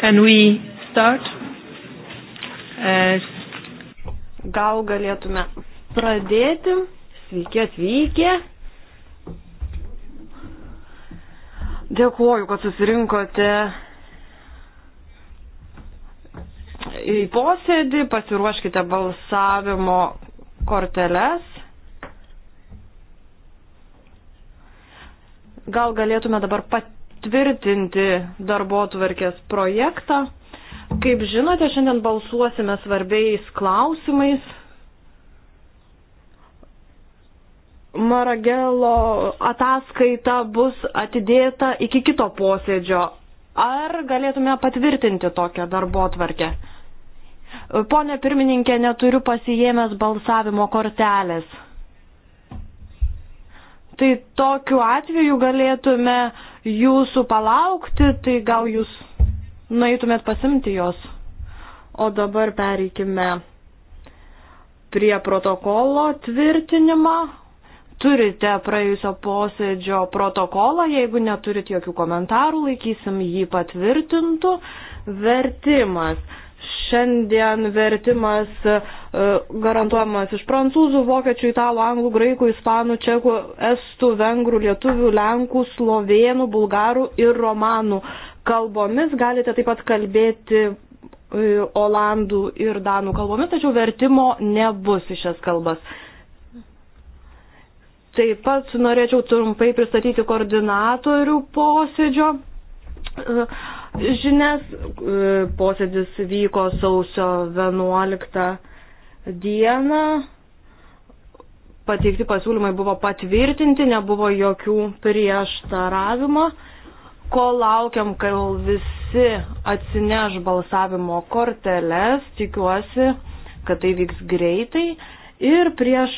Can we start? As... Uh, gal galėtume pradėti. Sveiki atvykę. Dėkuoju, kad susirinkote į posėdį. Pasiruoškite balsavimo korteles. Gal galėtume dabar pat tvirtinti darbo tvarkės projektą. Kaip žinote, šiandien balsuosime svarbiais klausimais. Maragelo ataskaita bus atidėta iki kito posėdžio. Ar galėtume patvirtinti tokią darbo tvarkę? Pone pirmininkė, neturiu pasijėmęs balsavimo kortelės tai tokiu atveju galėtume jūsų palaukti, tai gal jūs nueitumėt pasimti jos. O dabar pereikime prie protokolo tvirtinimą. Turite praėjusio posėdžio protokolą, jeigu neturit jokių komentarų, laikysim jį patvirtintų. Vertimas. Šiandien vertimas e, garantuojamas iš prancūzų, vokiečių, italų, anglų, graikų, ispanų, čekų, estų, vengrų, lietuvių, lenkų, slovėnų, bulgarų ir romanų kalbomis. Galite taip pat kalbėti e, olandų ir danų kalbomis, tačiau vertimo nebus į šias kalbas. Taip pat norėčiau trumpai pristatyti koordinatorių posėdžio e, žinias. E, posėdis vyko sausio 11 dieną. Pateikti pasiūlymai buvo patvirtinti, nebuvo jokių prieštaravimo. Ko laukiam, kai visi atsineš balsavimo korteles, tikiuosi, kad tai vyks greitai. Ir prieš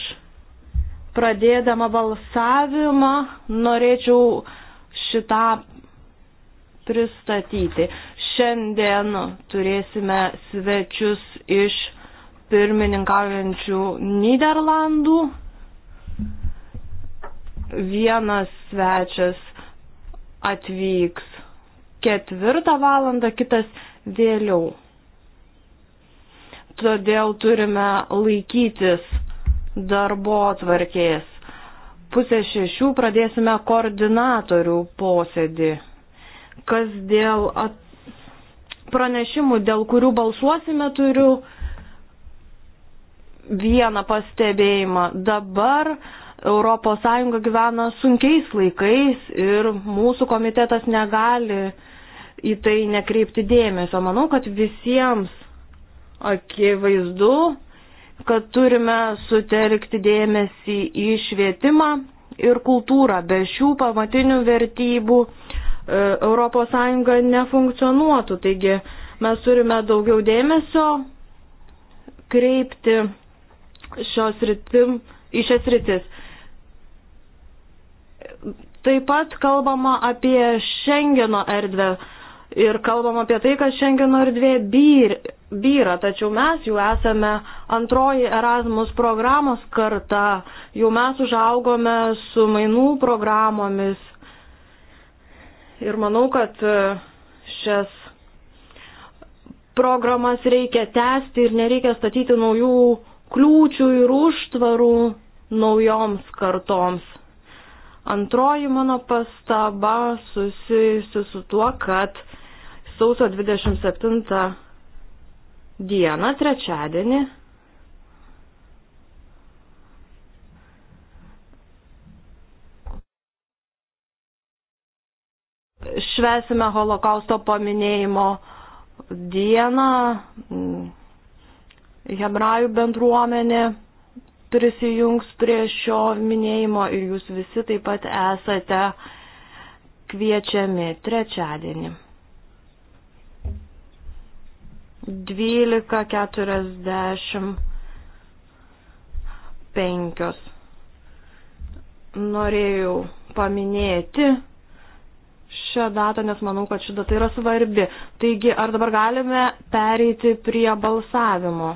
pradėdama balsavimą norėčiau šitą pristatyti. Šiandien turėsime svečius iš pirmininkaujančių Niderlandų. Vienas svečias atvyks ketvirtą valandą, kitas vėliau. Todėl turime laikytis darbo atvarkės. Pusę šešių pradėsime koordinatorių posėdį kas dėl at... pranešimų, dėl kurių balsuosime, turiu vieną pastebėjimą. Dabar ES gyvena sunkiais laikais ir mūsų komitetas negali į tai nekreipti dėmesio. Manau, kad visiems akivaizdu, kad turime sutelkti dėmesį į švietimą ir kultūrą. Be šių pamatinių vertybių ES nefunkcionuotų. Taigi mes turime daugiau dėmesio kreipti šios rytim, į šias rytis. Taip pat kalbama apie Šengeno erdvę ir kalbam apie tai, kad Šengeno erdvė byr, byra, tačiau mes jau esame antroji Erasmus programos karta, jau mes užaugome su mainų programomis, Ir manau, kad e, šias programas reikia tęsti ir nereikia statyti naujų kliūčių ir užtvarų naujoms kartoms. Antroji mano pastaba susijusi su tuo, kad sausio 27 dieną, trečiadienį, švesime holokausto paminėjimo dieną. Hebrajų bendruomenė prisijungs prie šio minėjimo ir jūs visi taip pat esate kviečiami trečiadienį. 12.45. Norėjau paminėti šią datą, nes manau, kad ši data yra svarbi. Taigi, ar dabar galime pereiti prie balsavimo?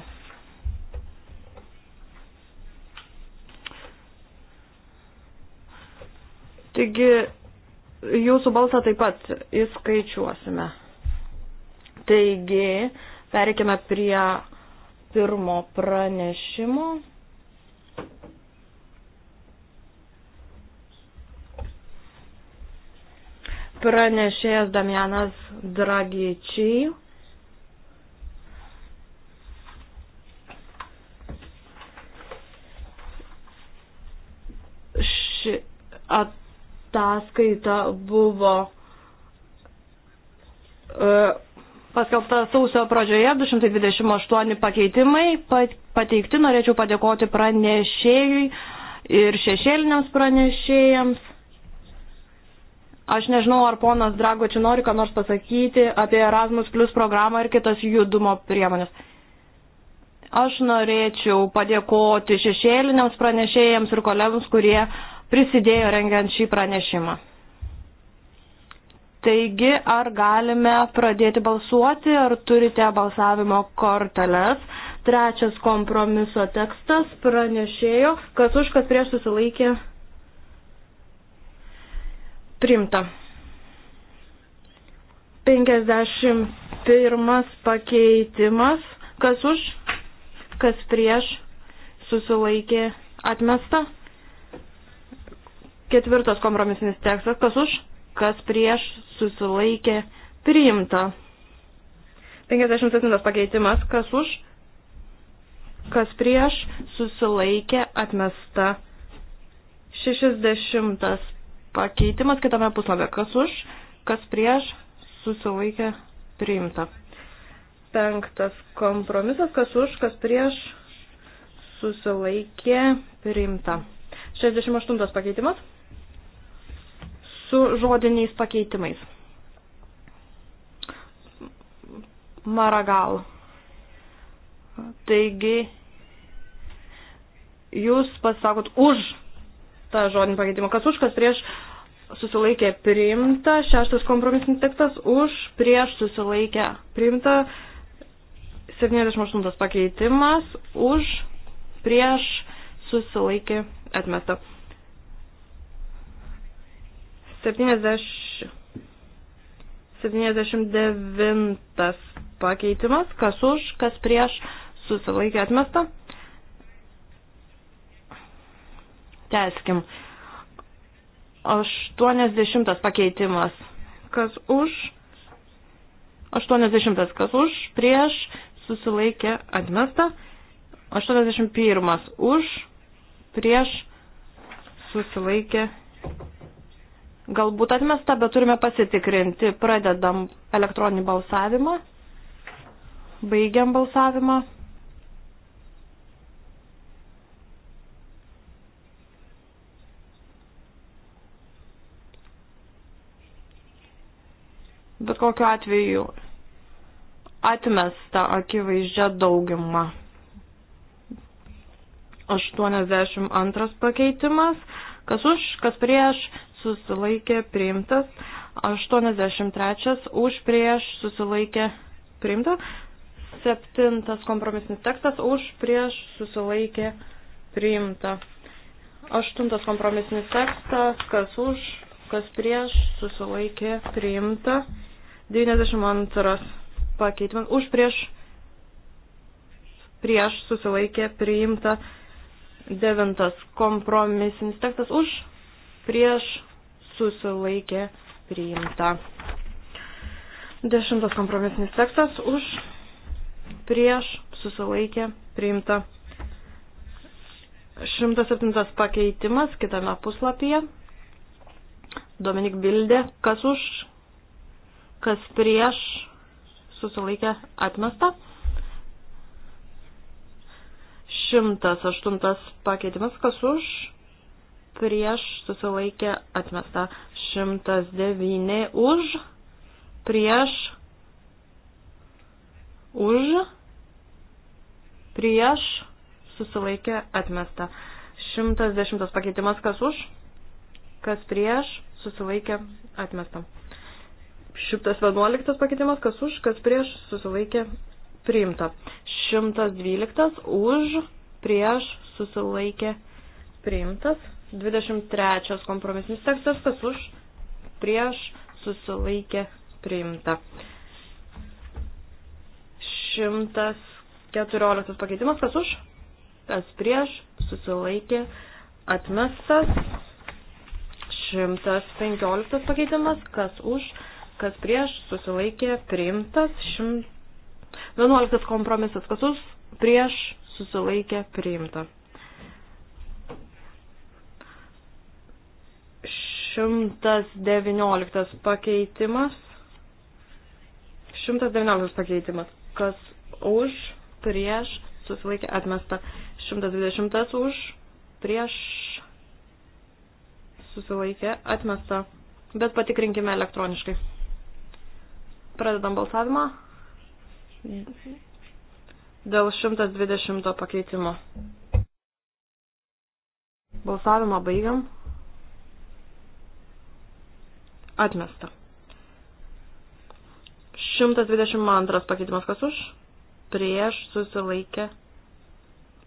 Taigi, jūsų balsą taip pat įskaičiuosime. Taigi, pereikime prie pirmo pranešimo. pranešėjas Damianas Dragičiai. Ši ataskaita buvo e, paskelbta sausio pradžioje, 228 pakeitimai pateikti. Norėčiau padėkoti pranešėjui ir šešėliniams pranešėjams. Aš nežinau, ar ponas Drago čia nori ką nors pasakyti apie Erasmus Plus programą ir kitas judumo priemonės. Aš norėčiau padėkoti šešėliniams pranešėjams ir kolegams, kurie prisidėjo rengiant šį pranešimą. Taigi, ar galime pradėti balsuoti, ar turite balsavimo korteles? Trečias kompromiso tekstas pranešėjo, kas už, kas prieš susilaikė Primta. 51 pakeitimas. Kas už, kas prieš, susilaikė atmesta. Ketvirtas kompromisinis tekstas. Kas už, kas prieš, susilaikė priimta. 57 pakeitimas. Kas už, kas prieš, susilaikė atmesta. 60 Pakeitimas kitame puslapyje. Kas už, kas prieš, susilaikė priimta. Penktas kompromisas. Kas už, kas prieš, susilaikė priimta. 68 pakeitimas su žodiniais pakeitimais. Maragal. Taigi, jūs pasakot už tą žodinį pakeitimą. Kas už, kas prieš susilaikė priimta, šeštas kompromisinis tekstas už, prieš susilaikė priimta, 78 pakeitimas už, prieš susilaikė atmesta. 70, 79 pakeitimas, kas už, kas prieš susilaikė atmesta. Teskim. 80 pakeitimas. Kas už? 80. Kas už? Prieš susilaikė atmesta. 81. Už? Prieš susilaikė. Galbūt atmesta, bet turime pasitikrinti. Pradedam elektroninį balsavimą. Baigiam balsavimą. bet kokiu atveju atmesta akivaizdžia dauguma. 82 pakeitimas, kas už, kas prieš, susilaikė priimtas. 83 už, prieš, susilaikė priimta. 7 kompromisinis tekstas už, prieš, susilaikė priimta. 8 kompromisinis tekstas, kas už, kas prieš, susilaikė priimta. 92 pakeitimas už prieš prieš susilaikė priimta devintas kompromisinis tekstas už prieš susilaikė priimta. Dešimtas kompromisinis tekstas už prieš susilaikė priimta. 107 pakeitimas kitame puslapyje. Dominik Bildė, kas už, kas prieš susilaikė atmesta. 108 pakeitimas, kas už prieš susilaikė atmesta. 109 už prieš už prieš susilaikė atmesta. 110 pakeitimas, kas už kas prieš susilaikė atmesta. 111 pakeitimas, kas už, kas prieš, susilaikė priimta. 112 už, prieš, susilaikė priimtas. 23 kompromisinis tekstas, kas už, prieš, susilaikė priimta. 114 pakeitimas, kas už, kas prieš, susilaikė atmestas. 115 pakeitimas, kas už, kas prieš, susilaikė, priimtas, 11 kompromisas, kas už, prieš, susilaikė, priimta. 119 pakeitimas, 119 pakeitimas, kas už, prieš, susilaikė, atmesta, 120 už, prieš, susilaikė, atmesta, bet patikrinkime elektroniškai. Pradedam balsavimą dėl 120 pakeitimo. Balsavimą baigiam. Atmesta. 122 pakeitimas kas už? Prieš susilaikė.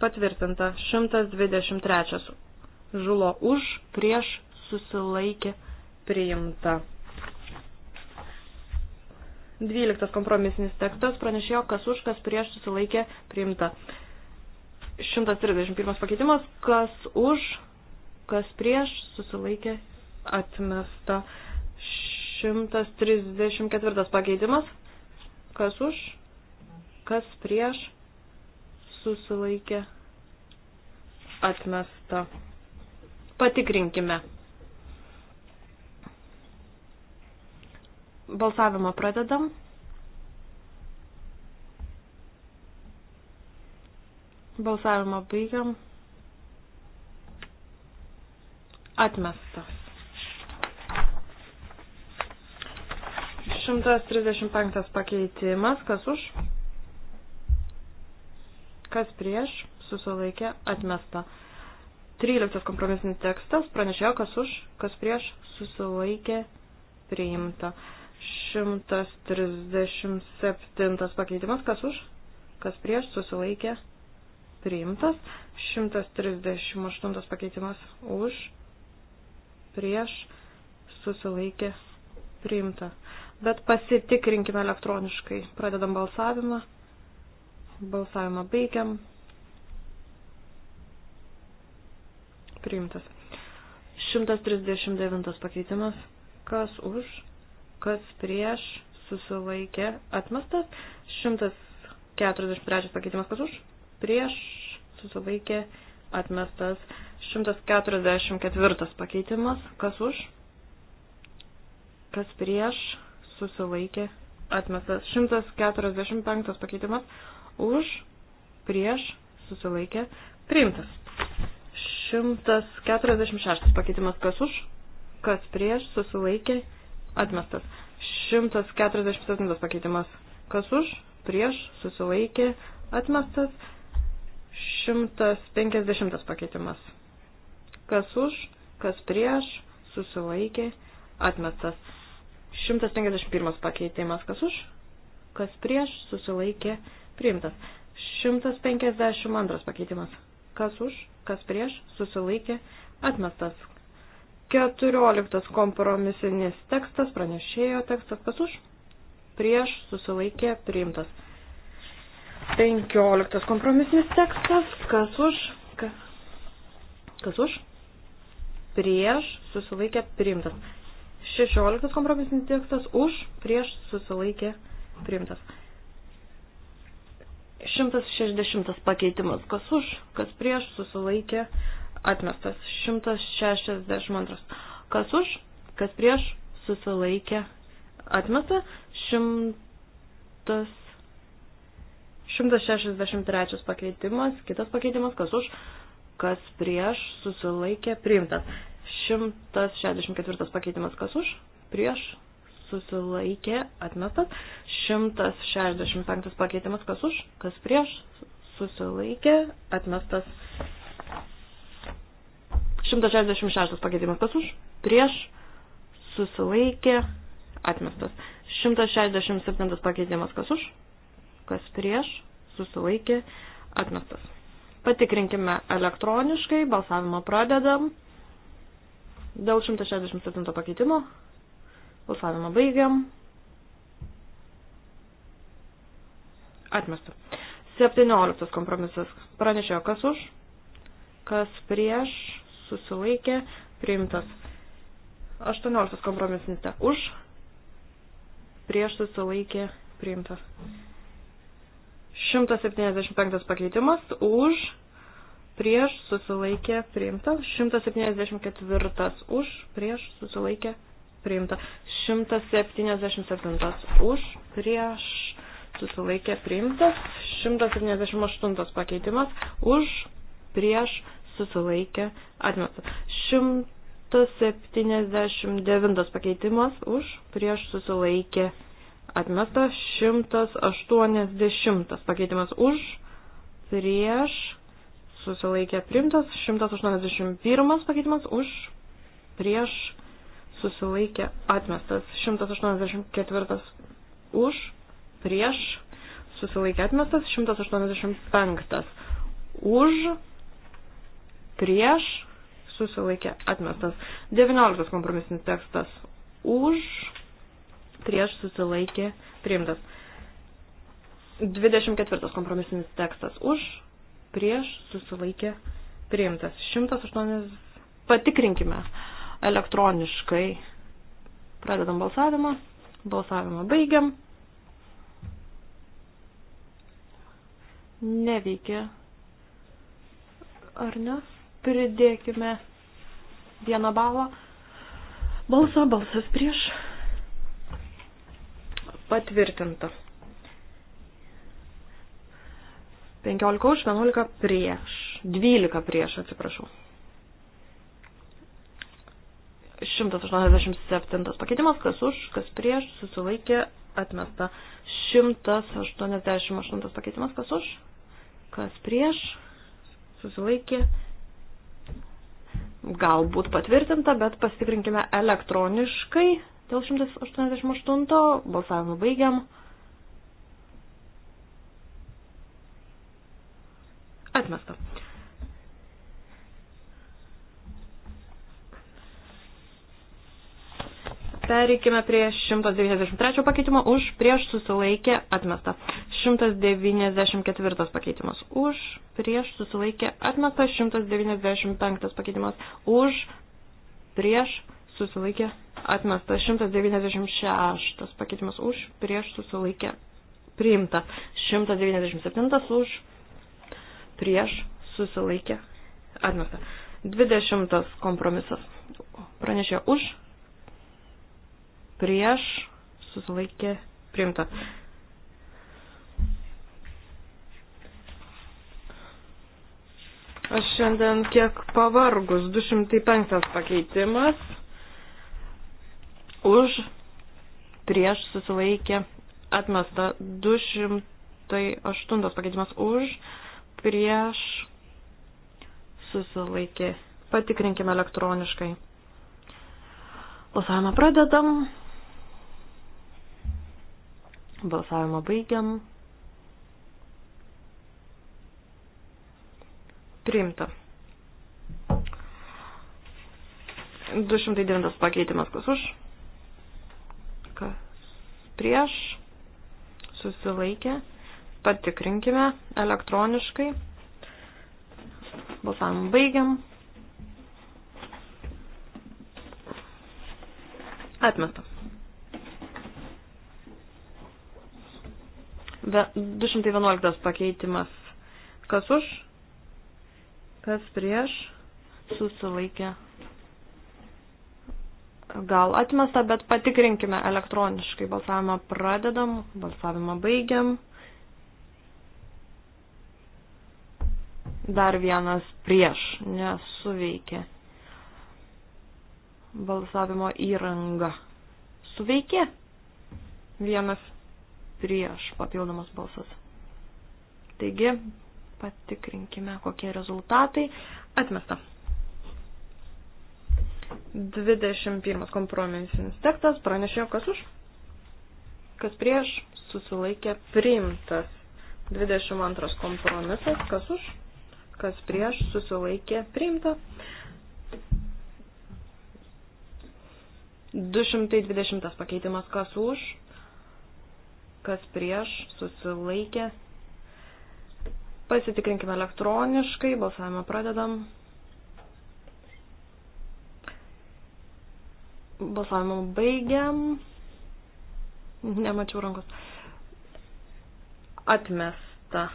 Patvirtinta. 123. Žulo už, prieš susilaikė priimta. 12 kompromisinis tekstas pranešėjo, kas už, kas prieš susilaikė priimta. 131 pakeitimas, kas už, kas prieš susilaikė atmesta. 134 pakeitimas, kas už, kas prieš susilaikė atmesta. Patikrinkime. Balsavimą pradedam. Balsavimą baigiam. Atmestas. 135 pakeitimas. Kas už? Kas prieš? Susilaikė. Atmesta. 13 kompromisinis tekstas. Pranešėjo, kas už, kas prieš. Susilaikė. Priimta. 137 pakeitimas, kas už, kas prieš, susilaikė, priimtas. 138 pakeitimas už, prieš, susilaikė, priimta. Bet pasitikrinkime elektroniškai. Pradedam balsavimą. Balsavimą baigiam. Priimtas. 139 pakeitimas. Kas už? kas prieš susilaikė atmestas, 143 pakeitimas kas už, prieš susilaikė atmestas, 144 pakeitimas kas už, kas prieš susilaikė atmestas, 145 pakeitimas už, prieš susilaikė priimtas. 146 pakeitimas kas už, kas prieš susilaikė atmestas Atmestas. 147 pakeitimas. Kas už? Prieš. Susilaikė. Atmestas. 150 pakeitimas. Kas už? Kas prieš? Susilaikė. Atmestas. 151 pakeitimas. Kas už? Kas prieš? Susilaikė. Priimtas. 152 pakeitimas. Kas už? Kas prieš? Susilaikė. Atmestas. Keturioliktas kompromisinis tekstas, pranešėjo tekstas, kas už? Prieš susilaikė priimtas. Penkioliktas kompromisinis tekstas, kas už? Kas, kas už? Prieš susilaikė priimtas. Šešioliktas kompromisinis tekstas, už? Prieš susilaikė priimtas. 160 pakeitimas, kas už, kas prieš susilaikė priimtas atmestas 162. Kas už, kas prieš, susilaikė, atmesta 100. 163 pakeitimas, kitas pakeitimas, kas už, kas prieš, susilaikė, priimtas. 164 pakeitimas, kas už, prieš, susilaikė, atmestas. 165 pakeitimas, kas už, kas prieš, susilaikė, atmestas. 166 pakeitimas kas už, prieš, susilaikė, atmestas. 167 pakeitimas kas už, kas prieš, susilaikė, atmestas. Patikrinkime elektroniškai, balsavimą pradedam. Dėl 167 pakeitimo balsavimą baigiam. Atmestas. 17 kompromisas. Pranešėjo kas už, kas prieš, susilaikė, priimtas. 18 kompromisinis te už, prieš susilaikė, priimtas. 175 pakeitimas už, prieš susilaikė, priimtas. 174 už, prieš susilaikė, priimta. 177 už, prieš susilaikė, priimtas. 178 pakeitimas už, prieš susilaikė, atmeta. 179 pakeitimas už, prieš susilaikė, atmeta. 180 pakeitimas už, prieš susilaikė, primtas. 181 pakeitimas už, prieš susilaikė, atmestas. 184 už, prieš susilaikė, atmestas. 185 už, prieš, susilaikė atmestas. 19 kompromisinis tekstas už, prieš, susilaikė priimtas. 24 kompromisinis tekstas už, prieš, susilaikė priimtas. 108 patikrinkime elektroniškai. Pradedam balsavimą. Balsavimą baigiam. Neveikia. Ar ne? pridėkime vieną balą. Balsą, balsas prieš. Patvirtinta. 15 už, 11 prieš. 12 prieš, atsiprašau. 187 pakeitimas, kas už, kas prieš, susilaikė, atmesta. 188 pakeitimas, kas už, kas prieš, susilaikė, atmesta galbūt patvirtinta, bet pasitikrinkime elektroniškai dėl 188 balsavimą baigiam. Atmesta. Pereikime prie 193 pakeitimo už, prieš susilaikė atmesta. 194 pakeitimas už, prieš susilaikė atmesta. 195 pakeitimas už, prieš susilaikė atmesta. 196 pakeitimas už, prieš susilaikė priimta. 197 už, prieš susilaikė atmesta. 20 kompromisas. Pranešė už, prieš, susilaikė, priimta. Aš šiandien kiek pavargus, 205 pakeitimas, už, prieš, susilaikė, atmesta, 208 pakeitimas, už, prieš, susilaikė. Patikrinkime elektroniškai. Balsavimą pradedam. Balsavimą baigiam. Priimta. 209 pakeitimas kas už, kas prieš, susilaikė, patikrinkime elektroniškai, balsavimą baigiam, atmestam. 211 pakeitimas. Kas už? Kas prieš? Susilaikė. Gal atmesta, bet patikrinkime elektroniškai. Balsavimą pradedam, balsavimą baigiam. Dar vienas prieš, nesuveikė. Balsavimo įranga. Suveikė? Vienas prieš papildomas balsas. Taigi, patikrinkime, kokie rezultatai. Atmesta. 21 kompromisinis tekstas pranešėjo, kas už, kas prieš, susilaikė priimtas. 22 kompromisas, kas už, kas prieš, susilaikė priimta. 220 pakeitimas, kas už, kas prieš, susilaikė. Pasitikrinkime elektroniškai, balsavimą pradedam. Balsavimą baigiam. Nemačiau rankos. Atmesta.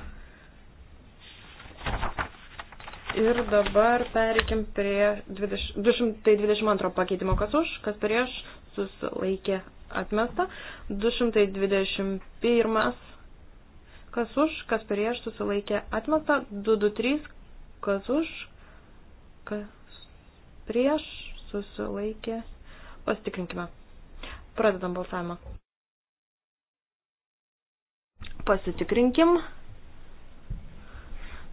Ir dabar pereikim prie 20, 222 pakeitimo, kas už, kas prieš, susilaikė atmesta. 221 kas už, kas prieš susilaikė atmesta. 223 kas už, kas prieš susilaikė. Pasitikrinkime. Pradedam balsavimą. Pasitikrinkim.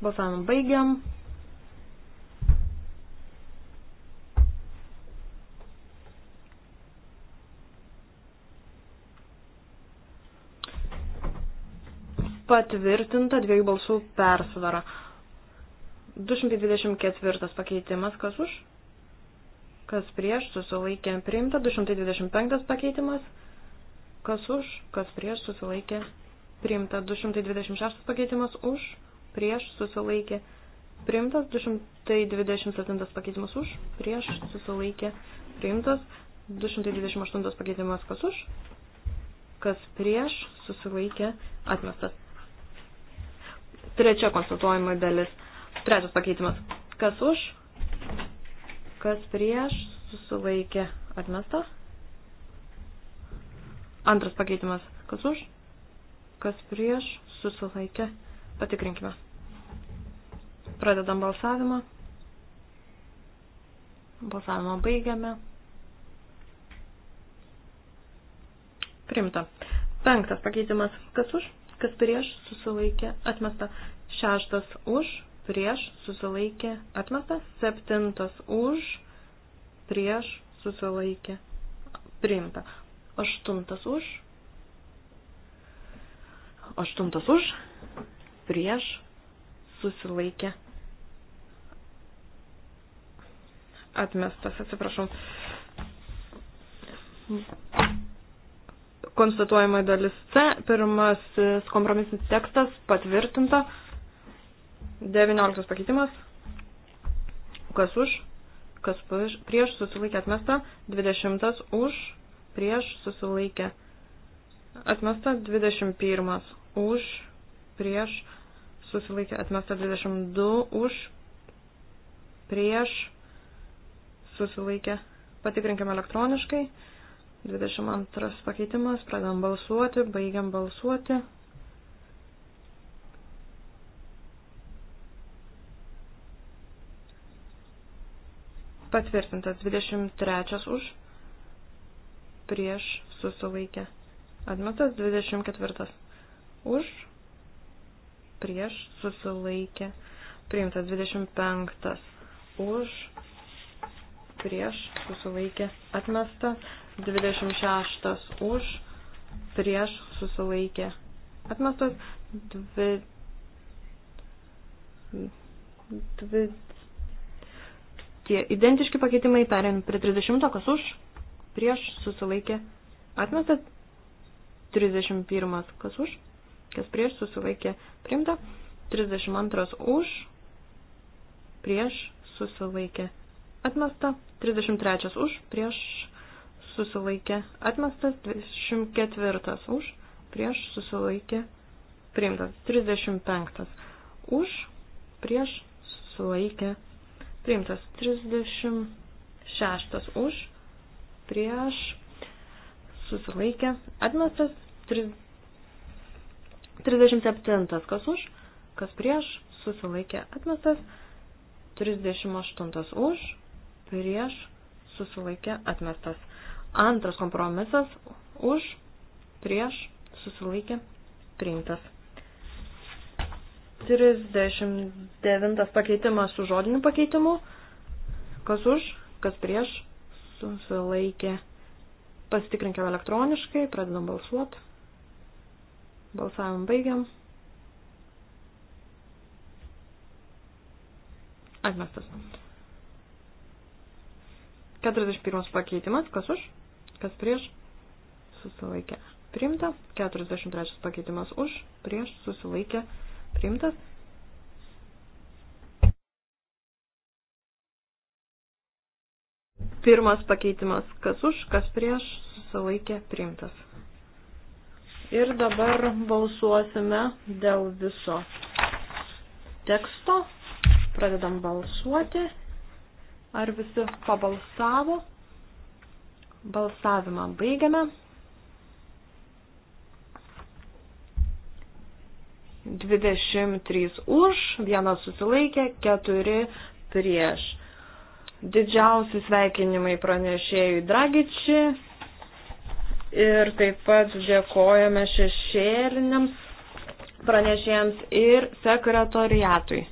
Balsavimą baigiam. patvirtinta dviejų balsų persvara. 224 pakeitimas, kas už, kas prieš, susilaikė priimta. 225 pakeitimas, kas už, kas prieš, susilaikė priimta. 226 pakeitimas už, prieš, susilaikė priimtas. 227 pakeitimas už, prieš, susilaikė priimtas. 228 pakeitimas kas už, kas prieš, susilaikė atmestas. Trečia konstatuojama dalis. Trečias pakeitimas. Kas už? Kas prieš? Susilaikė atmesta. Antras pakeitimas. Kas už? Kas prieš? Susilaikė. Patikrinkime. Pradedam balsavimą. Balsavimą baigiame. Primta. Penktas pakeitimas. Kas už? kas prieš susilaikė atmesta, šeštas už, prieš susilaikė atmesta, septintas už, prieš susilaikė priimta, aštuntas už, aštuntas už, prieš susilaikė atmestas, atsiprašau konstatuojama dalis C, pirmasis kompromisinis tekstas patvirtinta, 19 pakeitimas, kas už, kas prieš susilaikė atmesta, 20 už, prieš susilaikė atmesta, 21 už, prieš susilaikė atmesta, 22 už, prieš susilaikė. Patikrinkime elektroniškai. 22 pakeitimas, pradam balsuoti, baigiam balsuoti. Patvirtintas 23 už, prieš susilaikę. Atmetas 24 už, prieš susilaikę. Priimtas 25 už, prieš susilaikę. Atmestas 26 už, prieš susilaikė. Atmestas 2. 2. Tie identiški pakeitimai perėm prie 30, kas už, prieš susilaikė. Atmestas 31, kas už, kas prieš susilaikė. Primta 32 už, prieš susilaikė. Atmesta 33 už, prieš susilaikė atmestas, 24 už, prieš susilaikė priimtas, 35 už, prieš susilaikė priimtas, 36 už, prieš susilaikė atmestas, 37 kas už, kas prieš susilaikė atmestas, 38 už, prieš susilaikė atmestas. Antras kompromisas už, prieš, susilaikė, priimtas. 39 pakeitimas su žodiniu pakeitimu. Kas už, kas prieš, susilaikė. Pasitikrinkime elektroniškai, pradedam balsuoti. Balsavimą baigiam. Atmestas. 41 pakeitimas, kas už? Kas prieš? Susilaikė. Priimta. 43 pakeitimas už. Prieš. Susilaikė. Priimtas. Pirmas pakeitimas. Kas už, kas prieš. Susilaikė. Priimtas. Ir dabar balsuosime dėl viso teksto. Pradedam balsuoti. Ar visi pabalsavo? Balsavimą baigiame. 23 už, vienas susilaikė, 4 prieš. Didžiausi sveikinimai pranešėjui Dragičiui ir taip pat dėkojame šešėliniams pranešėjams ir sekretoriatui.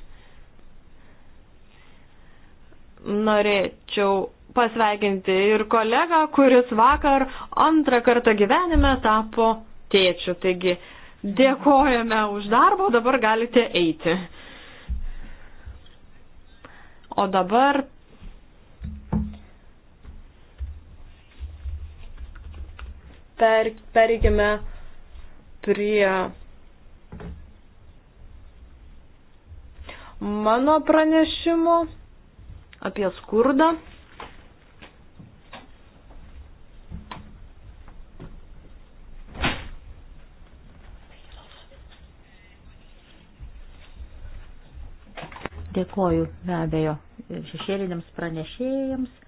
Norėčiau pasveikinti ir kolegą, kuris vakar antrą kartą gyvenime tapo tėčiu. Taigi dėkojame už darbą, dabar galite eiti. O dabar. Per, perikime prie mano pranešimo apie skurdą. Dėkoju be abejo šešėliniams pranešėjams.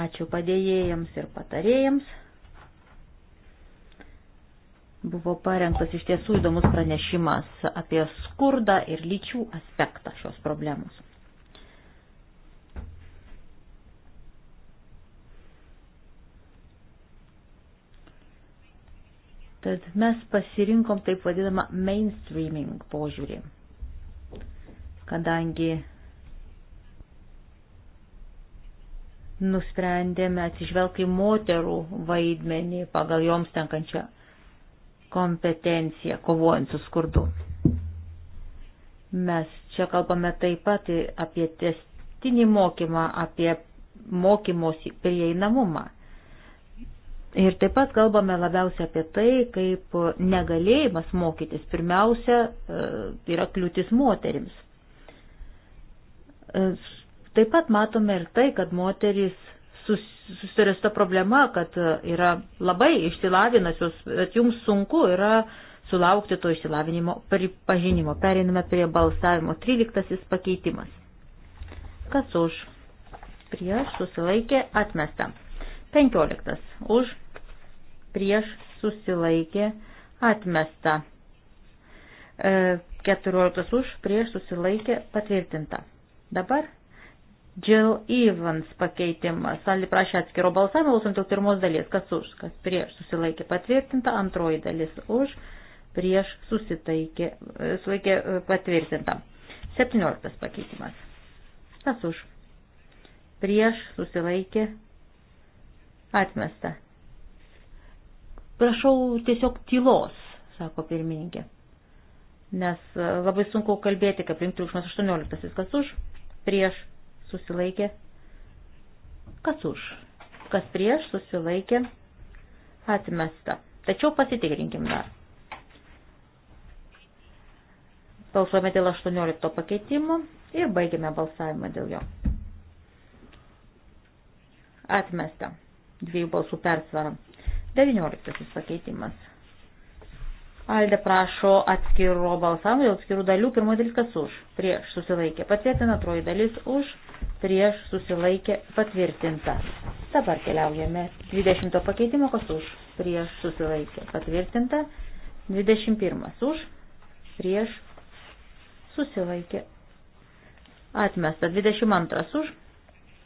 Ačiū padėjėjams ir patarėjams. Buvo parengtas iš tiesų įdomus pranešimas apie skurdą ir lyčių aspektą šios problemos. Tad mes pasirinkom taip vadinamą mainstreaming požiūrį, kadangi nusprendėme atsižvelgti į moterų vaidmenį pagal joms tenkančią kompetenciją kovojant su skurdu. Mes čia kalbame taip pat apie testinį mokymą, apie mokymosi prieinamumą. Ir taip pat kalbame labiausiai apie tai, kaip negalėjimas mokytis pirmiausia e, yra kliūtis moterims. E, taip pat matome ir tai, kad moteris susiduria su ta problema, kad yra labai išsilavinusios, bet jums sunku yra sulaukti to išsilavinimo pripažinimo. Periname prie balsavimo. 13 pakeitimas. Kas už? Prieš susilaikė atmestą. 15. Už prieš susilaikė atmesta. 14 e, už prieš susilaikė patvirtinta. Dabar Jill Evans pakeitimas. Ali prašė atskiro balsavimo, balsuojant dėl pirmos dalies. Kas už, kas prieš susilaikė patvirtinta. Antroji dalis už prieš susitaikė, e, sulaikė e, patvirtinta. 17 pakeitimas. Kas už? Prieš susilaikė Atmesta. Prašau tiesiog tylos, sako pirmininkė. Nes e, labai sunku kalbėti, kaip link triukšmas 18. Kas už? Prieš susilaikė. Kas už? Kas prieš susilaikė? Atmesta. Tačiau pasitikrinkim dar. Balsuojame dėl 18 pakeitimų ir baigiame balsavimą dėl jo. Atmesta dviejų balsų persvarą. 19 pakeitimas. Alde prašo atskiro balsavimo dėl atskirų dalių. Pirmo dalis kas už, prieš susilaikė patvirtinta, antroji dalis už, prieš susilaikė patvirtinta. Dabar keliaujame 20 pakeitimo kas už, prieš susilaikė patvirtinta, 21 už, prieš susilaikė atmesta, 22 už,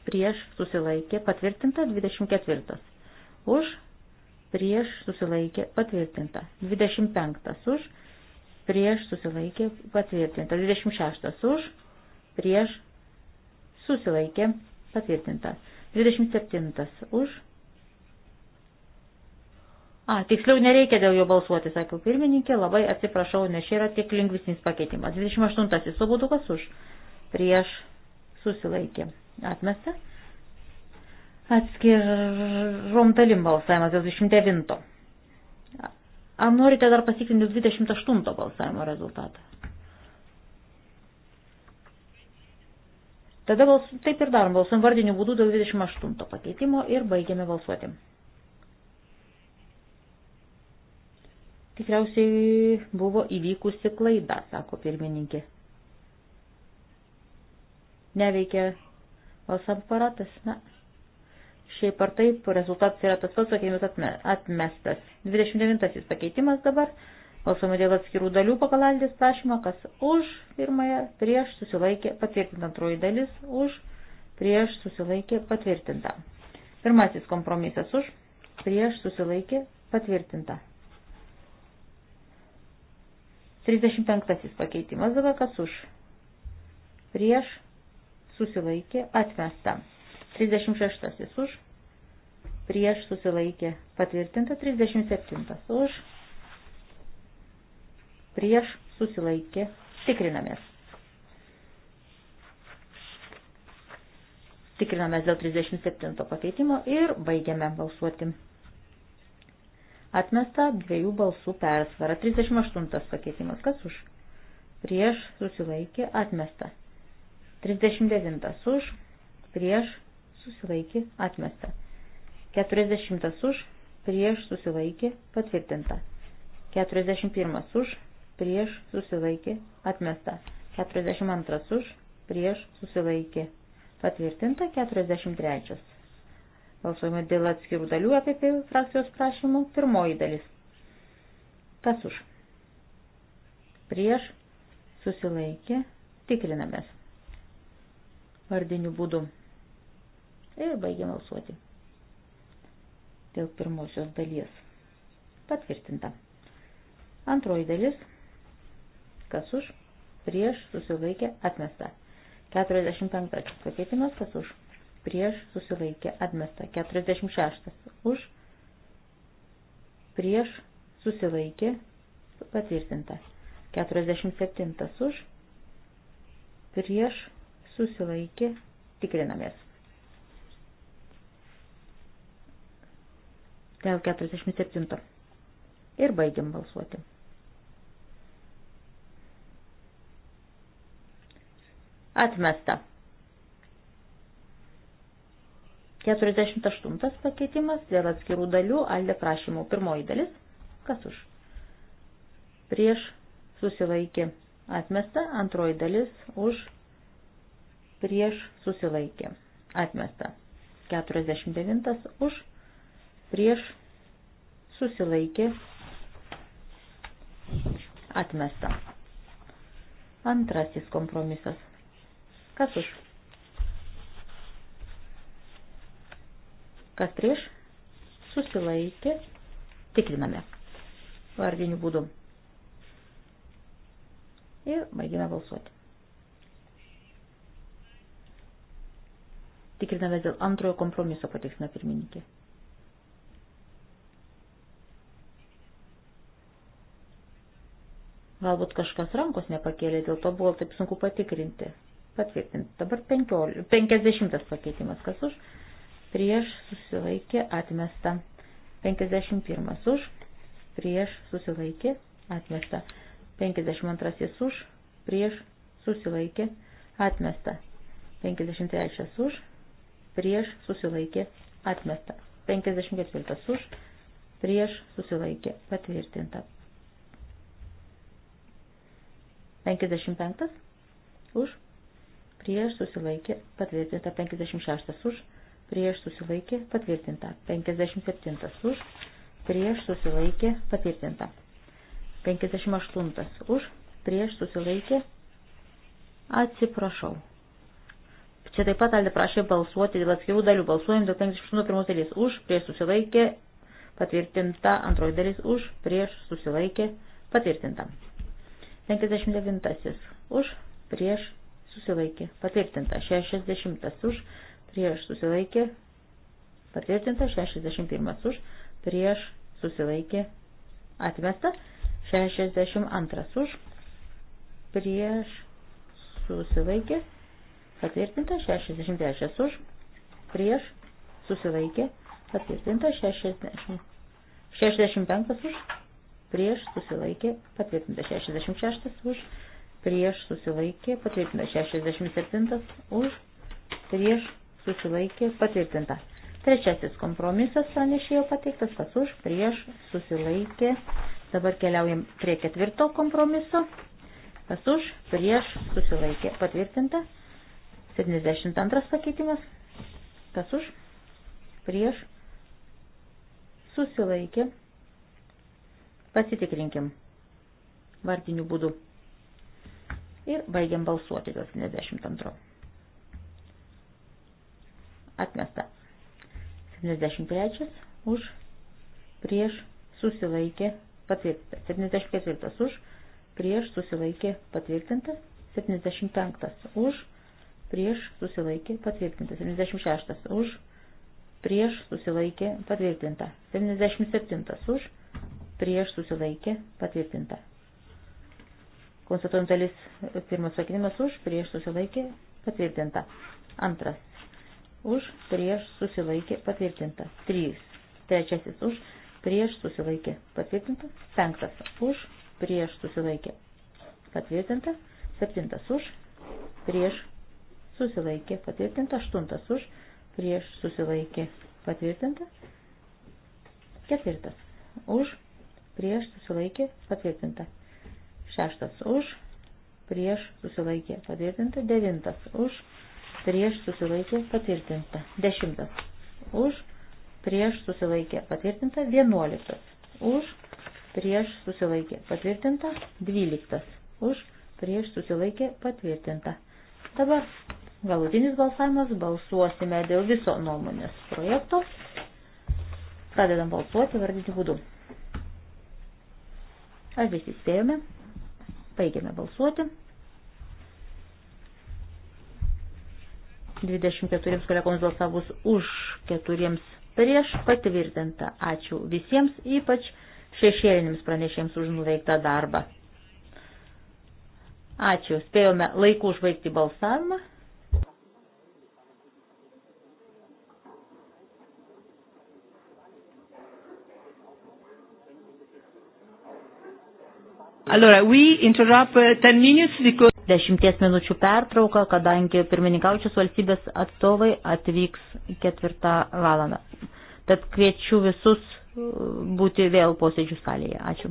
prieš susilaikė patvirtinta 24. Už prieš susilaikė patvirtinta 25. Už prieš susilaikė patvirtinta 26. Už prieš susilaikė patvirtinta 27. Už A, tiksliau nereikia dėl jo balsuoti, sakiau pirmininkė, labai atsiprašau, nes čia yra tik lingvistinis pakeitimas. 28. Sobudukas už prieš susilaikė Atmesta. Atskirom dalim balsavimas dėl 29. Ar norite dar pasikrinti 28 balsavimo rezultatą? Tada bals, taip ir darom, balsuom vardiniu būdu dėl 28 pakeitimo ir baigiame balsuoti. Tikriausiai buvo įvykusi klaida, sako pirmininkė. Neveikia Balsam aparatas, na. Šiaip ar taip, rezultatas yra tas pats, sakymas atmestas. 29 pakeitimas dabar. Balsuojame dėl atskirų dalių pakalaldės prašymą, kas už pirmąją, prieš susilaikė patvirtinta antroji dalis, už, prieš susilaikė patvirtinta. Pirmasis kompromisas už, prieš susilaikė patvirtinta. 35 pakeitimas dabar, kas už, prieš susilaikė atmesta. 36 už, prieš susilaikė patvirtinta. 37 už, prieš susilaikė tikrinamės. Tikrinamės dėl 37 pakeitimo ir baigiame balsuoti. Atmesta dviejų balsų persvara. 38 pakeitimas. Kas už? Prieš susilaikė atmesta. 39 už, prieš, susilaikė, atmesta. 40 už, prieš, susilaikė, patvirtinta. 41 už, prieš, susilaikė, atmesta. 42 už, prieš, susilaikė, patvirtinta. 43. Balsuojame dėl atskirų dalių apie frakcijos prašymų. Pirmoji dalis. Kas už? Prieš, susilaikė, tikrinamės vardiniu būdu. Ir baigiam balsuoti. Dėl pirmosios dalies. Patvirtinta. Antroji dalis. Kas už? Prieš susilaikė atmesta. 45. Pakeitimas kas už? Prieš susilaikė atmesta. 46. Už? Prieš susilaikė patvirtinta. 47. Už? Prieš susilaikė, tikrinamės. Dėl 47. Ir baigiam balsuoti. Atmesta. 48 pakeitimas dėl atskirų dalių aldė prašymų. Pirmoji dalis. Kas už? Prieš susilaikė. Atmesta. Antroji dalis už prieš susilaikė. Atmesta. 49 už prieš susilaikė. Atmesta. Antrasis kompromisas. Kas už? Kas prieš? Susilaikė. Tikriname. Vardinių būdų. Ir baigime balsuoti. Tikriname dėl antrojo kompromiso pateiksime pirmininkė. Galbūt kažkas rankos nepakėlė, dėl to buvo taip sunku patikrinti. Patvirtinti. Dabar 50 penkiol... pakeitimas. Kas už? Prieš susilaikė atmesta. 51 už. Prieš susilaikė atmesta. 52 už. Prieš susilaikė atmesta. 53 už prieš susilaikė atmesta. 54 už, prieš susilaikė patvirtinta. 55 už, prieš susilaikė patvirtinta. 56 už, prieš susilaikė patvirtinta. 57 už, prieš susilaikė patvirtinta. 58 už, prieš susilaikė atsiprašau. Čia taip pat Alde prašė balsuoti dėl atskirų dalių. Balsuojam dėl 58 pirmos dalies už, prieš susilaikė, patvirtinta. Antroji dalis už, prieš susilaikė, patvirtinta. 59 už, prieš susilaikė, patvirtinta. 60 už, prieš susilaikė, patvirtinta. 61 už, prieš susilaikė, atmesta. 62 už, prieš susilaikė, patvirtinta 63 už, prieš, susilaikė, patvirtinta 60, 65 už, prieš, susilaikė, patvirtinta 66 už, prieš, susilaikė, patvirtinta 67 už, prieš, susilaikė, patvirtinta. Trečiasis kompromisas pranešėjo pateiktas, kas už, prieš, susilaikė. Dabar keliaujam prie ketvirto kompromiso. Kas už, prieš, susilaikė, patvirtinta. 72 pakeitimas. Kas už? Prieš. Susilaikė. Pasitikrinkim. Vardinių būdų. Ir baigiam balsuoti dėl 72. Atmesta. 73 už. Prieš. Susilaikė. Patvirtinta. 74 už. Prieš. Susilaikė. Patvirtinta. 75 už prieš susilaikė patvirtinta. 76 už, prieš susilaikė patvirtinta. 77 už, prieš susilaikė patvirtinta. Konstatuojant dalis pirmas sakinimas už, prieš susilaikė patvirtinta. Antras už, prieš susilaikė patvirtinta. Trys. Trečiasis už, prieš susilaikė patvirtinta. Penktas už, prieš susilaikė patvirtinta. Septintas už, prieš susilaikė patvirtinta, aštuntas už, prieš susilaikė patvirtinta, ketvirtas už, prieš susilaikė patvirtinta, šeštas už, prieš susilaikė patvirtinta, devintas už, prieš susilaikė patvirtinta, dešimtas už, prieš susilaikė patvirtinta, vienuoliktas už, prieš susilaikė patvirtinta, dvyliktas už, prieš susilaikė patvirtinta. Dabar Galutinis balsavimas balsuosime dėl viso nuomonės projekto. Pradedam balsuoti vardyti būdu. Ar visi spėjome? Baigiame balsuoti. 24 kolegoms balsavus už, 4 prieš patvirtinta. Ačiū visiems, ypač šešėlinims pranešėjams už nuveiktą darbą. Ačiū, spėjome laiku užbaigti balsavimą. Allora, we interrupt 10 uh, minutes because... Dešimties minučių pertrauka, kadangi pirmininkaučios valstybės atstovai atvyks ketvirtą valandą. Tad kviečiu visus uh, būti vėl posėdžių salėje. Ačiū.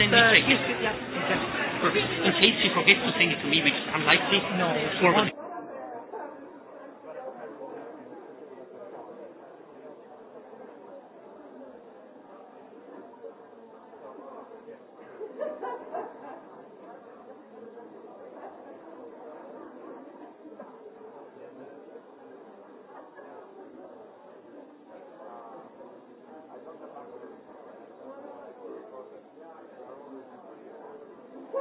and then defer. Yes, yes, yes. In case you forget to send it to me, which is unlikely. No. Forward.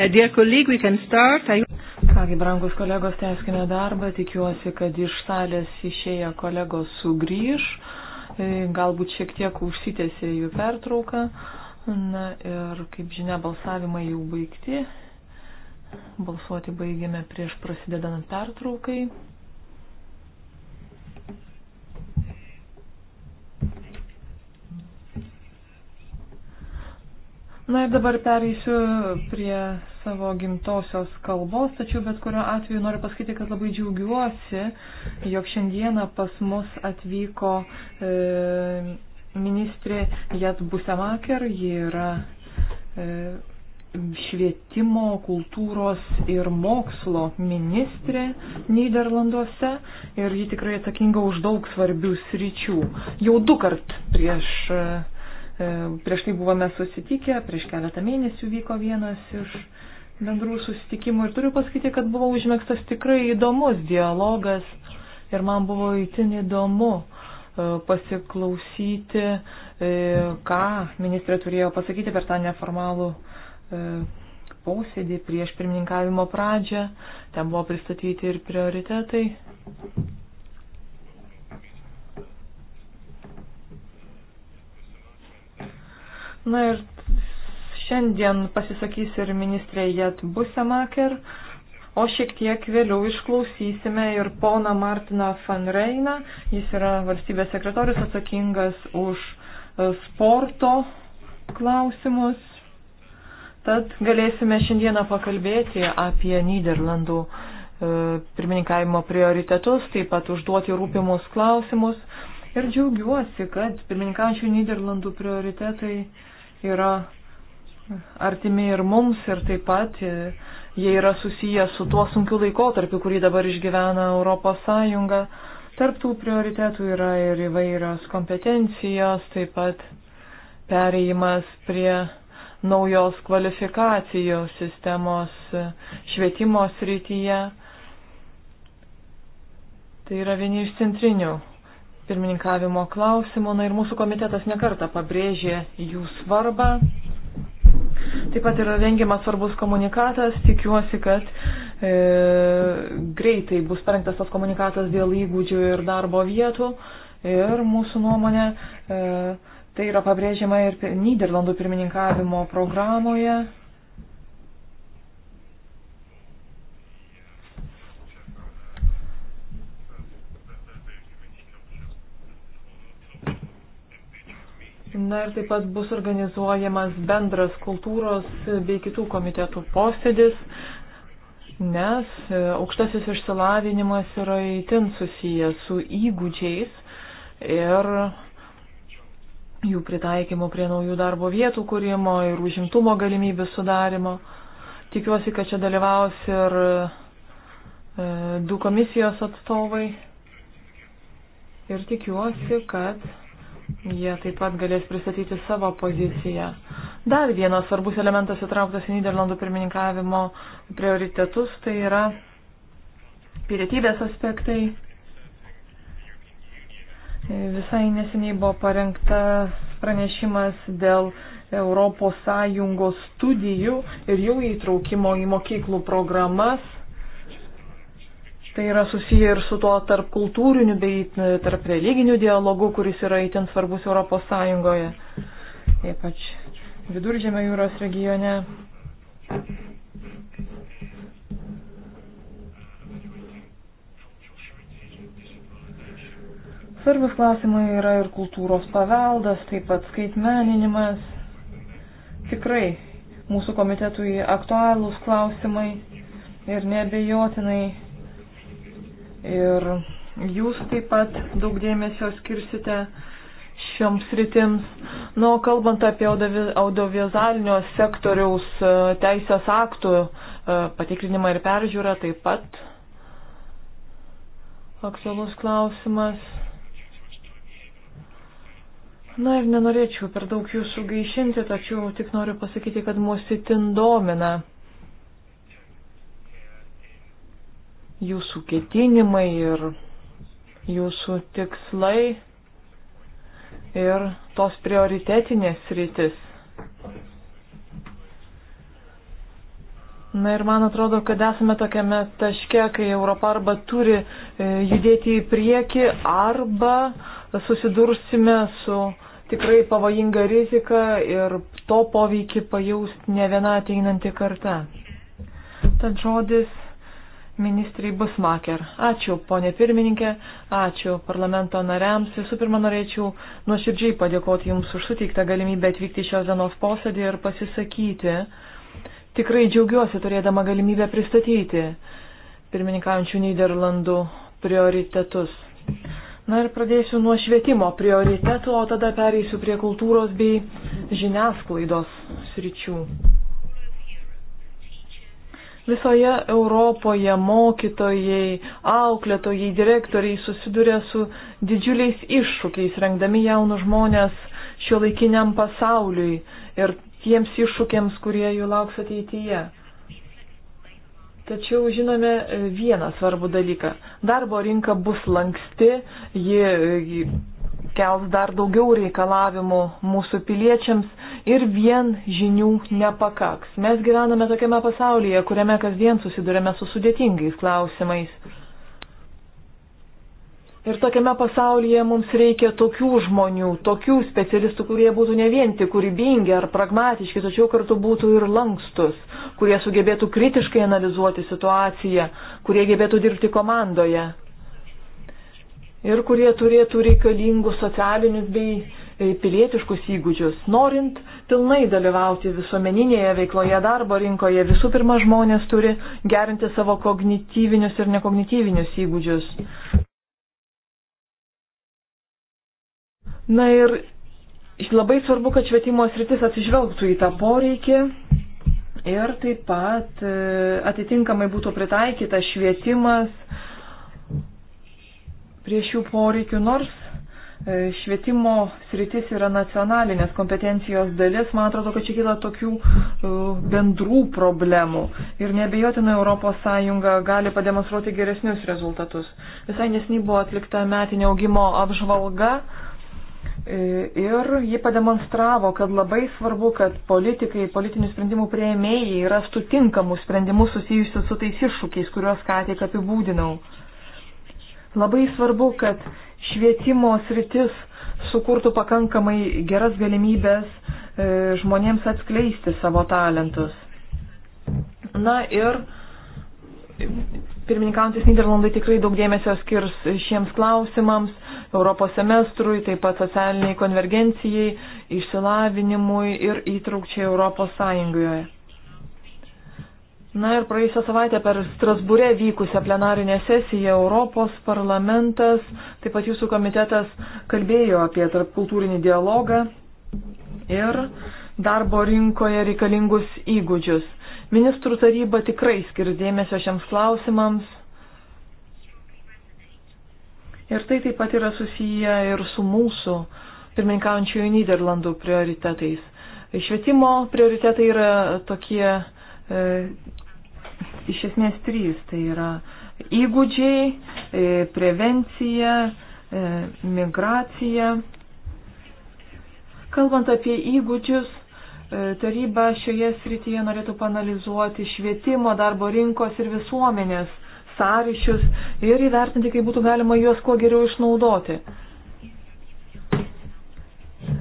Uh, Kągi, brangus kolegos, tęskime darbą. Tikiuosi, kad iš salės išėję kolegos sugrįž. E, galbūt šiek tiek užsitėsi jų pertrauką. Na ir, kaip žinia, balsavimai jau baigti. Balsuoti baigėme prieš prasidedant pertraukai. Na ir dabar pereisiu prie savo gimtosios kalbos, tačiau bet kuriuo atveju noriu pasakyti, kad labai džiaugiuosi, jog šiandieną pas mus atvyko e, ministrė Jat Busemaker, ji yra e, švietimo, kultūros ir mokslo ministrė Niderlanduose ir ji tikrai atsakinga už daug svarbių sričių. Jau du kart prieš. E, E, prieš tai buvome susitikę, prieš keletą mėnesių vyko vienas iš bendrų susitikimų ir turiu pasakyti, kad buvo užmėgstas tikrai įdomus dialogas ir man buvo įtin įdomu e, pasiklausyti, e, ką ministrė turėjo pasakyti per tą neformalų posėdį prieš pirmininkavimo pradžią. Ten buvo pristatyti ir prioritetai. Na ir šiandien pasisakys ir ministrė Jet Busemaker, o šiek tiek vėliau išklausysime ir poną Martiną Fanreiną, jis yra valstybės sekretorius atsakingas už e, sporto klausimus. Tad galėsime šiandieną pakalbėti apie Niderlandų e, pirmininkavimo prioritetus, taip pat užduoti rūpimus klausimus. Ir džiaugiuosi, kad pirmininkaujančių Niderlandų prioritetai uh, yra artimi ir mums, ir taip pat jie yra susiję su tuo sunkiu laikotarpiu, kurį dabar išgyvena Europos Sąjunga. Tarptų prioritetų yra ir įvairios kompetencijos, taip pat pereimas prie naujos kvalifikacijos sistemos švietimo srityje. Tai yra vieni iš centrinių pirmininkavimo klausimų. Na ir mūsų komitetas nekarta pabrėžė jų svarbą. Taip pat yra rengiamas svarbus komunikatas. Tikiuosi, kad e, greitai bus parengtas tas komunikatas dėl įgūdžių ir darbo vietų. Ir mūsų nuomonė, e, tai yra pabrėžiama ir Niderlandų pirmininkavimo programoje. Na ir taip pat bus organizuojamas bendras kultūros bei kitų komitetų posėdis, nes e, aukštasis išsilavinimas yra įtin susijęs su įgūdžiais ir jų pritaikymu prie naujų darbo vietų kūrimo ir užimtumo galimybių sudarimo. Tikiuosi, kad čia dalyvaus ir e, du komisijos atstovai ir tikiuosi, kad Jie taip pat galės pristatyti savo poziciją. Dar vienas svarbus elementas įtrauktas į Niderlandų pirmininkavimo prioritetus tai yra pilietybės aspektai. Visai neseniai buvo parengtas pranešimas dėl Europos Sąjungos studijų ir jų įtraukimo į mokyklų programas. Tai yra susiję ir su tuo tarp kultūriniu bei e, tarp religiniu dialogu, kuris yra įtin svarbus Europos Sąjungoje, ypač Viduržėmio jūros regione. Svarbus klausimai yra ir kultūros paveldas, taip pat skaitmeninimas. Tikrai mūsų komitetui aktualūs klausimai ir nebejotinai ir jūs taip pat daug dėmesio skirsite šioms rytims. Nu, kalbant apie audiovizualinio sektoriaus e, teisės aktų e, patikrinimą ir peržiūrą, taip pat aktualus klausimas. Na ir nenorėčiau per daug jūsų gaišinti, tačiau tik noriu pasakyti, kad mūsų itin domina jūsų ketinimai ir jūsų tikslai ir tos prioritetinės rytis. Na ir man atrodo, kad esame tokiame taške, kai Europa arba turi e, judėti į priekį, arba susidursime su tikrai pavojinga rizika ir to poveikį pajaus ne viena ateinanti karta. Tad žodis ministrai Busmaker. Ačiū, ponė pirmininkė, ačiū parlamento nariams. Visų pirma, norėčiau nuoširdžiai padėkoti Jums už suteiktą galimybę atvykti šios dienos posėdį ir pasisakyti. Tikrai džiaugiuosi turėdama galimybę pristatyti pirmininkaujančių Niderlandų prioritetus. Na ir pradėsiu nuo švietimo prioritetų, o tada pereisiu prie kultūros bei žiniasklaidos sričių. Visoje Europoje mokytojai, auklėtojai, direktoriai susiduria su didžiuliais iššūkiais, rengdami jaunus žmonės šio laikiniam pasauliui ir tiems iššūkiams, kurie jų lauks ateityje. Tačiau žinome vieną svarbų dalyką. Darbo rinka bus lanksti, ji kels dar daugiau reikalavimų mūsų piliečiams ir vien žinių nepakaks. Mes gyvename tokiame pasaulyje, kuriame kasdien susidurėme su sudėtingais klausimais. Ir tokiame pasaulyje mums reikia tokių žmonių, tokių specialistų, kurie būtų ne vien tik kūrybingi ar pragmatiški, tačiau kartu būtų ir lankstus, kurie sugebėtų kritiškai analizuoti situaciją, kurie gebėtų dirbti komandoje ir kurie turėtų reikalingus socialinius bei e, pilietiškus įgūdžius. Norint pilnai dalyvauti visuomeninėje veikloje darbo rinkoje, visų pirma žmonės turi gerinti savo kognityvinius ir nekognityvinius įgūdžius. Na ir labai svarbu, kad švietimo sritis atsižvelgtų į tą poreikį ir taip pat e, atitinkamai būtų pritaikytas švietimas prie šių poreikių, nors e, švietimo sritis yra nacionalinės kompetencijos dalis, man atrodo, kad čia kyla tokių e, bendrų problemų ir nebejotinai ES gali pademonstruoti geresnius rezultatus. Visai nesnį buvo atlikta metinio augimo apžvalga e, ir ji pademonstravo, kad labai svarbu, kad politikai, politinių sprendimų prieimėjai rastų tinkamus sprendimus susijusius su tais iššūkiais, kuriuos ką tik apibūdinau. Labai svarbu, kad švietimo sritis sukurtų pakankamai geras galimybės e, žmonėms atskleisti savo talentus. Na ir pirmininkaujantis Niderlandai tikrai daug dėmesio skirs šiems klausimams, Europos semestrui, taip pat socialiniai konvergencijai, išsilavinimui ir įtraukčiai Europos Sąjungoje. Na ir praėjusią savaitę per Strasbūrę vykusią plenarinę sesiją Europos parlamentas, taip pat jūsų komitetas kalbėjo apie tarpkultūrinį dialogą ir darbo rinkoje reikalingus įgūdžius. Ministrų taryba tikrai skirs dėmesio šiems klausimams. Ir tai taip pat yra susiję ir su mūsų pirmininkaujančiųjų Niderlandų prioritetais. Švietimo prioritetai yra tokie E, iš esmės trys. Tai yra įgūdžiai, e, prevencija, e, migracija. Kalbant apie įgūdžius, taryba šioje srityje norėtų panalizuoti švietimo, darbo rinkos ir visuomenės sąryšius ir įvertinti, kaip būtų galima juos kuo geriau išnaudoti.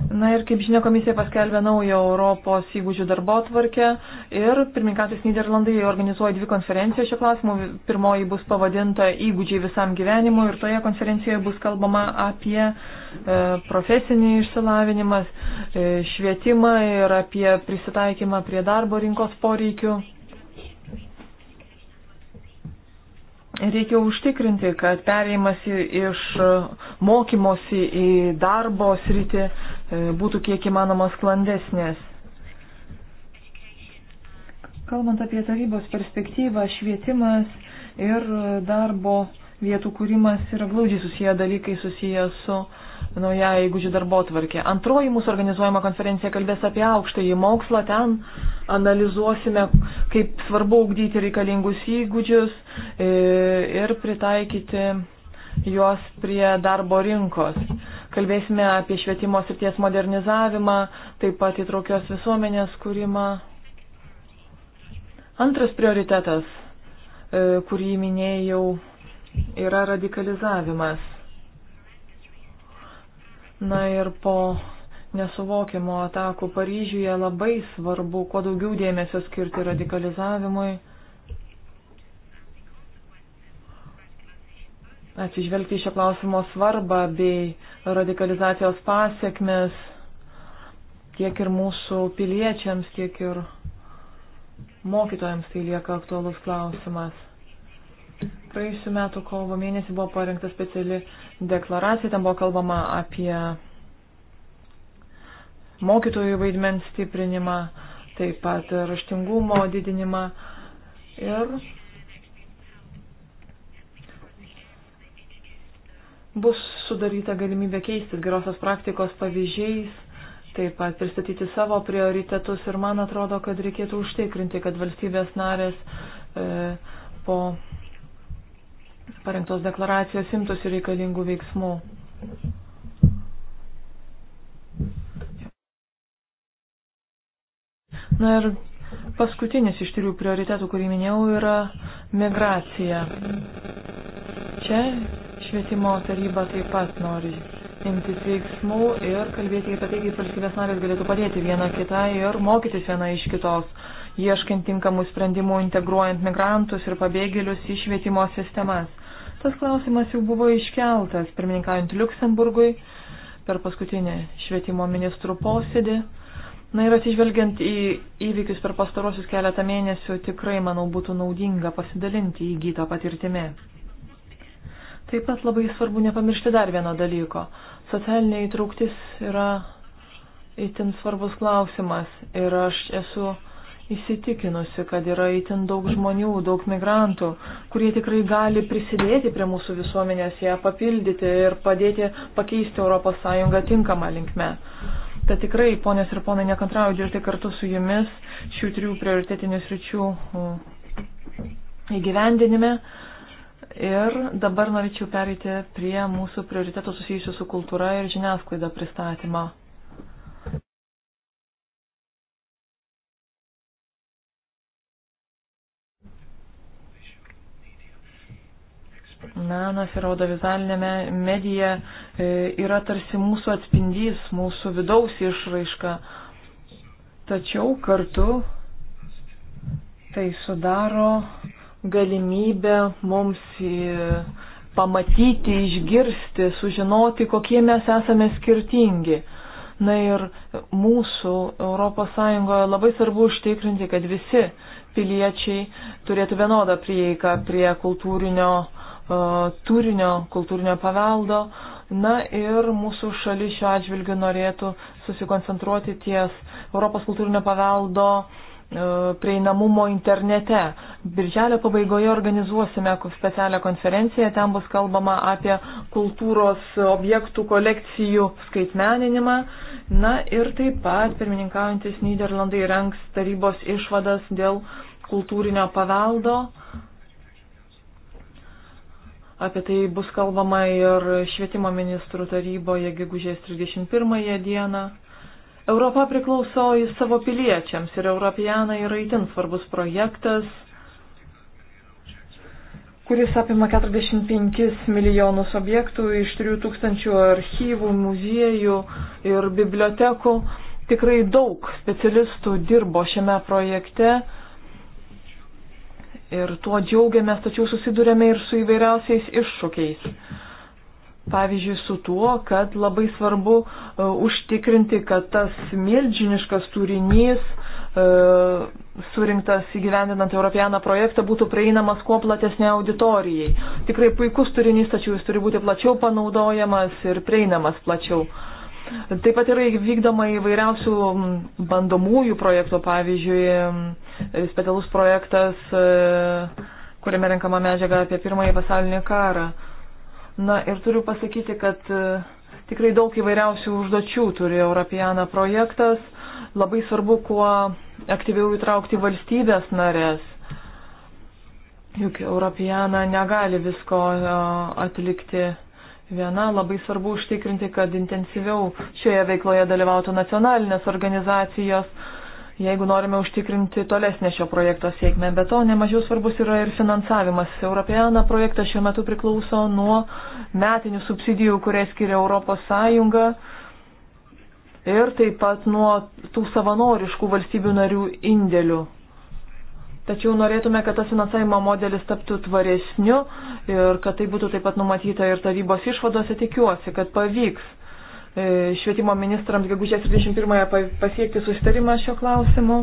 Na ir kaip žinia, komisija paskelbė naują Europos įgūdžių darbo atvarkę ir pirmininkantis Niderlandai organizuoja dvi konferencijas šio klausimu. Pirmoji bus pavadinta įgūdžiai visam gyvenimui ir toje konferencijoje bus kalbama apie e, profesinį išsilavinimą, e, švietimą ir apie prisitaikymą prie darbo rinkos poreikių. Reikia užtikrinti, kad perėjimas iš mokymosi į darbo sritį E, būtų kiek įmanoma sklandesnės. Kalbant apie tarybos perspektyvą, švietimas ir darbo vietų kūrimas yra glaudžiai susiję dalykai susiję su nauja įgūdžių darbo tvarkė. Antroji mūsų organizuojama konferencija kalbės apie aukštąjį mokslą. Ten analizuosime, kaip svarbu ugdyti reikalingus įgūdžius e, ir pritaikyti juos prie darbo rinkos. Kalbėsime apie švietimo srities modernizavimą, taip pat įtraukios visuomenės kūrimą. Antras prioritetas, e, kurį minėjau, yra radikalizavimas. Na ir po nesuvokiamo atakų Paryžiuje labai svarbu kuo daugiau dėmesio skirti radikalizavimui. atsižvelgti į šio klausimo svarbą bei radikalizacijos pasiekmes tiek ir mūsų piliečiams, tiek ir mokytojams tai lieka aktualus klausimas. Praėjusiu metu kovo mėnesį buvo parengta speciali deklaracija, ten buvo kalbama apie mokytojų vaidmens stiprinimą, taip pat raštingumo didinimą ir Bus sudaryta galimybė keistis gerosios praktikos pavyzdžiais, taip pat pristatyti savo prioritetus ir man atrodo, kad reikėtų užtikrinti, kad valstybės narės e, po parengtos deklaracijos imtųsi reikalingų veiksmų. Na ir paskutinis iš trijų prioritetų, kurį minėjau, yra migracija. Čia Švietimo taryba taip pat nori imtis veiksmų ir kalbėti apie tai, kaip valstybės narės galėtų padėti viena kitai ir mokytis viena iš kitos, ieškant tinkamų sprendimų, integruojant migrantus ir pabėgėlius į švietimo sistemas. Tas klausimas jau buvo iškeltas, pirmininkaujant Luksemburgui, per paskutinį švietimo ministrų posėdį. Na ir atsižvelgiant į įvykius per pastarosius keletą mėnesių, tikrai, manau, būtų naudinga pasidalinti įgytą patirtimį. Taip pat labai svarbu nepamiršti dar vieno dalyko. Socialinė įtrauktis yra itin svarbus klausimas ir aš esu įsitikinusi, kad yra itin daug žmonių, daug migrantų, kurie tikrai gali prisidėti prie mūsų visuomenės, ją papildyti ir padėti pakeisti ES tinkamą linkmę. Tad tikrai, ponės ir ponai, nekantrauju dirbti kartu su jumis šių trijų prioritetinių sričių mm, įgyvendinime. Uh, Ir dabar norėčiau pereiti prie mūsų prioritetų susijusių su kultūra ir žiniasklaida pristatymą. Menas ir audiovizualinė medija e, yra tarsi mūsų atspindys, mūsų vidaus išraiška. Tačiau kartu tai sudaro galimybę mums e, pamatyti, išgirsti, sužinoti, kokie mes esame skirtingi. Na ir mūsų ES labai svarbu užtikrinti, kad visi piliečiai turėtų vienodą prieigą prie kultūrinio uh, turinio, kultūrinio paveldo. Na ir mūsų šalis šiuo atžvilgiu norėtų susikoncentruoti ties Europos kultūrinio paveldo uh, E, prieinamumo internete. Birželio pabaigoje organizuosime specialią konferenciją, ten bus kalbama apie kultūros objektų kolekcijų skaitmeninimą. Na ir taip pat pirmininkaujantis Niderlandai renks tarybos išvadas dėl kultūrinio paveldo. Apie tai bus kalbama ir švietimo ministrų taryboje gegužės 31 dieną. Europa priklauso į savo piliečiams ir Europijanai yra itin svarbus projektas, kuris apima 45 milijonus objektų iš 3000 archyvų, muziejų ir bibliotekų. Tikrai daug specialistų dirbo šiame projekte ir tuo džiaugiamės, tačiau susidurėme ir su įvairiausiais iššūkiais pavyzdžiui, su tuo, kad labai svarbu uh, užtikrinti, kad tas milžiniškas turinys uh, surinktas įgyvendinant Europianą projektą būtų prieinamas kuo platesnė auditorijai. Tikrai puikus turinys, tačiau jis turi būti plačiau panaudojamas ir prieinamas plačiau. Taip pat yra vykdoma įvairiausių bandomųjų projektų, pavyzdžiui, specialus projektas, e, kuriame renkama medžiaga apie pirmąjį pasaulinį karą. Uh, Na ir turiu pasakyti, kad e, tikrai daug įvairiausių užduočių turi Europiana projektas. Labai svarbu, kuo aktyviau įtraukti valstybės narės. Juk Europiana negali visko e, atlikti viena. Labai svarbu užtikrinti, kad intensyviau šioje veikloje dalyvautų nacionalinės organizacijos jeigu norime užtikrinti tolesnę šio projekto sėkmę. Be to, nemažiau svarbus yra ir finansavimas. Europeana projektas šiuo metu priklauso nuo metinių subsidijų, kurias skiria ES ir taip pat nuo tų savanoriškų valstybių narių indėlių. Tačiau norėtume, kad tas finansavimo modelis taptų tvaresniu ir kad tai būtų taip pat numatyta ir tarybos išvadose. Tikiuosi, kad pavyks E, švietimo ministrams gegužės 31-ąją pasiekti susitarimą šio klausimu.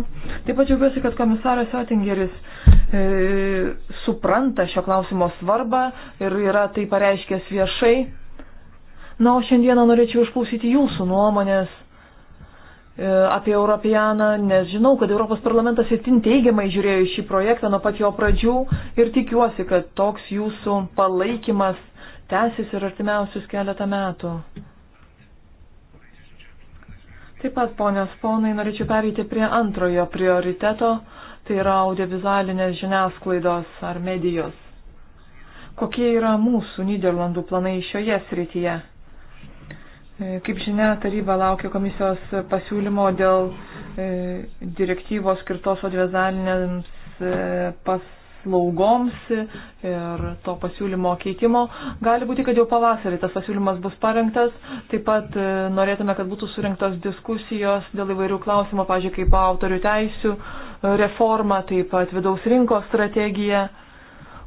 Taip pat džiaugiuosi, kad komisaras Oettingeris e, supranta šio klausimo svarbą ir yra tai pareiškęs viešai. Na, o šiandieną norėčiau išklausyti jūsų nuomonės e, apie Europianą, nes žinau, kad Europos parlamentas itin teigiamai žiūrėjo į šį projektą nuo pat jo pradžių ir tikiuosi, kad toks jūsų palaikymas tęsis ir artimiausius keletą metų. Taip pat, ponios ponai, norėčiau pereiti prie antrojo prioriteto, tai yra audiovizualinės žiniasklaidos ar medijos. Kokie yra mūsų Niderlandų planai šioje srityje? E, kaip žinia, taryba laukia komisijos pasiūlymo dėl e, direktyvos skirtos audiovizualinėms e, pas paslaugoms ir to pasiūlymo keitimo. Gali būti, kad jau pavasarį tas pasiūlymas bus parengtas. Taip pat e, norėtume, kad būtų surinktos diskusijos dėl įvairių klausimų, pažiūrėjau, kaip autorių teisių reforma, taip pat vidaus rinkos strategija.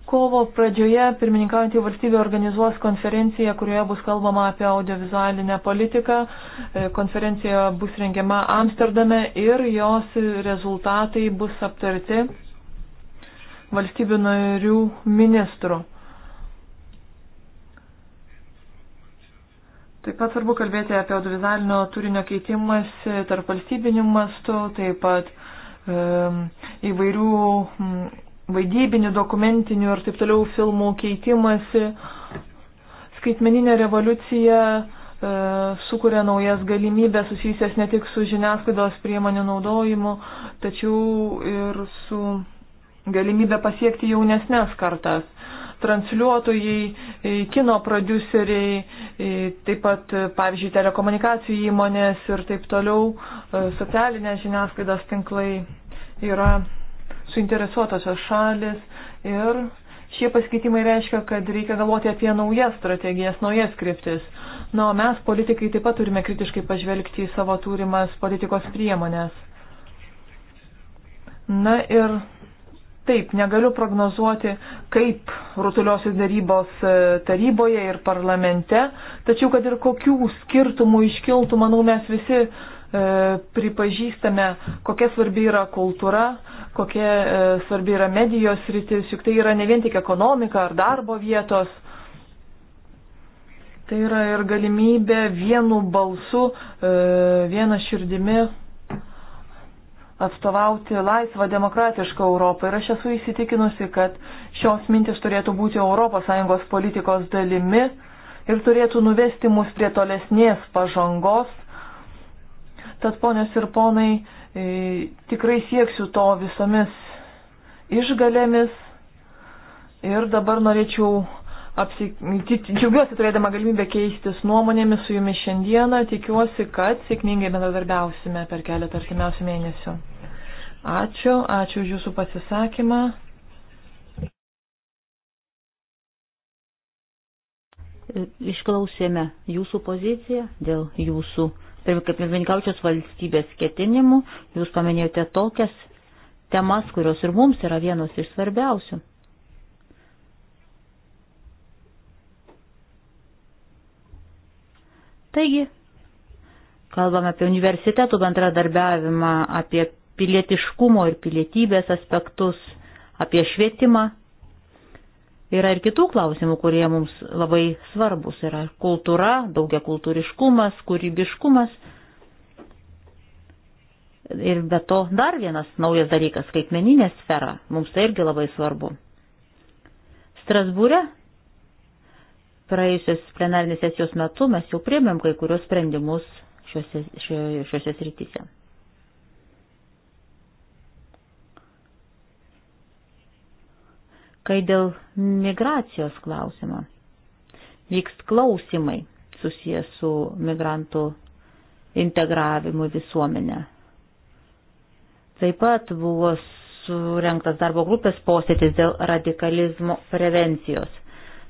Kovo pradžioje pirmininkaujantį valstybę organizuos konferenciją, kurioje bus kalbama apie audiovizualinę politiką. E, konferencija bus rengiama Amsterdame ir jos rezultatai bus aptarti valstybių narių ministrų. Taip pat svarbu kalbėti apie audiovizualinio turinio keitimas tarp valstybinių mastų, taip pat e, įvairių m, vaidybinių, dokumentinių ir taip toliau filmų keitimasi. Skaitmeninė revoliucija e, sukuria naujas galimybės susijusias ne tik su žiniasklaidos priemonių naudojimu, tačiau ir su galimybę pasiekti jaunesnės kartas. Transliuotojai, e, kino prodiuseriai, e, taip pat, e, pavyzdžiui, telekomunikacijų įmonės ir taip toliau, socialinės žiniasklaidos tinklai yra suinteresuotosios šalis ir šie pasikeitimai reiškia, kad reikia galvoti apie naujas strategijas, naujas kryptis. Na, o mes, politikai, taip pat turime kritiškai pažvelgti į savo turimas politikos priemonės. Na ir Taip, negaliu prognozuoti, kaip rutuliosis darybos e, taryboje ir parlamente, tačiau kad ir kokių skirtumų iškiltų, manau, mes visi e, pripažįstame, kokia svarbi yra kultūra, kokia e, svarbi yra medijos rytis, juk tai yra ne vien tik ekonomika ar darbo vietos. Tai yra ir galimybė vienu balsu, e, vieną širdimi atstovauti laisvą demokratišką Europą. Ir aš esu įsitikinusi, kad šios mintis turėtų būti ES politikos dalimi ir turėtų nuvesti mus prie tolesnės pažangos. Tad ponios ir ponai, e, tikrai sieksiu to visomis išgalėmis. Ir dabar norėčiau apsi... džiaugiuosi turėdama galimybę keistis nuomonėmis su jumis šiandieną. Tikiuosi, kad sėkmingai bendradarbiausime per keletą artimiausių mėnesių. Ačiū, ačiū už jūsų pasisakymą. Išklausėme jūsų poziciją dėl jūsų, kaip pirmininkaučios valstybės ketinimų. Jūs paminėjote tokias temas, kurios ir mums yra vienos iš svarbiausių. Taigi, kalbame apie universitetų bendradarbiavimą, apie pilietiškumo ir pilietybės aspektus, apie švietimą. Yra ir kitų klausimų, kurie mums labai svarbus. Yra kultūra, daugia kultūriškumas, kūrybiškumas. Ir be to dar vienas naujas dalykas - skaitmeninė sfera. Mums tai irgi labai svarbu. Strasbūre praėjusios plenarinės sesijos metu mes jau priemėm kai kurios sprendimus šiuose, šiuose srityse. Kai dėl migracijos klausimo vyks klausimai susijęs su migrantų integravimu visuomenę. Taip pat buvo surenktas darbo grupės posėdis dėl radikalizmo prevencijos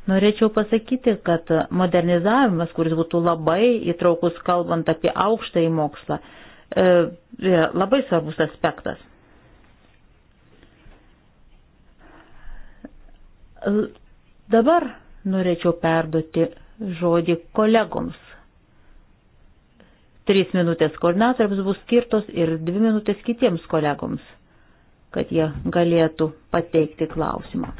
Norėčiau pasakyti, kad modernizavimas, kuris būtų labai įtraukus kalbant apie aukštąjį mokslą, e, e, labai svarbus aspektas. Dabar norėčiau perduoti žodį kolegoms. Trys minutės koordinatoriams bus skirtos ir dvi minutės kitiems kolegoms, kad jie galėtų pateikti klausimą.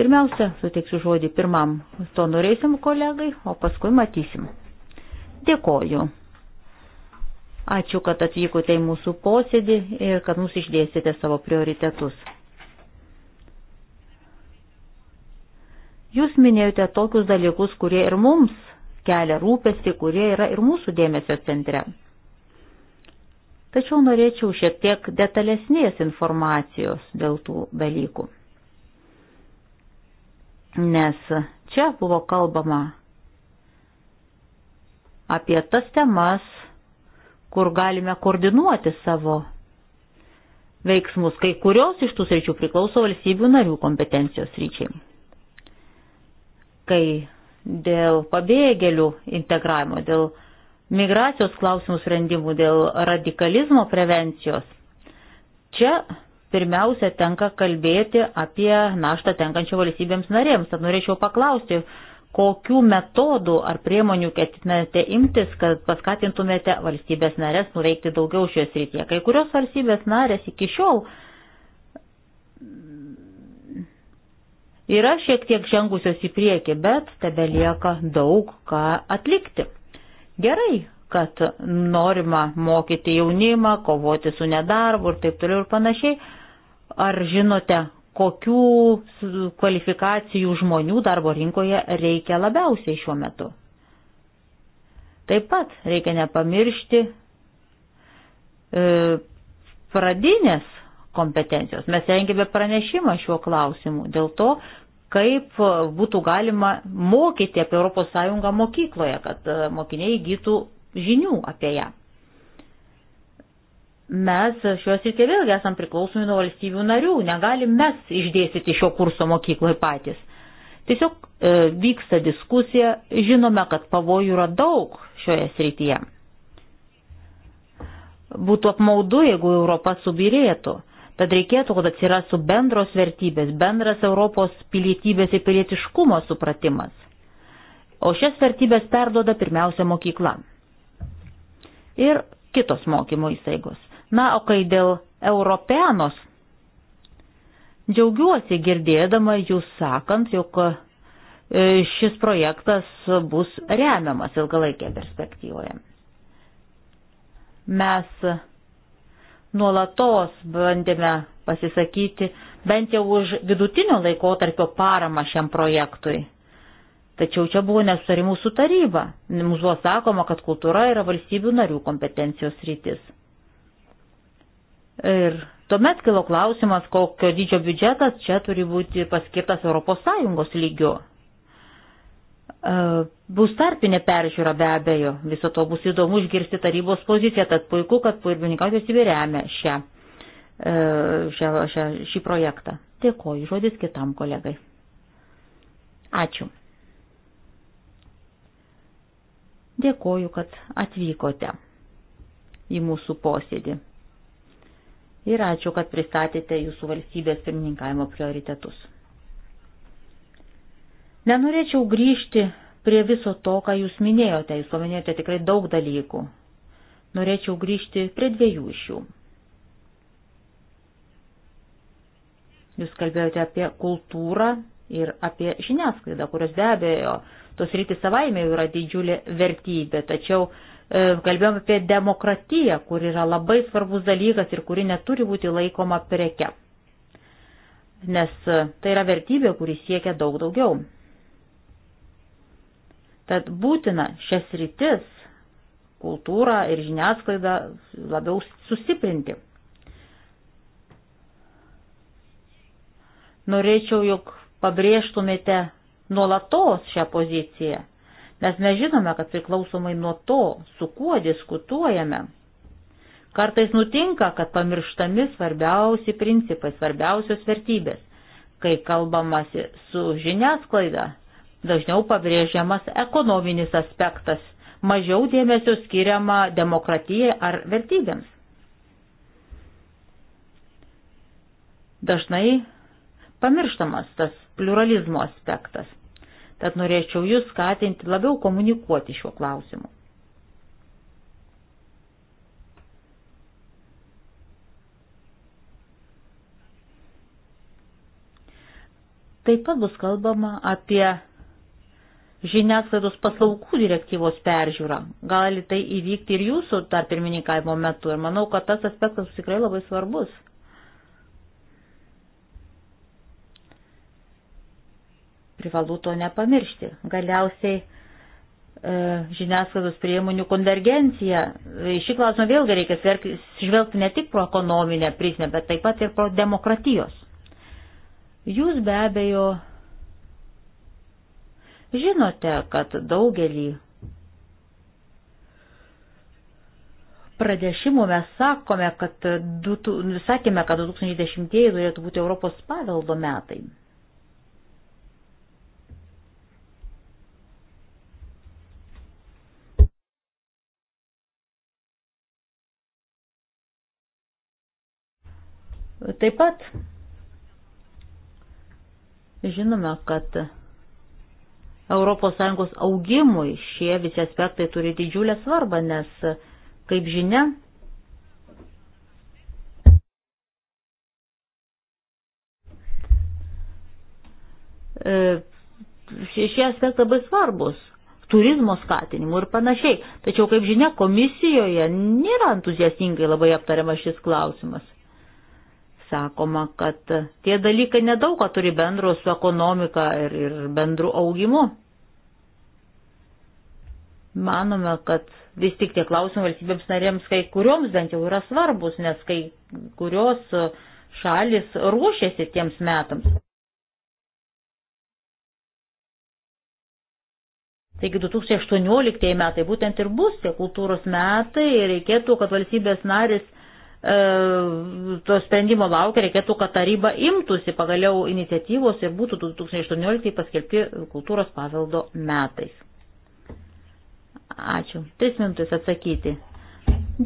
Pirmiausia, suteiksiu žodį pirmam to norėsim kolegai, o paskui matysim. Dėkoju. Ačiū, kad atvykote į mūsų posėdį ir kad mus išdėstėte savo prioritetus. Jūs minėjote tokius dalykus, kurie ir mums kelia rūpesti, kurie yra ir mūsų dėmesio centre. Tačiau norėčiau šiek tiek detalesnės informacijos dėl tų dalykų nes čia buvo kalbama apie tas temas, kur galime koordinuoti savo veiksmus, kai kurios iš tų sričių priklauso valstybių narių kompetencijos ryčiai. Kai dėl pabėgėlių integravimo, dėl migracijos klausimų sprendimų, dėl radikalizmo prevencijos, čia pirmiausia tenka kalbėti apie naštą tenkančią valstybėms narėms. Tad norėčiau paklausti, kokių metodų ar priemonių ketinate imtis, kad paskatintumėte valstybės narės nuveikti daugiau šioje srityje. Kai kurios valstybės narės iki šiol yra šiek tiek žengusios į priekį, bet tebe lieka daug ką atlikti. Gerai, kad norima mokyti jaunimą, kovoti su nedarbu ir taip toliau ir panašiai, Ar žinote, kokių kvalifikacijų žmonių darbo rinkoje reikia labiausiai šiuo metu? Taip pat reikia nepamiršti e, pradinės kompetencijos. Mes rengėme pranešimą šiuo klausimu dėl to, kaip būtų galima mokyti apie ES mokykloje, kad e, mokiniai įgytų žinių apie ją mes šios ir vėlgi esam priklausomi nuo valstybių narių, negalim mes išdėstyti šio kurso mokykloje patys. Tiesiog e, vyksta diskusija, žinome, kad pavojų yra daug šioje srityje. Būtų apmaudu, jeigu Europa subirėtų. Tad reikėtų, kad atsirastų bendros vertybės, bendras Europos pilietybės ir pilietiškumo supratimas. O šias vertybės perdoda pirmiausia mokykla. Ir kitos mokymo įstaigos. Na, o kai dėl Europeanos, džiaugiuosi girdėdama jūs sakant, jog e, šis projektas bus remiamas ilgalaikėje perspektyvoje. Mes nuolatos bandėme pasisakyti bent jau už vidutinio laikotarpio paramą šiam projektui. Tačiau čia buvo nesutarimų su taryba. Mums buvo sakoma, kad kultūra yra valstybių narių kompetencijos rytis. Ir tuomet kilo klausimas, kokio dydžio biudžetas čia turi būti paskirtas ES lygiu. E, bus tarpinė peržiūra be abejo, viso to bus įdomu išgirsti tarybos poziciją, tad puiku, kad pirmininkaujos įvyrėmė šią, e, šią, šią, šį projektą. Dėkoju, žodis kitam kolegai. Ačiū. Dėkoju, kad atvykote į mūsų posėdį ir ačiū, kad pristatėte jūsų valstybės pirmininkavimo prioritetus. Nenorėčiau grįžti prie viso to, ką jūs minėjote, jūs paminėjote tikrai daug dalykų. Norėčiau grįžti prie dviejų iš jų. Jūs kalbėjote apie kultūrą ir apie žiniasklaidą, kurios be abejo tos rytis savaime yra didžiulė vertybė, tačiau E, kalbėjom apie demokratiją, kur yra labai svarbus dalykas ir kuri neturi būti laikoma preke. Nes e, tai yra vertybė, kuri siekia daug daugiau. Tad būtina šias rytis, kultūrą ir žiniasklaidą labiau sustiprinti. Norėčiau, jog pabrėžtumėte nuolatos šią poziciją Nes mes žinome, kad priklausomai nuo to, su kuo diskutuojame, kartais nutinka, kad pamirštami svarbiausi principai, svarbiausios vertybės. Kai kalbamasi su žiniasklaida, dažniau pabrėžiamas ekonominis aspektas, mažiau dėmesio skiriama demokratijai ar vertybėms. Dažnai pamirštamas tas pluralizmo aspektas. Tad norėčiau jūs skatinti labiau komunikuoti šiuo klausimu. Taip pat bus kalbama apie žiniasklaidos paslaugų direktyvos peržiūrą. Gali tai įvykti ir jūsų dar pirmininkavimo metu ir manau, kad tas aspektas tikrai labai svarbus. Privalu to nepamiršti. Galiausiai e, žiniasklaidos priemonių konvergencija. E, šį klausimą vėlgi reikia žvelgti ne tik pro ekonominę prizmę, bet taip pat ir pro demokratijos. Jūs be abejo žinote, kad daugelį pradėšimų mes sakome, kad, sakėme, kad 2010 turėtų būti Europos paveldo metai. Taip pat žinome, kad ES augimui šie visi aspektai turi didžiulę svarbą, nes, kaip žinia, e, šie aspektai labai svarbus turizmo skatinimu ir panašiai. Tačiau, kaip žinia, komisijoje nėra entuziastingai labai aptariamas šis klausimas sakoma, kad tie dalykai nedaug ką turi bendro su ekonomika ir, ir bendru augimu. Manome, kad vis tik tie klausimai valstybėms narėms kai kurioms bent jau yra svarbus, nes kai kurios šalis ruošiasi tiems metams. Taigi 2018 metai būtent ir bus tie kultūros metai ir reikėtų, kad valstybės narės E, to sprendimo laukia, reikėtų, kad taryba imtųsi pagaliau iniciatyvos ir būtų 2018 paskelbti kultūros paveldo metais. Ačiū. Tris minutės atsakyti.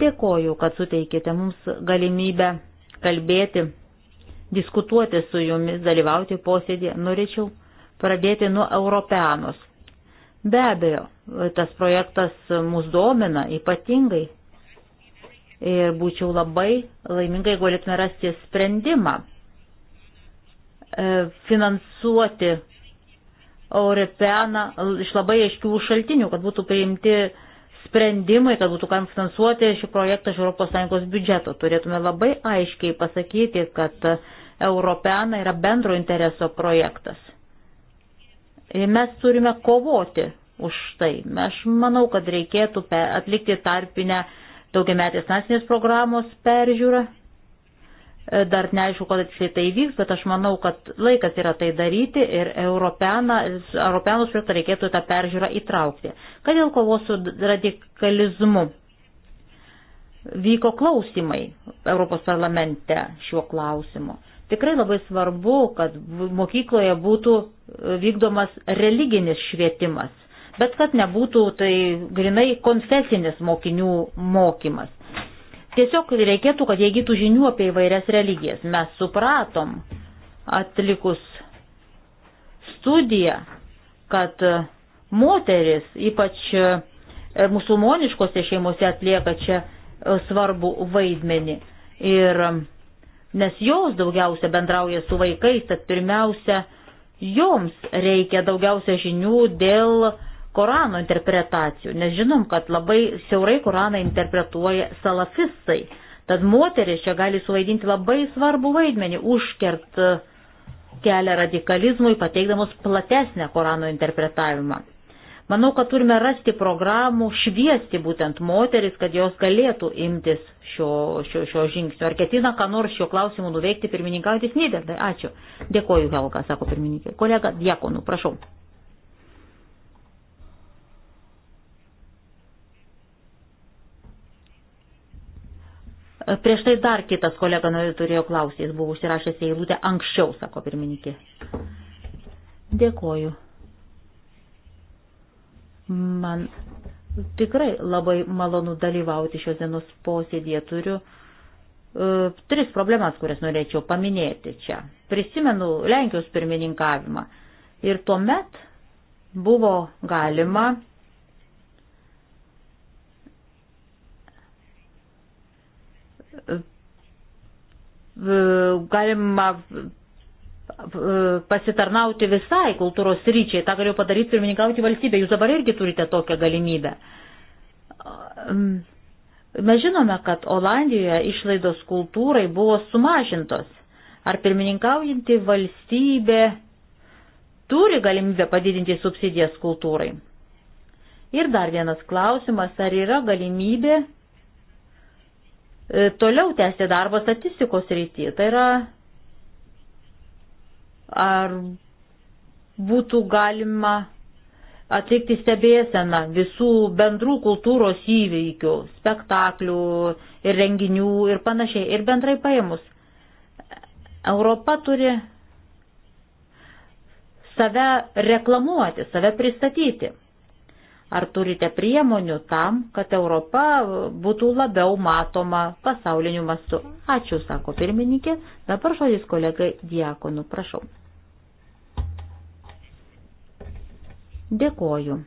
Dėkoju, kad suteikėte mums galimybę kalbėti, diskutuoti su jumis, dalyvauti posėdėje. Norėčiau pradėti nuo Europeanos. Be abejo, tas projektas mus domina ypatingai ir būčiau labai laiminga, jeigu galėtume rasti sprendimą e, finansuoti Europeaną iš labai aiškių šaltinių, kad būtų priimti sprendimai, kad būtų kam finansuoti šį projektą iš ES biudžeto. Turėtume labai aiškiai pasakyti, kad Europeana yra bendro intereso projektas. Ir mes turime kovoti už tai. Aš manau, kad reikėtų atlikti tarpinę daugiametės nacinės programos peržiūra. E, dar neaišku, kada tiksliai tai įvyks, bet aš manau, kad laikas yra tai daryti ir Europeanus projektą reikėtų tą peržiūrą įtraukti. Kad dėl kovos su radikalizmu vyko klausimai Europos parlamente šiuo klausimu. Tikrai labai svarbu, kad mokykloje būtų vykdomas religinis švietimas bet kad nebūtų tai grinai konfesinis mokinių mokymas. Tiesiog reikėtų, kad jie gytų žinių apie įvairias religijas. Mes supratom, atlikus studiją, kad moteris, ypač e, musulmoniškose šeimose atlieka čia e, svarbu vaidmenį. Ir nes jos daugiausia bendrauja su vaikais, tad pirmiausia, joms reikia daugiausia žinių dėl Korano interpretacijų, nes žinom, kad labai siaurai Koraną interpretuoja salafistai. Tad moteris čia gali suvaidinti labai svarbų vaidmenį, užkert e, kelią radikalizmui, pateikdamos platesnę Korano interpretavimą. Manau, kad turime rasti programų, šviesti būtent moteris, kad jos galėtų imtis šio, šio, šio žingsnio. Ar ketina ką nors šio klausimu nuveikti pirmininkautis Niderlandai? Ačiū. Dėkoju, Helga, sako pirmininkė. Kolega Diekonų, prašau. E, prieš tai dar kitas kolega turėjo klausyti, jis buvo užsirašęs eilutę anksčiau, sako pirmininkė. Dėkoju. Man tikrai labai malonu dalyvauti šios dienos posėdėje. Turiu e, tris problemas, kurias norėčiau paminėti čia. Prisimenu Lenkijos pirmininkavimą ir tuomet buvo galima galima e, pasitarnauti visai kultūros ryčiai. Ta galiu padaryti pirmininkauti valstybė. Jūs dabar irgi turite tokią galimybę. Mes žinome, kad Olandijoje išlaidos kultūrai buvo sumažintos. Ar pirmininkaujanti valstybė turi galimybę padidinti subsidijas kultūrai? Ir dar vienas klausimas, ar yra galimybė E, toliau tęsti darbą statistikos rytyje. Tai yra, ar būtų galima atlikti stebėseną visų bendrų kultūros įveikių, spektaklių ir renginių ir panašiai. Ir bendrai paėmus, Europa turi save reklamuoti, save pristatyti. Ar turite priemonių tam, kad Europa būtų labiau matoma pasauliniu mastu? Ačiū, sako pirmininkė. Dabar žodis kolegai Diakonu, prašau. Dėkoju.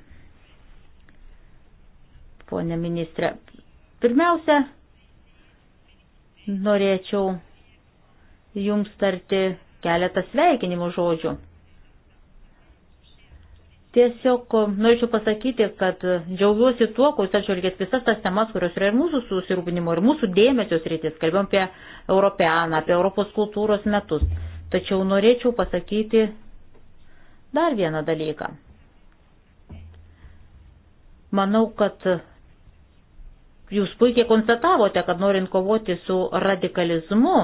Pone ministrė, pirmiausia, norėčiau jums tarti keletą sveikinimų žodžių. Tiesiog norėčiau pasakyti, kad džiaugiuosi tuo, kuo jūs atžvelgėt visas tas temas, kurios yra ir mūsų susirūpinimo, ir mūsų dėmesio sritis. Kalbėjom apie Europeaną, apie Europos kultūros metus. Tačiau norėčiau pasakyti dar vieną dalyką. Manau, kad jūs puikiai konstatavote, kad norint kovoti su radikalizmu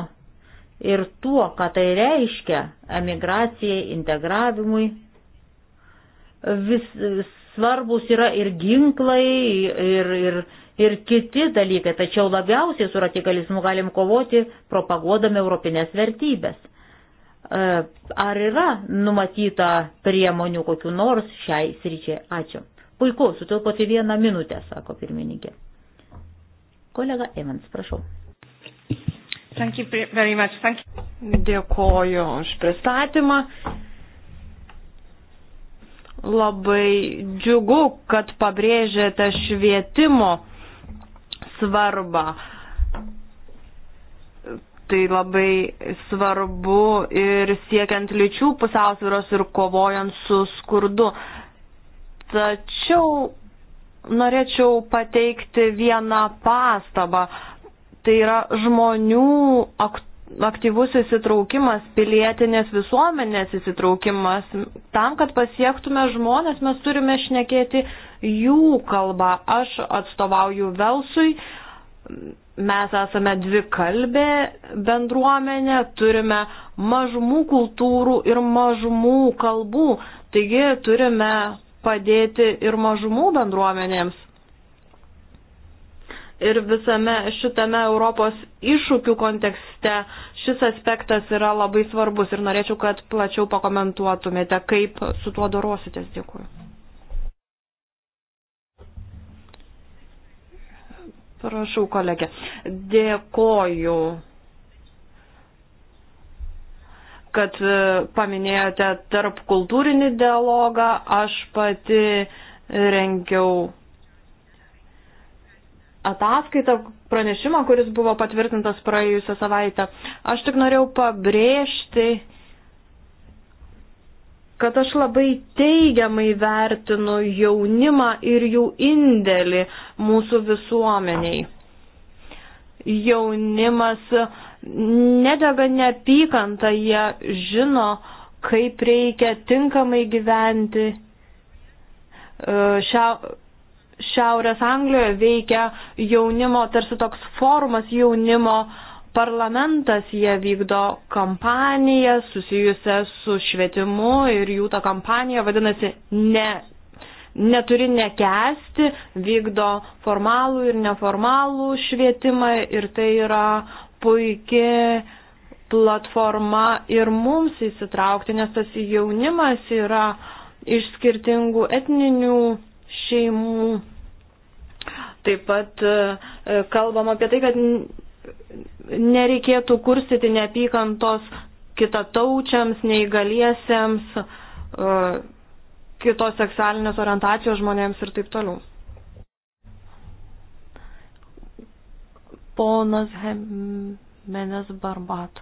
ir tuo, ką tai reiškia emigracijai, integravimui, vis, svarbus yra ir ginklai, ir, ir, ir kiti dalykai, tačiau labiausiai su radikalizmu galim kovoti propaguodami europinės vertybės. E, ar yra numatyta priemonių kokiu nors šiai sričiai? Ačiū. Puiku, sutilpoti vieną minutę, sako pirmininkė. Kolega Evans, prašau. Dėkoju už pristatymą. Labai džiugu, kad pabrėžėte švietimo svarbą. Tai labai svarbu ir siekiant lyčių pusiausvyros ir kovojant su skurdu. Tačiau norėčiau pateikti vieną pastabą. Tai yra žmonių aktualių aktyvus įsitraukimas, pilietinės visuomenės įsitraukimas. Tam, kad pasiektume žmonės, mes turime šnekėti jų kalbą. Aš atstovauju Velsui, mes esame dvi kalbė bendruomenė, turime mažumų kultūrų ir mažumų kalbų, taigi turime padėti ir mažumų bendruomenėms ir visame šitame Europos iššūkių kontekste šis aspektas yra labai svarbus ir norėčiau, kad plačiau pakomentuotumėte, kaip su tuo dorositės. Dėkuoju. Prašau, kolegė. Dėkoju, kad paminėjote tarp kultūrinį dialogą. Aš pati rengiau ataskaitą, pranešimą, kuris buvo patvirtintas praėjusią savaitę. Aš tik norėjau pabrėžti, kad aš labai teigiamai vertinu jaunimą ir jų indėlį mūsų visuomeniai. Jaunimas nedega neapykantą, jie žino, kaip reikia tinkamai gyventi. E, šia, Šiaurės Anglijoje veikia jaunimo, tarsi toks forumas jaunimo parlamentas, jie vykdo kampaniją susijusią su švietimu ir jų ta kampanija vadinasi ne, neturi nekesti, vykdo formalų ir neformalų švietimą ir tai yra puikia platforma ir mums įsitraukti, nes tas jaunimas yra iš skirtingų etninių šeimų Taip pat e, e, kalbam apie tai, kad nereikėtų kurstyti neapykantos kitataučiams, neįgaliesiems, e, kitos seksualinės orientacijos žmonėms ir taip toliau. Ponas Hemenes Barbat.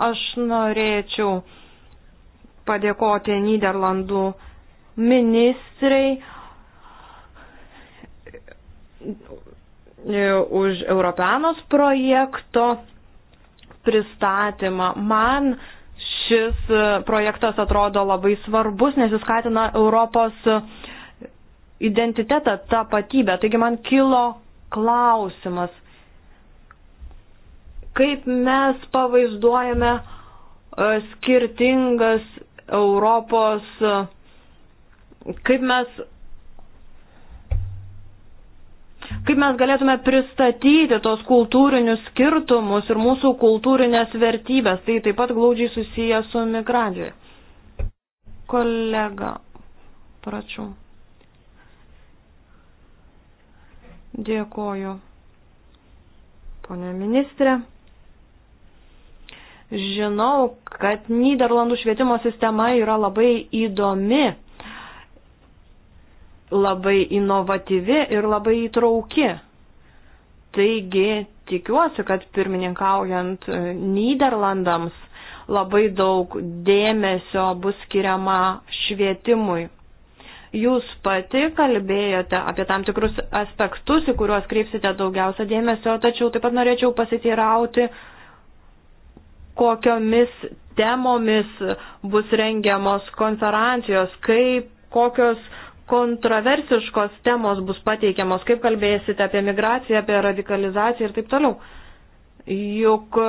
Aš norėčiau padėkoti Niderlandų ministrei e, už Europeanos projekto pristatymą. Man šis e, projektas atrodo labai svarbus, nes jis skatina Europos identitetą, tapatybę. Taigi man kilo klausimas, kaip mes pavaizduojame e, skirtingas Europos, e, kaip mes, kaip mes galėtume pristatyti tos kultūrinius skirtumus ir mūsų kultūrinės vertybės. Tai taip pat glaudžiai susiję su migracija. Kolega, prašau. Dėkoju, ponė ministrė. Žinau, kad Niderlandų švietimo sistema yra labai įdomi, labai inovatyvi ir labai įtrauki. Taigi tikiuosi, kad pirmininkaujant e, Niderlandams labai daug dėmesio bus skiriama švietimui. Jūs pati kalbėjote apie tam tikrus aspektus, į kuriuos kreipsite daugiausia dėmesio, tačiau taip pat norėčiau pasiteirauti, kokiomis temomis bus rengiamos konferencijos, kaip, kokios kontroversiškos temos bus pateikiamos, kaip kalbėsite apie migraciją, apie radikalizaciją ir taip toliau. Juk e,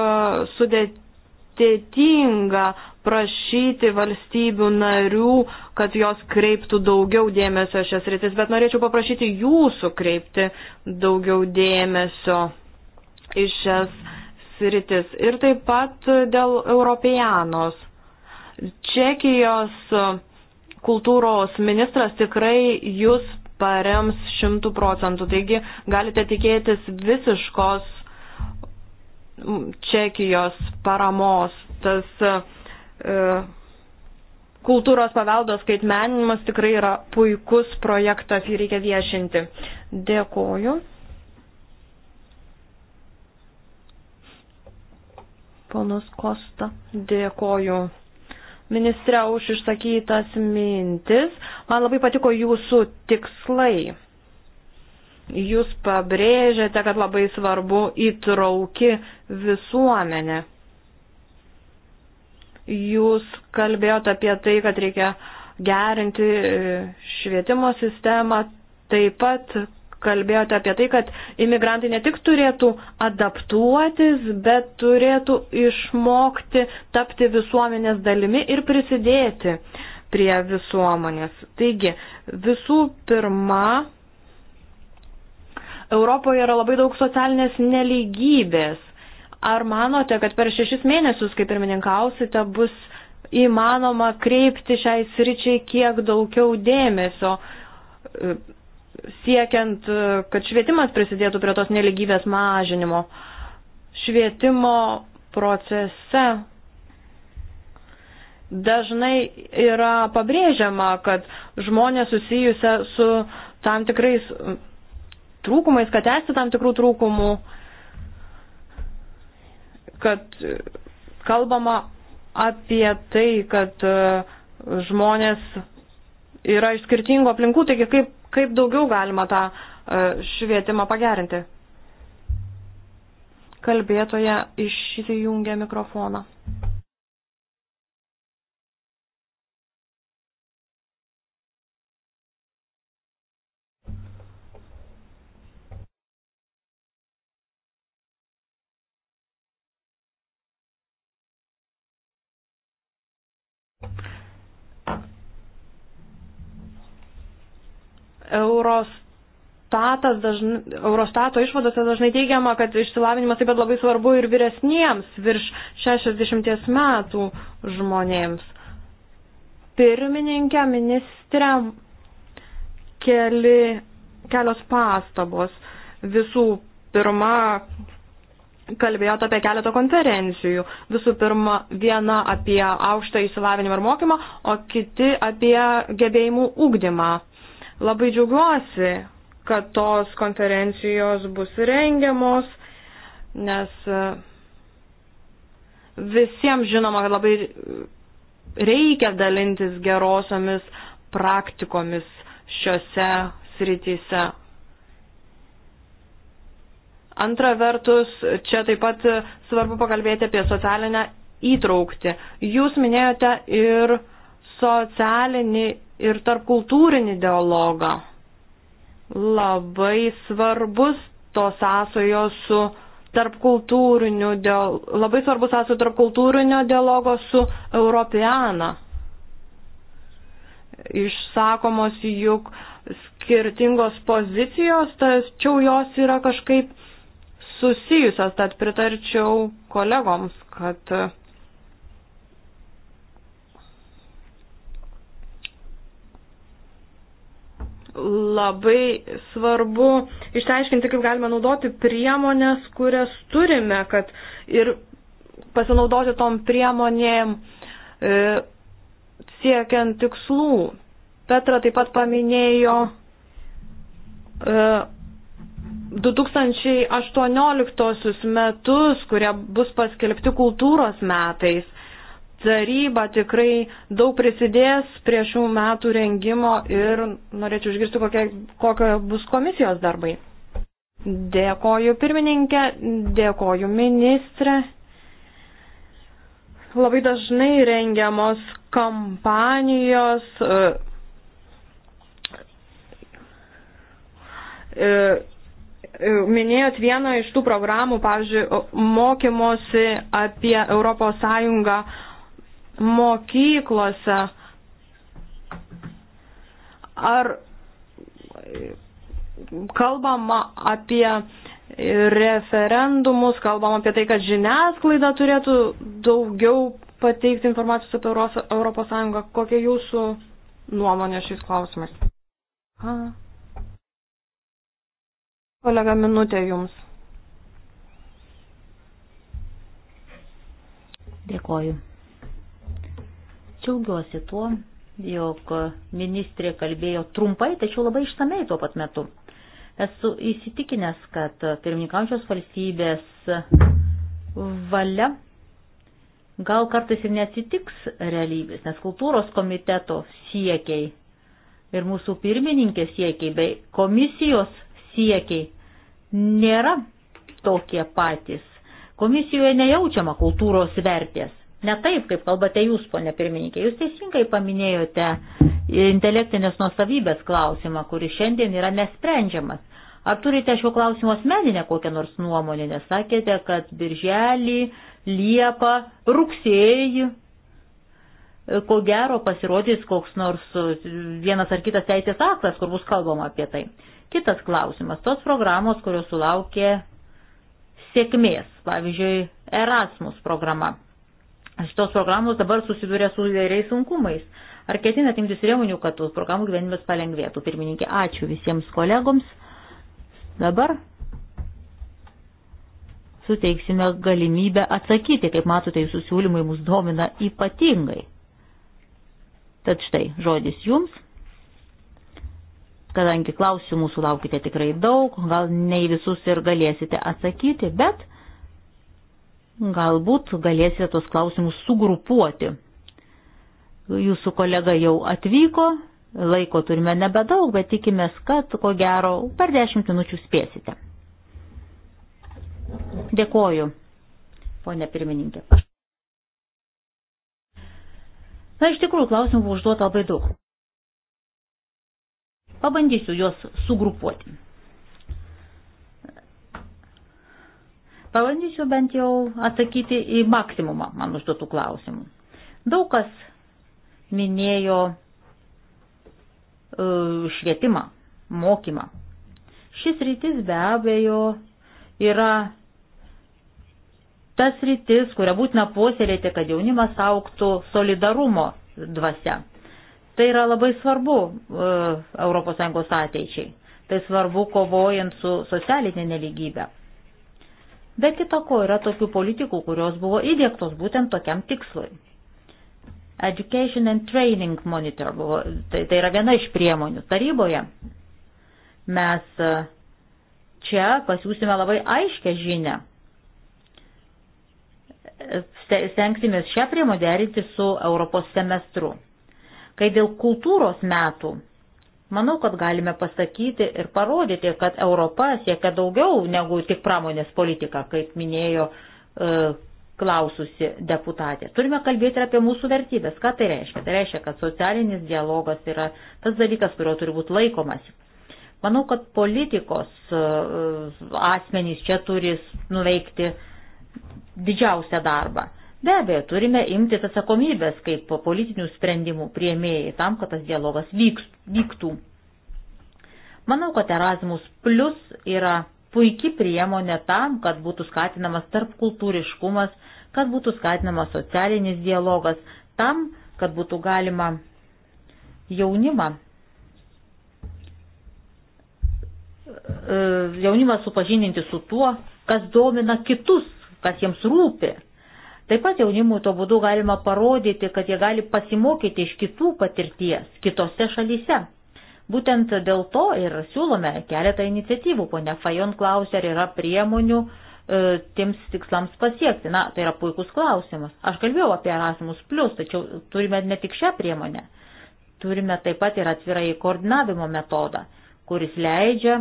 sudėtinga prašyti valstybių narių, kad jos kreiptų daugiau dėmesio šias rytis, bet norėčiau paprašyti jūsų kreipti daugiau dėmesio į šias rytis rytis ir taip pat dėl europejanos. Čekijos kultūros ministras tikrai jūs parems šimtų procentų, taigi galite tikėtis visiškos Čekijos paramos. Tas e, kultūros paveldo skaitmeninimas tikrai yra puikus projektas, jį reikia viešinti. Dėkuoju. Ponas Kosta, dėkoju ministre už išsakytas mintis. Man labai patiko jūsų tikslai. Jūs pabrėžėte, kad labai svarbu įtrauki visuomenė. Jūs kalbėjote apie tai, kad reikia gerinti švietimo sistemą, taip pat kalbėjote apie tai, kad imigrantai ne tik turėtų adaptuotis, bet turėtų išmokti tapti visuomenės dalimi ir prisidėti prie visuomenės. Taigi, visų pirma, Europoje yra labai daug socialinės neligybės. Ar manote, kad per šešis mėnesius, kai pirmininkausite, bus įmanoma kreipti šiai sričiai kiek daugiau dėmesio? siekiant, e, kad švietimas prisidėtų prie tos neligybės mažinimo. Švietimo procese dažnai yra pabrėžiama, kad žmonės susijusia su tam tikrais trūkumais, kad esi tam tikrų trūkumų, kad e, kalbama apie tai, kad e, žmonės yra iš skirtingų aplinkų, taigi kaip, kaip daugiau galima tą e, švietimą pagerinti. Kalbėtoje išsijungia mikrofoną. Eurostatas dažn, Eurostato išvadose dažnai teigiama, kad išsilavinimas taip pat labai svarbu ir vyresniems virš 60 metų žmonėms. Pirmininkė, ministrė, keli, kelios pastabos. Visų pirma, kalbėjote apie keletą konferencijų. Visų pirma, viena apie aukštą įsilavinimą ir mokymą, o kiti apie gebėjimų ūkdymą. Labai džiaugiuosi, kad tos konferencijos bus rengiamos, nes e, visiems žinoma, kad labai reikia dalintis gerosiomis praktikomis šiuose srityse. Antra vertus, čia taip pat svarbu pakalbėti apie socialinę įtraukti. Jūs minėjote ir socialinį ir tarp kultūrinį dialogą. Labai svarbus tos sąsojos su tarp kultūrinių, labai svarbus sąsojų tarp kultūrinio dialogo su Europiana. Išsakomos juk skirtingos pozicijos, tačiau jos yra kažkaip susijusios, tad pritarčiau kolegoms, kad labai svarbu išsiaiškinti, kaip galime naudoti priemonės, kurias turime, kad ir pasinaudoti tom priemonėm e, siekiant tikslų. Petra taip pat paminėjo e, 2018 metus, kurie bus paskelbti kultūros metais taryba tikrai daug prisidės prie šių metų rengimo ir norėčiau išgirsti, kokie, kokie bus komisijos darbai. Dėkoju pirmininkė, dėkoju ministrė. Labai dažnai rengiamos kampanijos. E, e, minėjot vieną iš tų programų, pavyzdžiui, mokymosi apie Europos Sąjungą mokyklose. Ar kalbama apie referendumus, kalbam apie tai, kad žiniasklaida turėtų daugiau pateikti informacijos apie Europos Sąjungą. Kokia jūsų nuomonė šiais klausimais? Ha. Kolega, minutė jums. Dėkoju. Džiaugiuosi tuo, jog ministrė kalbėjo trumpai, tačiau labai išsamei tuo pat metu. Esu įsitikinęs, kad pirmininkaujančios valstybės valia gal kartais ir neatsitiks realybės, nes kultūros komiteto siekiai ir mūsų pirmininkės siekiai bei komisijos siekiai nėra tokie patys. Komisijoje nejaučiama kultūros vertės ne taip, kaip kalbate jūs, ponė pirmininkė. Jūs teisingai paminėjote intelektinės nuosavybės klausimą, kuris šiandien yra nesprendžiamas. Ar turite šio klausimo asmeninę kokią nors nuomonę? Nesakėte, kad birželį, liepą, rugsėjį, ko gero pasirodys koks nors vienas ar kitas teisės aktas, kur bus kalbama apie tai. Kitas klausimas. Tos programos, kurios sulaukė sėkmės, pavyzdžiui, Erasmus programa šitos programos dabar susiduria su įvairiais sunkumais. Ar ketinat imtis priemonių, kad tų programų gyvenimas palengvėtų? Pirmininkė, ačiū visiems kolegoms. Dabar suteiksime galimybę atsakyti, kaip matote, jūsų siūlymai mus domina ypatingai. Tad štai, žodis jums. Kadangi klausimų sulaukite tikrai daug, gal ne visus ir galėsite atsakyti, bet Galbūt galėsite tos klausimus sugrupuoti. Jūsų kolega jau atvyko, laiko turime nebedaug, bet tikimės, kad ko gero per dešimt minučių spėsite. Dėkoju, ponė pirmininkė. Na, iš tikrųjų, klausimų buvo užduota labai daug. Pabandysiu juos sugrupuoti. Pabandysiu bent jau atsakyti į maksimumą man užduotų klausimų. Daug kas minėjo e, švietimą, mokymą. Šis rytis be abejo yra tas rytis, kurią būtina puoselėti, kad jaunimas auktų solidarumo dvasia. Tai yra labai svarbu ES ateičiai. Tai svarbu kovojant su socialinė neligybė. Be kita ko yra tokių politikų, kurios buvo įdėktos būtent tokiam tikslui. Education and Training Monitor buvo, tai, tai yra viena iš priemonių taryboje. Mes e, čia pasiūsime labai aiškę žinę. Stengsimės šią priemonę derinti su Europos semestru. Kai dėl kultūros metų Manau, kad galime pasakyti ir parodyti, kad Europa siekia daugiau negu tik pramonės politika, kaip minėjo e, klaususi deputatė. Turime kalbėti ir apie mūsų vertybės. Ką tai reiškia? Tai reiškia, kad socialinis dialogas yra tas dalykas, kurio turi būti laikomasi. Manau, kad politikos e, e, asmenys čia turi nuveikti didžiausią darbą. Be abejo, turime imtis atsakomybės kaip politinių sprendimų prieimėjai tam, kad tas dialogas vyks, vyktų. Manau, kad Erasmus Plus yra puikia priemonė tam, kad būtų skatinamas tarp kultūriškumas, kad būtų skatinamas socialinis dialogas, tam, kad būtų galima jaunimą e, jaunimas supažininti su tuo, kas domina kitus, kas jiems rūpi, Taip pat jaunimui to būdu galima parodyti, kad jie gali pasimokyti iš kitų patirties kitose šalyse. Būtent dėl to ir siūlome keletą iniciatyvų. Pone Fajon klausė, ar yra priemonių e, tiems tikslams pasiekti. Na, tai yra puikus klausimas. Aš kalbėjau apie Erasmus, tačiau turime ne tik šią priemonę. Turime taip pat ir atvirai koordinavimo metodą, kuris leidžia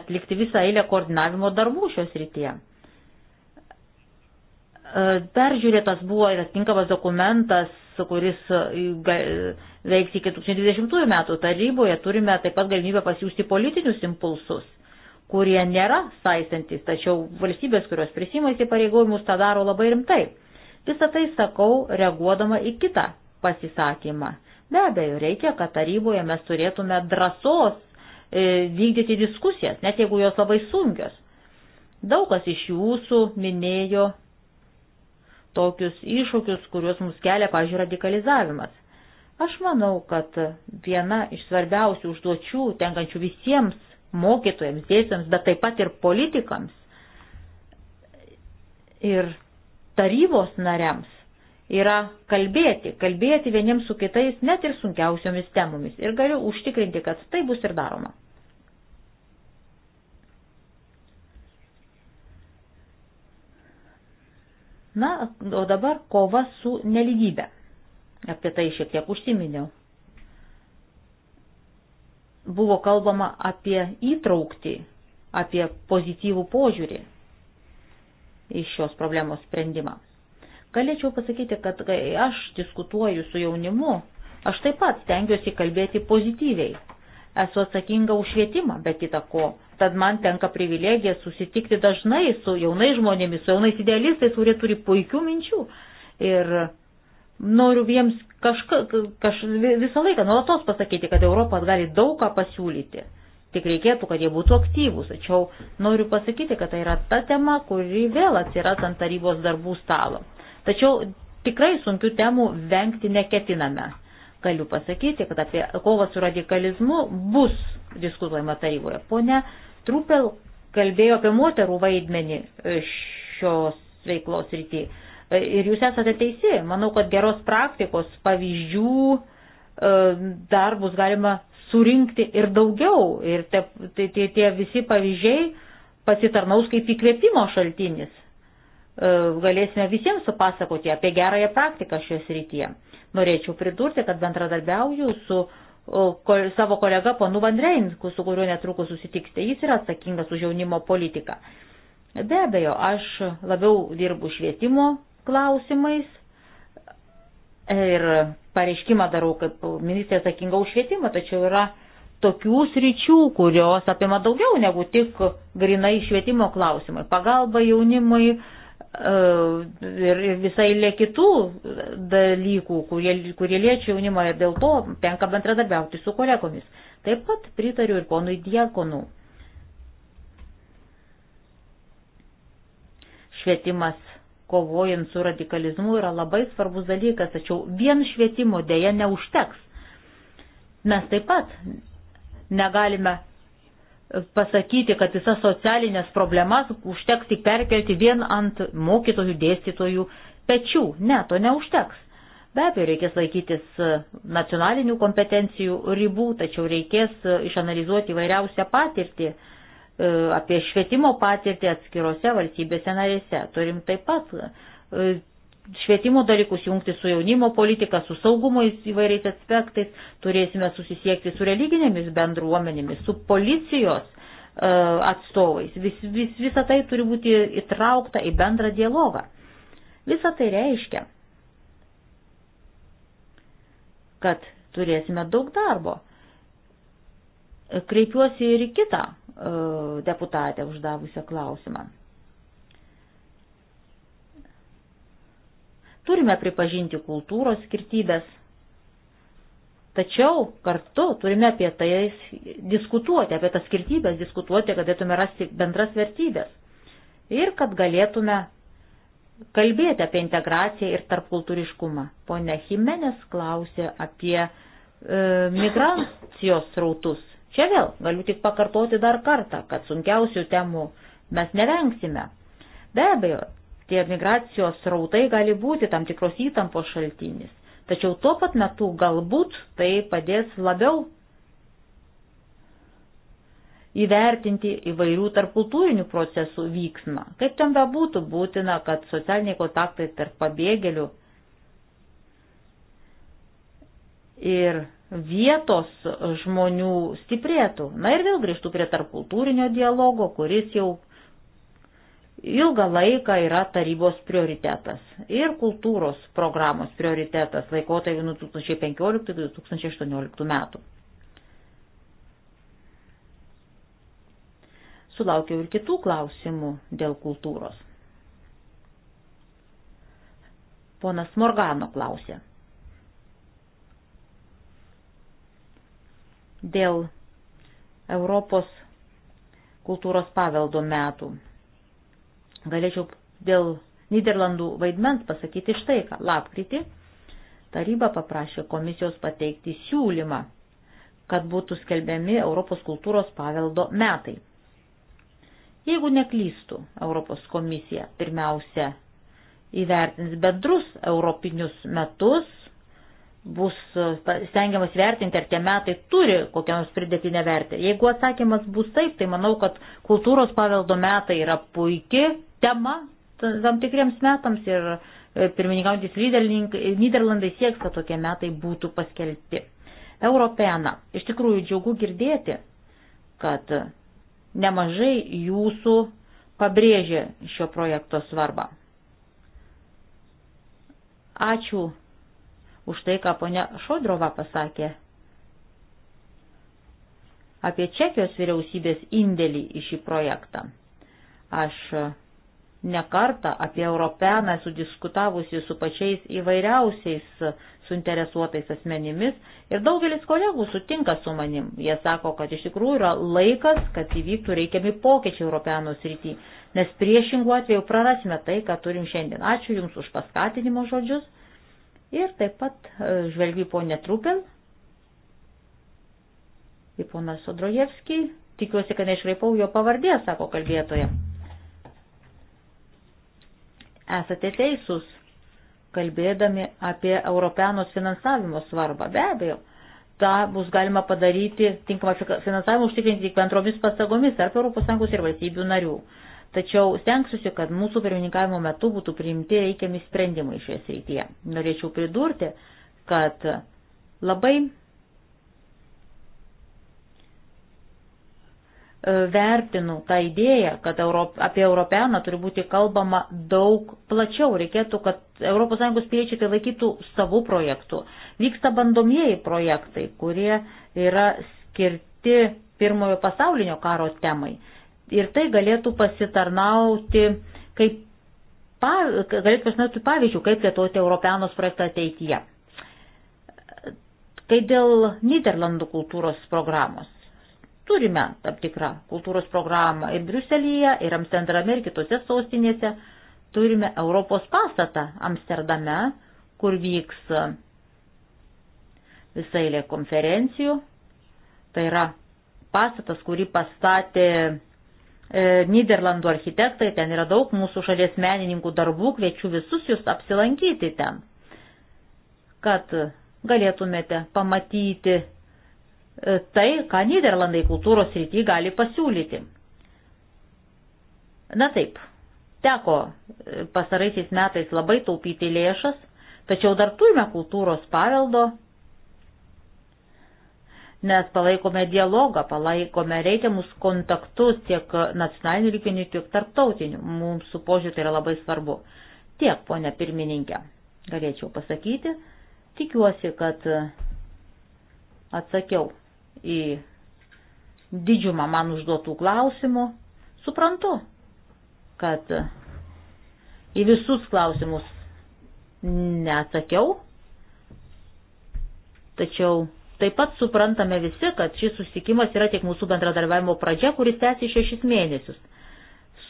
atlikti visą eilę koordinavimo darbų šios rytyje. E, peržiūrėtas buvo ir atinkamas dokumentas, kuris e, veiks iki 2020 metų. Taryboje turime taip pat galimybę pasiūsti politinius impulsus, kurie nėra saistantis, tačiau valstybės, kurios prisima įsipareigojimus, tą daro labai rimtai. Visą tai sakau, reaguodama į kitą pasisakymą. Be abejo, reikia, kad taryboje mes turėtume drąsos e, vykdyti diskusijas, net jeigu jos labai sunkios. Daug kas iš jūsų minėjo tokius iššūkius, kuriuos mums kelia, pažiūrėjau, radikalizavimas. Aš manau, kad viena iš svarbiausių užduočių tenkančių visiems mokytojams, dėstytojams, bet taip pat ir politikams ir tarybos nariams yra kalbėti, kalbėti vieniems su kitais net ir sunkiausiomis temomis. Ir galiu užtikrinti, kad tai bus ir daroma. Na, o dabar kova su neligybė. Apie tai šiek tiek užsiminiau. Buvo kalbama apie įtraukti, apie pozityvų požiūrį iš šios problemos sprendimą. Galėčiau pasakyti, kad kai aš diskutuoju su jaunimu, aš taip pat stengiuosi kalbėti pozityviai. Esu atsakinga už švietimą, bet kita ko Tad man tenka privilegija susitikti dažnai su jaunais žmonėmis, su jaunais idealistais, kurie turi puikių minčių. Ir noriu jiems kažka, kaž, visą laiką nuolatos pasakyti, kad Europa gali daug ką pasiūlyti. Tik reikėtų, kad jie būtų aktyvūs. Tačiau noriu pasakyti, kad tai yra ta tema, kuri vėl atsiras ant tarybos darbų stalo. Tačiau tikrai sunkių temų vengti neketiname. Galiu pasakyti, kad apie kovą su radikalizmu bus diskutuojama taryboje. Pone Trupel kalbėjo apie moterų vaidmenį e, šios veiklos rytį. E, ir jūs esate teisi. Manau, kad geros praktikos pavyzdžių e, dar bus galima surinkti ir daugiau. Ir tie, tie, tie visi pavyzdžiai pasitarnaus kaip įkvėpimo šaltinis. Galėsime visiems supasakoti apie gerąją praktiką šioje srityje. Norėčiau pridurti, kad bendradarbiauju su savo kolega ponu Van Rein, su kuriuo netrukus susitiksite. Jis yra atsakingas už jaunimo politiką. Be abejo, aš labiau dirbu švietimo klausimais ir pareiškimą darau kaip ministrė atsakinga už švietimą, tačiau yra tokių sričių, kurios apima daugiau negu tik grinai švietimo klausimai. Pagalba jaunimui, E, ir visai lė kitų dalykų, kurie, kurie liečia jaunimą ir dėl to tenka bendradarbiauti su kolegomis. Taip pat pritariu ir ponui Diekonų. Švietimas kovojant su radikalizmu yra labai svarbus dalykas, tačiau vien švietimo dėja neužteks. Mes taip pat negalime pasakyti, kad visas socialinės problemas užteks tik perkelti vien ant mokytojų, dėstytojų pečių. Ne, to neužteks. Be abejo, reikės laikytis e, nacionalinių kompetencijų ribų, tačiau reikės e, išanalizuoti įvairiausią patirtį e, apie švietimo patirtį atskirose valstybėse narėse. Turim taip pat švietimo dalykus jungti su jaunimo politika, su saugumo įvairiais aspektais, turėsime susisiekti su religinėmis bendruomenėmis, su policijos e, atstovais. Vis, vis, visa tai turi būti įtraukta į bendrą dialogą. Visa tai reiškia, kad turėsime daug darbo. Kreipiuosi ir į kitą e, deputatę uždavusią klausimą. Turime pripažinti kultūros skirtybės, tačiau kartu turime apie tai diskutuoti, apie tas skirtybės diskutuoti, kad galėtume rasti bendras vertybės ir kad galėtume kalbėti apie integraciją ir tarpkultūriškumą. Pone Jimenez klausė apie e, migracijos rautus. Čia vėl galiu tik pakartoti dar kartą, kad sunkiausių temų mes nevengsime. Be abejo, tie migracijos rautai gali būti tam tikros įtampos šaltinis. Tačiau tuo pat metu galbūt tai padės labiau įvertinti įvairių tarpkultūrinių procesų vyksmą. Kaip ten bebūtų būtina, kad socialiniai kontaktai tarp pabėgėlių ir vietos žmonių stiprėtų. Na ir vėl grįžtų prie tarpkultūrinio dialogo, kuris jau ilgą laiką yra tarybos prioritetas ir kultūros programos prioritetas laikotarpiu nuo 2015-2018 metų. Sulaukiau ir kitų klausimų dėl kultūros. Ponas Morgano klausė. Dėl Europos kultūros paveldo metų Galėčiau dėl Niderlandų vaidmens pasakyti štai ką. Lapkritį taryba paprašė komisijos pateikti siūlymą, kad būtų skelbiami Europos kultūros paveldo metai. Jeigu neklystų, Europos komisija pirmiausia įvertins bendrus europinius metus, bus stengiamas vertinti, ar tie metai turi kokią nors pridėtinę vertę. Jeigu atsakymas bus taip, tai manau, kad kultūros paveldo metai yra puikia tema tam tikriems metams ir e, pirmininkaujantis Niderlandai sieks, kad tokie metai būtų paskelbti. Europena. Iš tikrųjų džiugu girdėti, kad nemažai jūsų pabrėžė šio projekto svarbą. Ačiū už tai, ką ponia Šodrova pasakė apie Čekijos vyriausybės indėlį į šį projektą. Aš nekartą apie Europeną esu diskutavusi su pačiais įvairiausiais suinteresuotais asmenimis ir daugelis kolegų sutinka su manim. Jie sako, kad iš tikrųjų yra laikas, kad įvyktų reikiami pokyčiai Europenos rytį, nes priešingų atveju prarasime tai, ką turim šiandien. Ačiū Jums už paskatinimo žodžius ir taip pat e, žvelgiu po netrupel į poną Sodrojevskį. Tikiuosi, kad neišraipau jo pavardės, sako kalbėtoja esate teisūs, kalbėdami apie Europeanos finansavimo svarbą. Be abejo, tą bus galima padaryti, tinkamą finansavimą užtikrinti tik bendromis pastagomis tarp ES ir valstybių narių. Tačiau stengsiuosi, kad mūsų pirmininkavimo metu būtų priimti reikiami sprendimai šioje srityje. Norėčiau pridurti, kad labai E, vertinu tą idėją, kad Europ, apie Europeną turi būti kalbama daug plačiau. Reikėtų, kad ES piliečiai tai laikytų savų projektų. Vyksta bandomieji projektai, kurie yra skirti pirmojo pasaulinio karo temai. Ir tai galėtų pasitarnauti kaip galėtų pasitarnauti pavyzdžių, kaip plėtoti Europenos projektą ateityje. Kai dėl Niderlandų kultūros programos Turime tam tikrą kultūros programą ir Briuselyje, ir Amsterdame, ir kitose sostinėse. Turime Europos pastatą Amsterdame, kur vyks e, visai lė konferencijų. Tai yra pastatas, kurį pastatė e, Niderlandų architektai, ten yra daug mūsų šalies menininkų darbų, kviečiu visus jūs apsilankyti ten, kad galėtumėte pamatyti E, tai, ką Niderlandai kultūros rytį gali pasiūlyti. Na taip, teko e, pasaraisiais metais labai taupyti lėšas, tačiau dar turime kultūros paveldo, nes palaikome dialogą, palaikome reikiamus kontaktus tiek nacionalinių lygmenių, tiek tarptautinių. Mums su požiūriu tai yra labai svarbu. Tiek, ponia pirmininkė, galėčiau pasakyti. Tikiuosi, kad atsakiau į didžiumą man užduotų klausimų. Suprantu, kad į visus klausimus neatsakiau, tačiau taip pat suprantame visi, kad šis susitikimas yra tik mūsų bendradarbiavimo pradžia, kuris tęsi šešis mėnesius.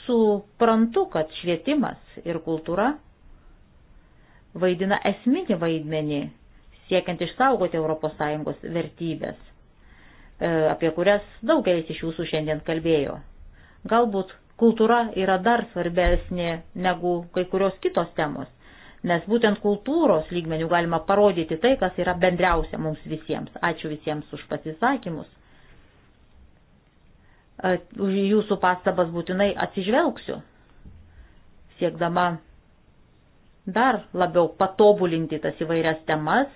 Suprantu, kad švietimas ir kultūra vaidina esminį vaidmenį siekiant išsaugoti ES vertybės. E, apie kurias daugelis iš jūsų šiandien kalbėjo. Galbūt kultūra yra dar svarbesnė negu kai kurios kitos temos, nes būtent kultūros lygmenių galima parodyti tai, kas yra bendriausia mums visiems. Ačiū visiems už pasisakymus. E, už jūsų pastabas būtinai atsižvelgsiu, siekdama dar labiau patobulinti tas įvairias temas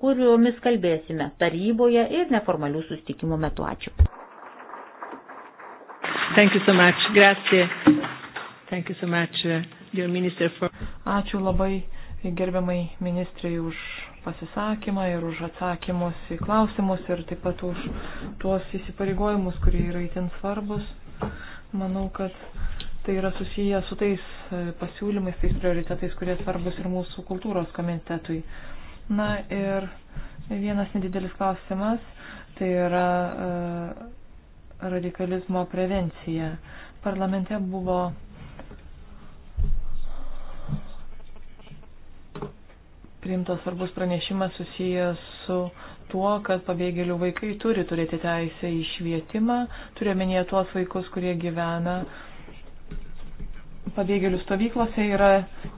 kuriomis kalbėsime taryboje ir neformalių sustikimų metu. Ačiū. Thank you so much. Grazie. Thank you so much, uh, dear minister, for... Ačiū labai gerbiamai ministrai už pasisakymą ir už atsakymus į klausimus ir taip pat už tuos įsipareigojimus, kurie yra itin svarbus. Manau, kad tai yra susiję su tais e, pasiūlymais, tais prioritetais, kurie svarbus ir mūsų kultūros komitetui. Na ir vienas nedidelis klausimas, tai yra e, radikalizmo prevencija. Parlamente buvo priimtas svarbus pranešimas susijęs su tuo, kad pabėgėlių vaikai turi turėti teisę į švietimą, turiuomenėje tuos vaikus, kurie gyvena pabėgėlių stovyklose yra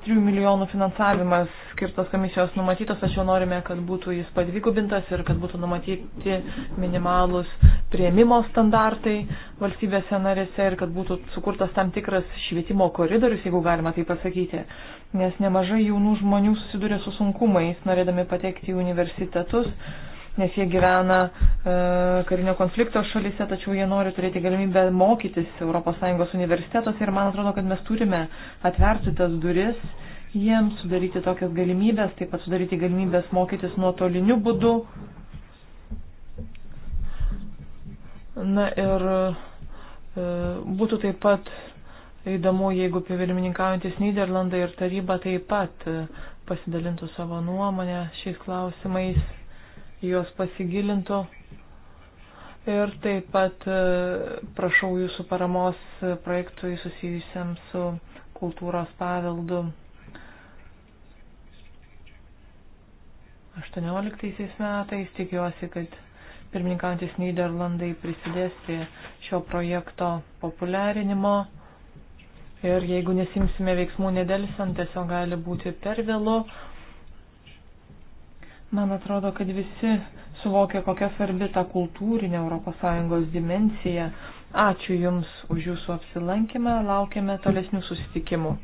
3 milijonų finansavimas skirtas komisijos numatytas, tačiau norime, kad būtų jis padvigubintas ir kad būtų numatyti minimalus prieimimo standartai valstybėse narėse ir kad būtų sukurtas tam tikras švietimo koridorius, jeigu galima tai pasakyti, nes nemažai jaunų žmonių susiduria su sunkumais, norėdami patekti į universitetus nes jie gyvena e, karinio konflikto šalise, tačiau jie nori turėti galimybę mokytis ES universitetuose ir man atrodo, kad mes turime atverti tas duris jiems, sudaryti tokias galimybės, taip pat sudaryti galimybės mokytis nuotoliniu būdu. Na ir e, būtų taip pat įdomu, jeigu pirmininkaujantis Niderlandai ir taryba taip pat e, pasidalintų savo nuomonę šiais klausimais jos pasigilintų. Ir taip pat e, prašau jūsų paramos projektui susijusiam su kultūros paveldu. 18 metais tikiuosi, kad pirmininkantis Niderlandai prisidės prie šio projekto populiarinimo. Ir jeigu nesimsime veiksmų nedelsant, tiesiog gali būti per vėlu, Man atrodo, kad visi suvokia, kokia svarbi ta kultūrinė ES dimencija. Ačiū Jums už Jūsų apsilankymą, laukiame tolesnių susitikimų.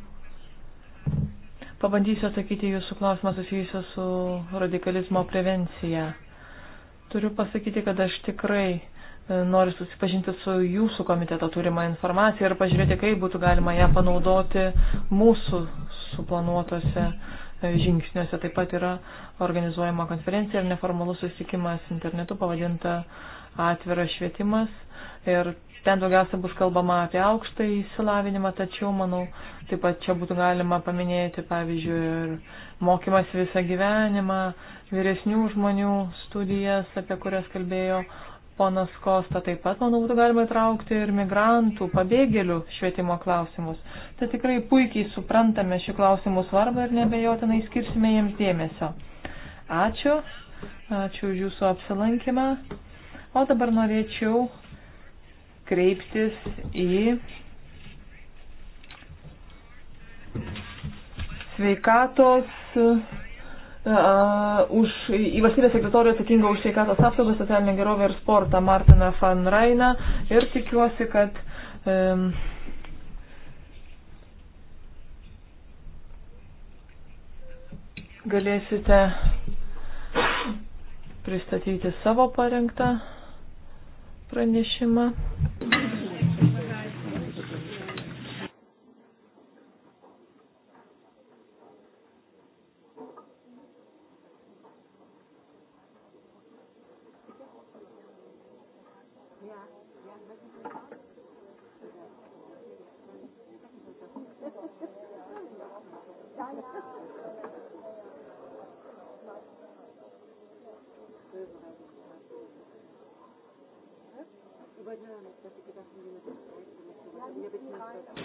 Pabandysiu atsakyti Jūsų klausimą susijusiu su radikalizmo prevencija. Turiu pasakyti, kad aš tikrai e, noriu susipažinti su jūsų komiteto turima informacija ir pažiūrėti, kaip būtų galima ją panaudoti mūsų suplanuotose žingsniuose taip pat yra organizuojama konferencija ir neformalus susitikimas internetu pavadinta atviras švietimas. Ir ten daugiausia bus kalbama apie aukštą įsilavinimą, tačiau manau, taip pat čia būtų galima paminėti, pavyzdžiui, ir mokymas visą gyvenimą, vyresnių žmonių studijas, apie kurias kalbėjo Ponas Kosta taip pat, manau, būtų galima įtraukti ir migrantų, pabėgėlių švietimo klausimus. Tai tikrai puikiai suprantame šių klausimų svarbą ir nebejotinai skirsime jiems dėmesio. Ačiū, ačiū už jūsų apsilankymą. O dabar norėčiau kreiptis į sveikatos už, į valstybės sekretorių atsakingą už sveikatos apsaugą, socialinę gerovę ir sportą Martiną van Rainą ir tikiuosi, kad um, galėsite pristatyti savo parengtą pranešimą.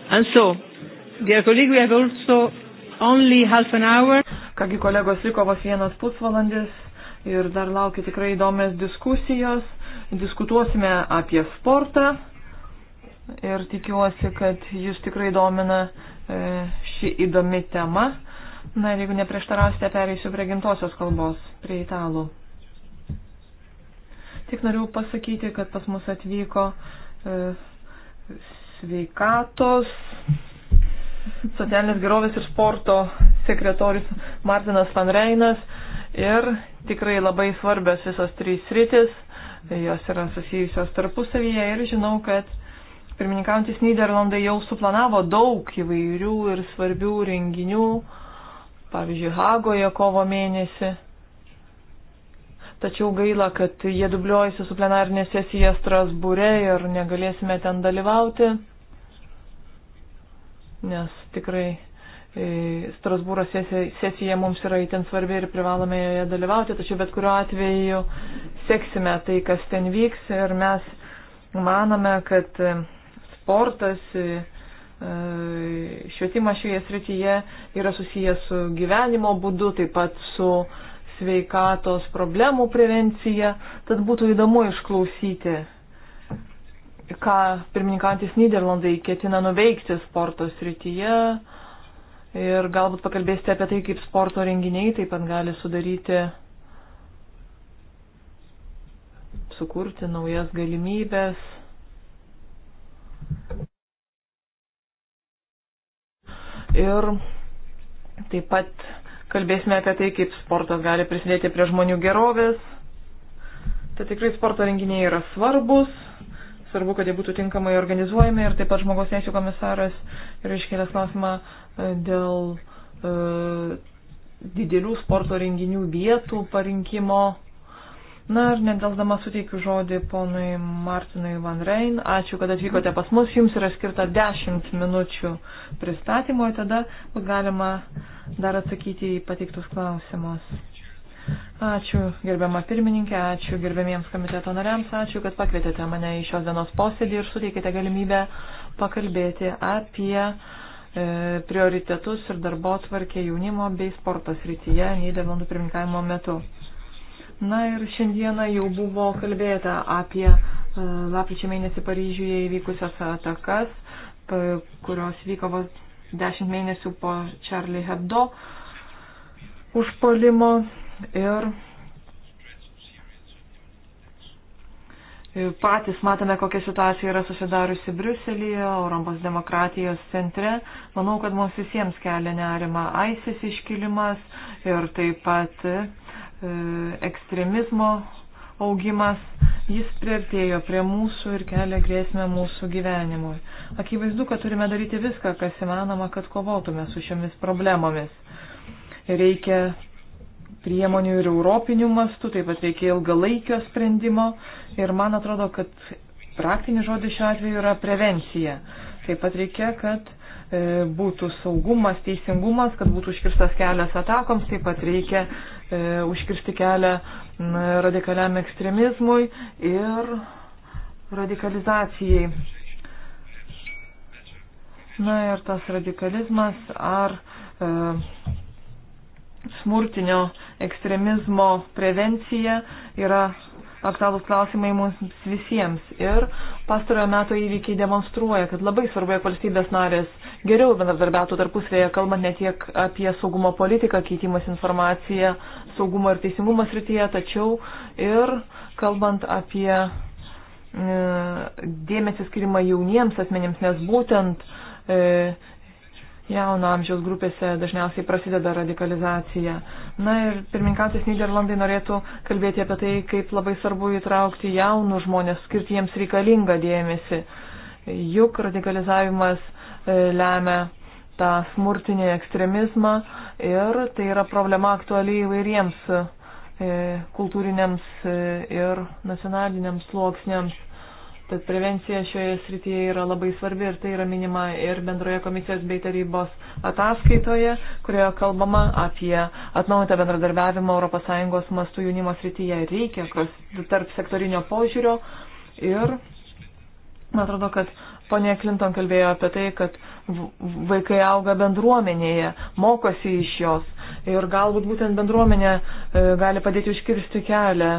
And so, dear colleague, we have also only half an hour. Kągi kolegos, liko vos vienas pusvalandis ir dar laukia tikrai įdomias diskusijos. Diskutuosime apie sportą ir tikiuosi, kad jūs tikrai domina e, ši įdomi tema. Na ir jeigu neprieštarausite, pereisiu prie gimtosios kalbos, prie italų. Tik noriu pasakyti, kad pas mus atvyko uh, E, sveikatos, socialinės gerovės ir sporto sekretorius Martinas Van Reinas. Ir tikrai labai svarbios visos trys rytis, jos yra susijusios tarpusavyje ir žinau, kad pirmininkaujantis Niderlandai jau suplanavo daug įvairių ir svarbių renginių, pavyzdžiui, Hagoje kovo mėnesį tačiau gaila, kad jie dubliuojasi su plenarinė sesija Strasbūre ir negalėsime ten dalyvauti, nes tikrai e, Strasbūro sesija, sesija mums yra įtin svarbi ir privalome joje dalyvauti, tačiau bet kuriuo atveju seksime tai, kas ten vyks ir mes manome, kad e, sportas, e, švietimas šioje srityje yra susijęs su gyvenimo būdu, taip pat su uh, sveikatos problemų prevenciją, tad būtų įdomu išklausyti, ką pirmininkantis Niderlandai ketina nuveikti sporto srityje ir galbūt pakalbėsite apie tai, kaip sporto renginiai taip pat gali sudaryti, sukurti naujas galimybės. Ir taip pat Kalbėsime apie tai, kaip sportas gali prisidėti prie žmonių gerovės. Tai tikrai sporto renginiai yra svarbus. Svarbu, kad jie būtų tinkamai organizuojami ir taip pat žmogaus teisų komisaras yra iškėlęs klausimą e, dėl e, didelių sporto renginių vietų parinkimo. Na ir nedelsdama suteikiu žodį ponui Martinui Van Rein. Ačiū, kad atvykote pas mus. Jums yra skirta 10 minučių pristatymo, tada galima dar atsakyti į pateiktus klausimus. Ačiū gerbiama pirmininkė, ačiū gerbiamiems komiteto nariams, ačiū, kad pakvietėte mane į šios dienos posėdį ir suteikėte galimybę pakalbėti apie e, prioritetus ir darbo tvarkę jaunimo bei sporto srityje Nyderlandų pirmininkavimo metu. Na ir šiandieną jau buvo kalbėta apie e, lapkričio mėnesį Paryžiuje įvykusias atakas, kurios vyko vos dešimt mėnesių po Charlie Hebdo užpolimo ir Patys matome, kokia situacija yra susidariusi Briuselėje, Europos demokratijos centre. Manau, kad mums visiems kelia nerima ISIS iškilimas ir taip pat E, ekstremizmo augimas, jis prieartėjo prie mūsų ir kelia grėsmę mūsų gyvenimui. Akivaizdu, kad turime daryti viską, kas įmanoma, kad kovotume su šiomis problemomis. Reikia priemonių ir europinių mastų, taip pat reikia ilgalaikio sprendimo ir man atrodo, kad praktinis žodis šiuo atveju yra prevencija. Taip pat reikia, kad E, būtų saugumas, teisingumas, kad būtų užkirstas kelias atakoms, taip pat reikia e, užkirsti kelią radikaliam ekstremizmui ir radikalizacijai. Na ir tas radikalizmas ar e, smurtinio ekstremizmo prevencija yra aktualūs klausimai mums visiems. Ir Pastarojo meto įvykiai demonstruoja, kad labai svarbu, jog valstybės narės geriau bendradarbiautų tarpusvėje, kalbant ne tiek apie saugumo politiką, keitimas informaciją, saugumo ir teisingumo srityje, tačiau ir kalbant apie e, dėmesį skirimą jauniems asmenims, nes būtent e, jauno amžiaus grupėse dažniausiai prasideda radikalizacija. E, Na ir pirmininkantis Niderlandai norėtų kalbėti apie tai, kaip labai svarbu įtraukti jaunus žmonės, skirti jiems reikalingą dėmesį. Juk radikalizavimas e, lemia tą smurtinį ekstremizmą ir tai yra problema aktualiai įvairiems e, kultūriniams e, ir nacionaliniams sluoksniams. Tad prevencija šioje srityje yra labai svarbi ir tai yra minima ir bendroje komisijos bei tarybos ataskaitoje, kurioje kalbama apie atnaujintą bendradarbiavimą ES mastų jaunimo srityje. Reikia tarp sektorinio požiūrio ir man atrodo, kad ponė Klinton kalbėjo apie tai, kad vaikai auga bendruomenėje, mokosi iš jos ir galbūt būtent bendruomenė e, gali padėti užkirsti kelią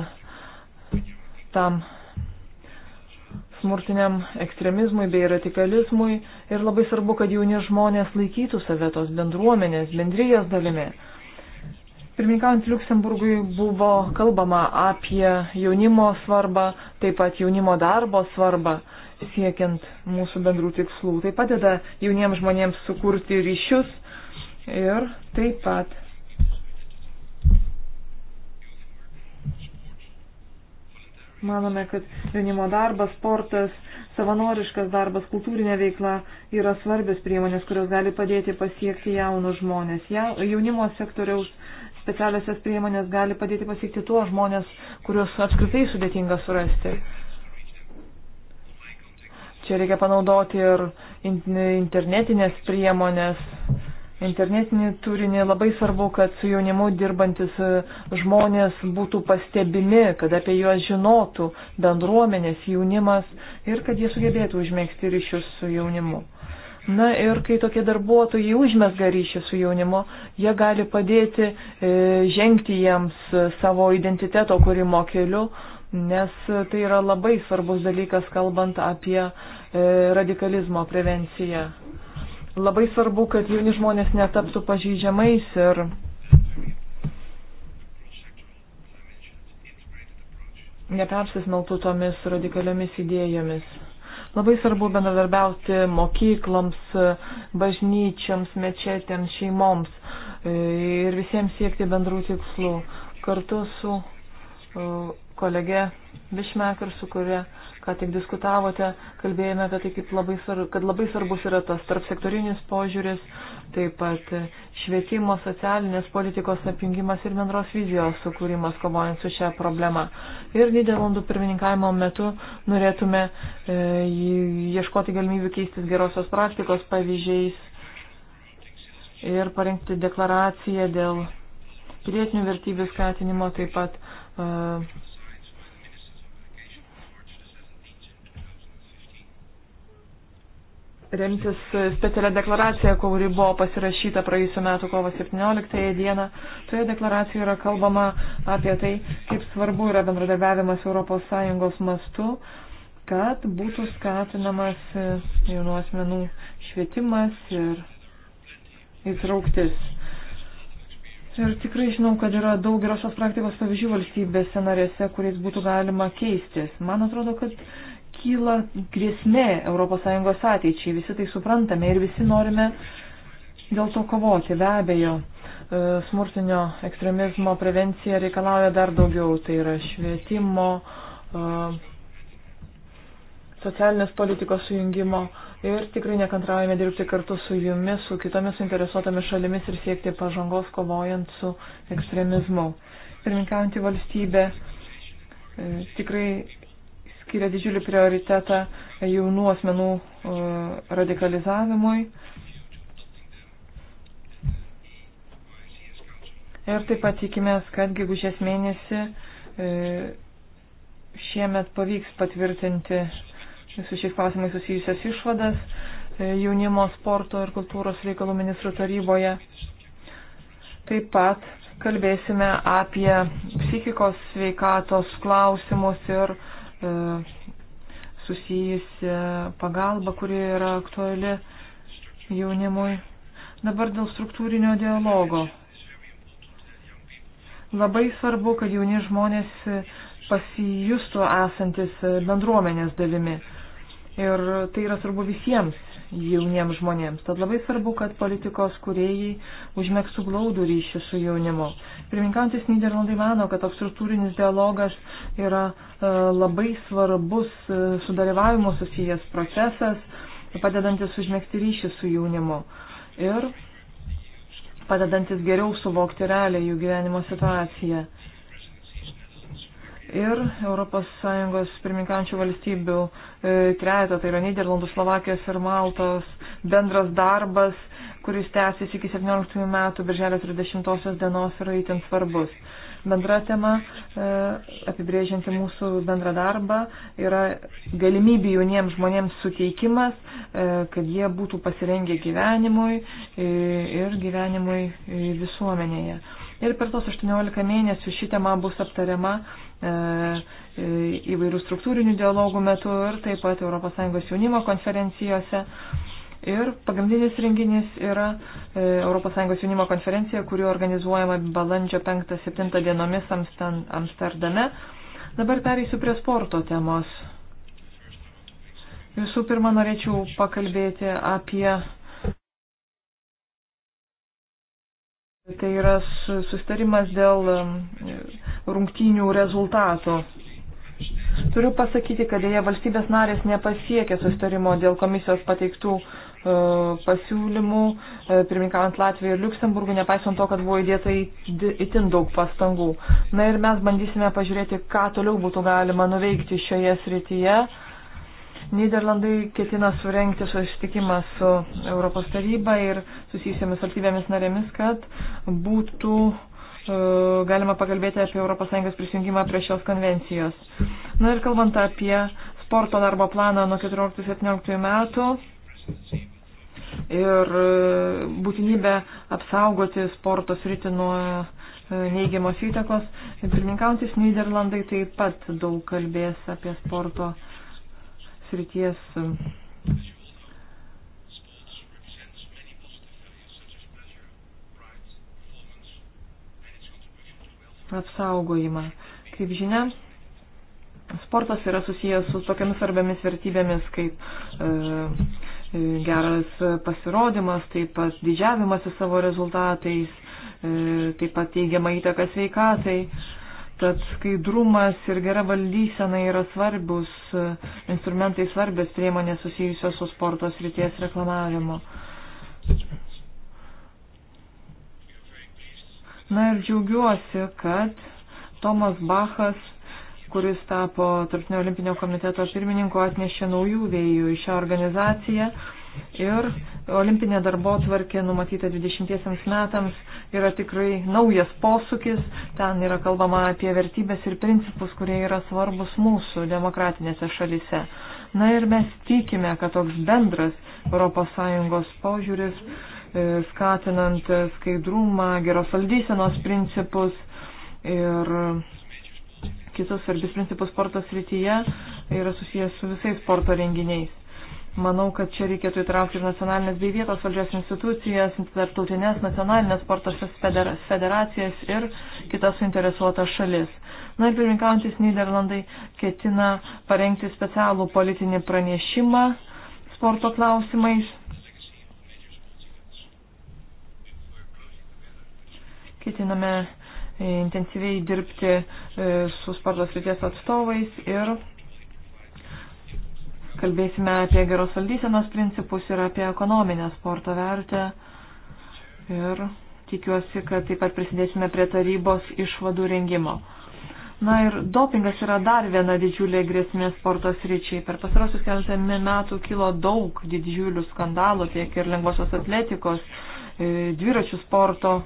tam smurtiniam ekstremizmui bei radikalizmui ir labai svarbu, kad jauni žmonės laikytų save tos bendruomenės, bendrijos dalimi. Pirmininkaujant Luksemburgui buvo kalbama apie jaunimo svarbą, taip pat jaunimo darbo svarbą siekiant mūsų bendrų tikslų. Tai padeda jauniems žmonėms sukurti ryšius ir taip pat Manome, kad jaunimo darbas, sportas, savanoriškas darbas, kultūrinė veikla yra svarbios priemonės, kurios gali padėti pasiekti jaunus žmonės. Ja, jaunimo sektoriaus specialiasios priemonės gali padėti pasiekti tuos žmonės, kuriuos apskritai sudėtinga surasti. Čia reikia panaudoti ir internetinės priemonės internetinį turinį, labai svarbu, kad su jaunimu dirbantis e, žmonės būtų pastebimi, kad apie juos žinotų bendruomenės, jaunimas ir kad jie sugebėtų užmėgsti ryšius su jaunimu. Na ir kai tokie darbuotojai užmesga ryšį su jaunimu, jie gali padėti e, žengti jiems savo identiteto kūrimo keliu, nes tai yra labai svarbus dalykas, kalbant apie e, radikalizmo prevenciją. Labai svarbu, kad jauni žmonės netaptų pažeidžiamais ir nepersismeltų tomis radikaliomis idėjomis. Labai svarbu bendradarbiauti mokykloms, bažnyčiams, mečetėms, šeimoms e, ir visiems siekti bendrų tikslų. Kartu su e, kolege Višmek ir su kuria ką tik diskutavote, kalbėjome apie tai, kaip labai svarbu, kad labai svarbus yra tas tarpsektorinis požiūris, taip pat švietimo, socialinės politikos apjungimas ir bendros vizijos sukūrimas kovojant su šią problemą. Ir Niderlandų pirmininkavimo metu norėtume e, ieškoti galimybių keistis gerosios praktikos pavyzdžiais ir parengti deklaraciją dėl pilietinių vertybių skatinimo, taip pat e, remtis specialią deklaraciją, kuri buvo pasirašyta praėjusiu metu kovo 17 dieną. Toje deklaracijoje yra kalbama apie tai, kaip svarbu yra bendradarbiavimas ES mastu, kad būtų skatinamas jaunų asmenų švietimas ir įtrauktis. Ir tikrai žinau, kad yra daug gerosios praktikos pavyzdžių valstybėse narėse, kuriais būtų galima keistis. Man atrodo, kad kyla grėsmė ES ateičiai, visi tai suprantame ir visi norime dėl to kovoti. Be abejo, e, smurtinio ekstremizmo prevencija reikalauja dar daugiau, tai yra švietimo, e, socialinės politikos sujungimo ir tikrai nekantraujame dirbti kartu su jumis, su kitomis interesuotomis šalimis ir siekti pažangos kovojant su ekstremizmu. Pirminkaujantį valstybę e, tikrai skiria didžiulį prioritetą jaunų asmenų e, radikalizavimui. Ir taip pat tikimės, kad gegužės mėnesį e, šiemet pavyks patvirtinti su šiais klausimais susijusias išvadas e, jaunimo sporto ir kultūros reikalų ministrų taryboje. Taip pat kalbėsime apie psichikos sveikatos klausimus ir uh, E, susijusi pagalba, kuri yra aktuali jaunimui. Dabar dėl struktūrinio dialogo. Labai svarbu, kad jauni žmonės pasijustų esantis bendruomenės dalimi. Ir tai yra svarbu visiems jauniems žmonėms. Tad labai svarbu, kad politikos kuriejai užmėgstų glaudų ryšį su jaunimu. Pirminkantis Niderlandai mano, kad toks struktūrinis dialogas yra e, labai svarbus e, sudalyvavimo susijęs procesas, padedantis užmėgti ryšį su jaunimu ir padedantis geriau suvokti realią jų gyvenimo situaciją ir ES pirminkančių valstybių e, trejetą, tai yra Niderlandų, Slovakijos ir Maltos bendras darbas, kuris tęsis iki 17 metų, birželio 30 dienos yra įtin svarbus. Bendra tema, e, apibrėžianti mūsų bendrą darbą, yra galimybių jauniems žmonėms suteikimas, e, kad jie būtų pasirengę gyvenimui ir gyvenimui visuomenėje. Ir per tos 18 mėnesių ši tema bus aptariama E, e, įvairių struktūrinių dialogų metu ir taip pat ES jaunimo konferencijose. Ir pagrindinis renginys yra ES jaunimo konferencija, kuri organizuojama balandžio 5-7 dienomis Amsterdame. Dabar pereisiu prie sporto temos. Visų pirma, norėčiau pakalbėti apie Tai yra sustarimas dėl um, rungtynių rezultato. Turiu pasakyti, kad dėja valstybės narės nepasiekė sustarimo dėl komisijos pateiktų e, pasiūlymų, e, pirmininkavant Latvijai ir Luksemburgui, nepaisant to, kad buvo įdėta itin daug pastangų. Na ir mes bandysime pažiūrėti, ką toliau būtų galima nuveikti šioje srityje. Niderlandai ketina surenkti susitikimą su Europos taryba ir susijusiamis valstybėmis narėmis, kad būtų e, galima pakalbėti apie ES prisijungimą prie šios konvencijos. Na ir kalbant apie sporto darbo planą nuo 14-17 metų ir e, būtinybę apsaugoti sporto sritį nuo e, neigiamos įtakos, pirmininkautis Niderlandai taip pat daug kalbės apie sporto srities apsaugojimą. Kaip žinia, sportas yra susijęs su tokiamis svarbiamis vertybėmis kaip e, e, geras pasirodymas, taip pat didžiavimas į savo rezultatais, e, taip pat teigiama įtaka sveikatai. E, Tad skaidrumas ir gera valdysena yra svarbus e, instrumentai, svarbės priemonės susijusios su sporto srities reklamavimu. Na ir džiaugiuosi, kad Tomas Bachas, kuris tapo Tarptinio olimpinio komiteto pirmininku, atnešė naujų vėjų į šią organizaciją Ir olimpinė darbo tvarkė numatyta 20 metams yra tikrai naujas posūkis. Ten yra kalbama apie vertybės ir principus, kurie yra svarbus mūsų demokratinėse šalise. Na ir mes tikime, kad toks bendras ES požiūris, e, skatinant skaidrumą, geros valdysenos principus ir kitus svarbius principus sporto srityje, yra susijęs su visais sporto renginiais. Manau, kad čia reikėtų įtraukti ir nacionalinės bei vietos valdžios institucijas, tarptautinės nacionalinės sportos federacijas ir kitas suinteresuotas šalis. Na ir pirmininkaujantis Niderlandai ketina parengti specialų politinį pranešimą sporto klausimais. Ketiname e, intensyviai dirbti e, su sportos lyties atstovais ir Kalbėsime apie geros valdysenos principus ir apie ekonominę sporto vertę. Ir tikiuosi, kad taip pat prisidėsime prie tarybos išvadų rengimo. Na ir dopingas yra dar viena didžiulė grėsmė sporto sričiai. Per pasarosius keletą metų kilo daug didžiulių skandalų tiek ir lengvosios atletikos, e, dviračių sporto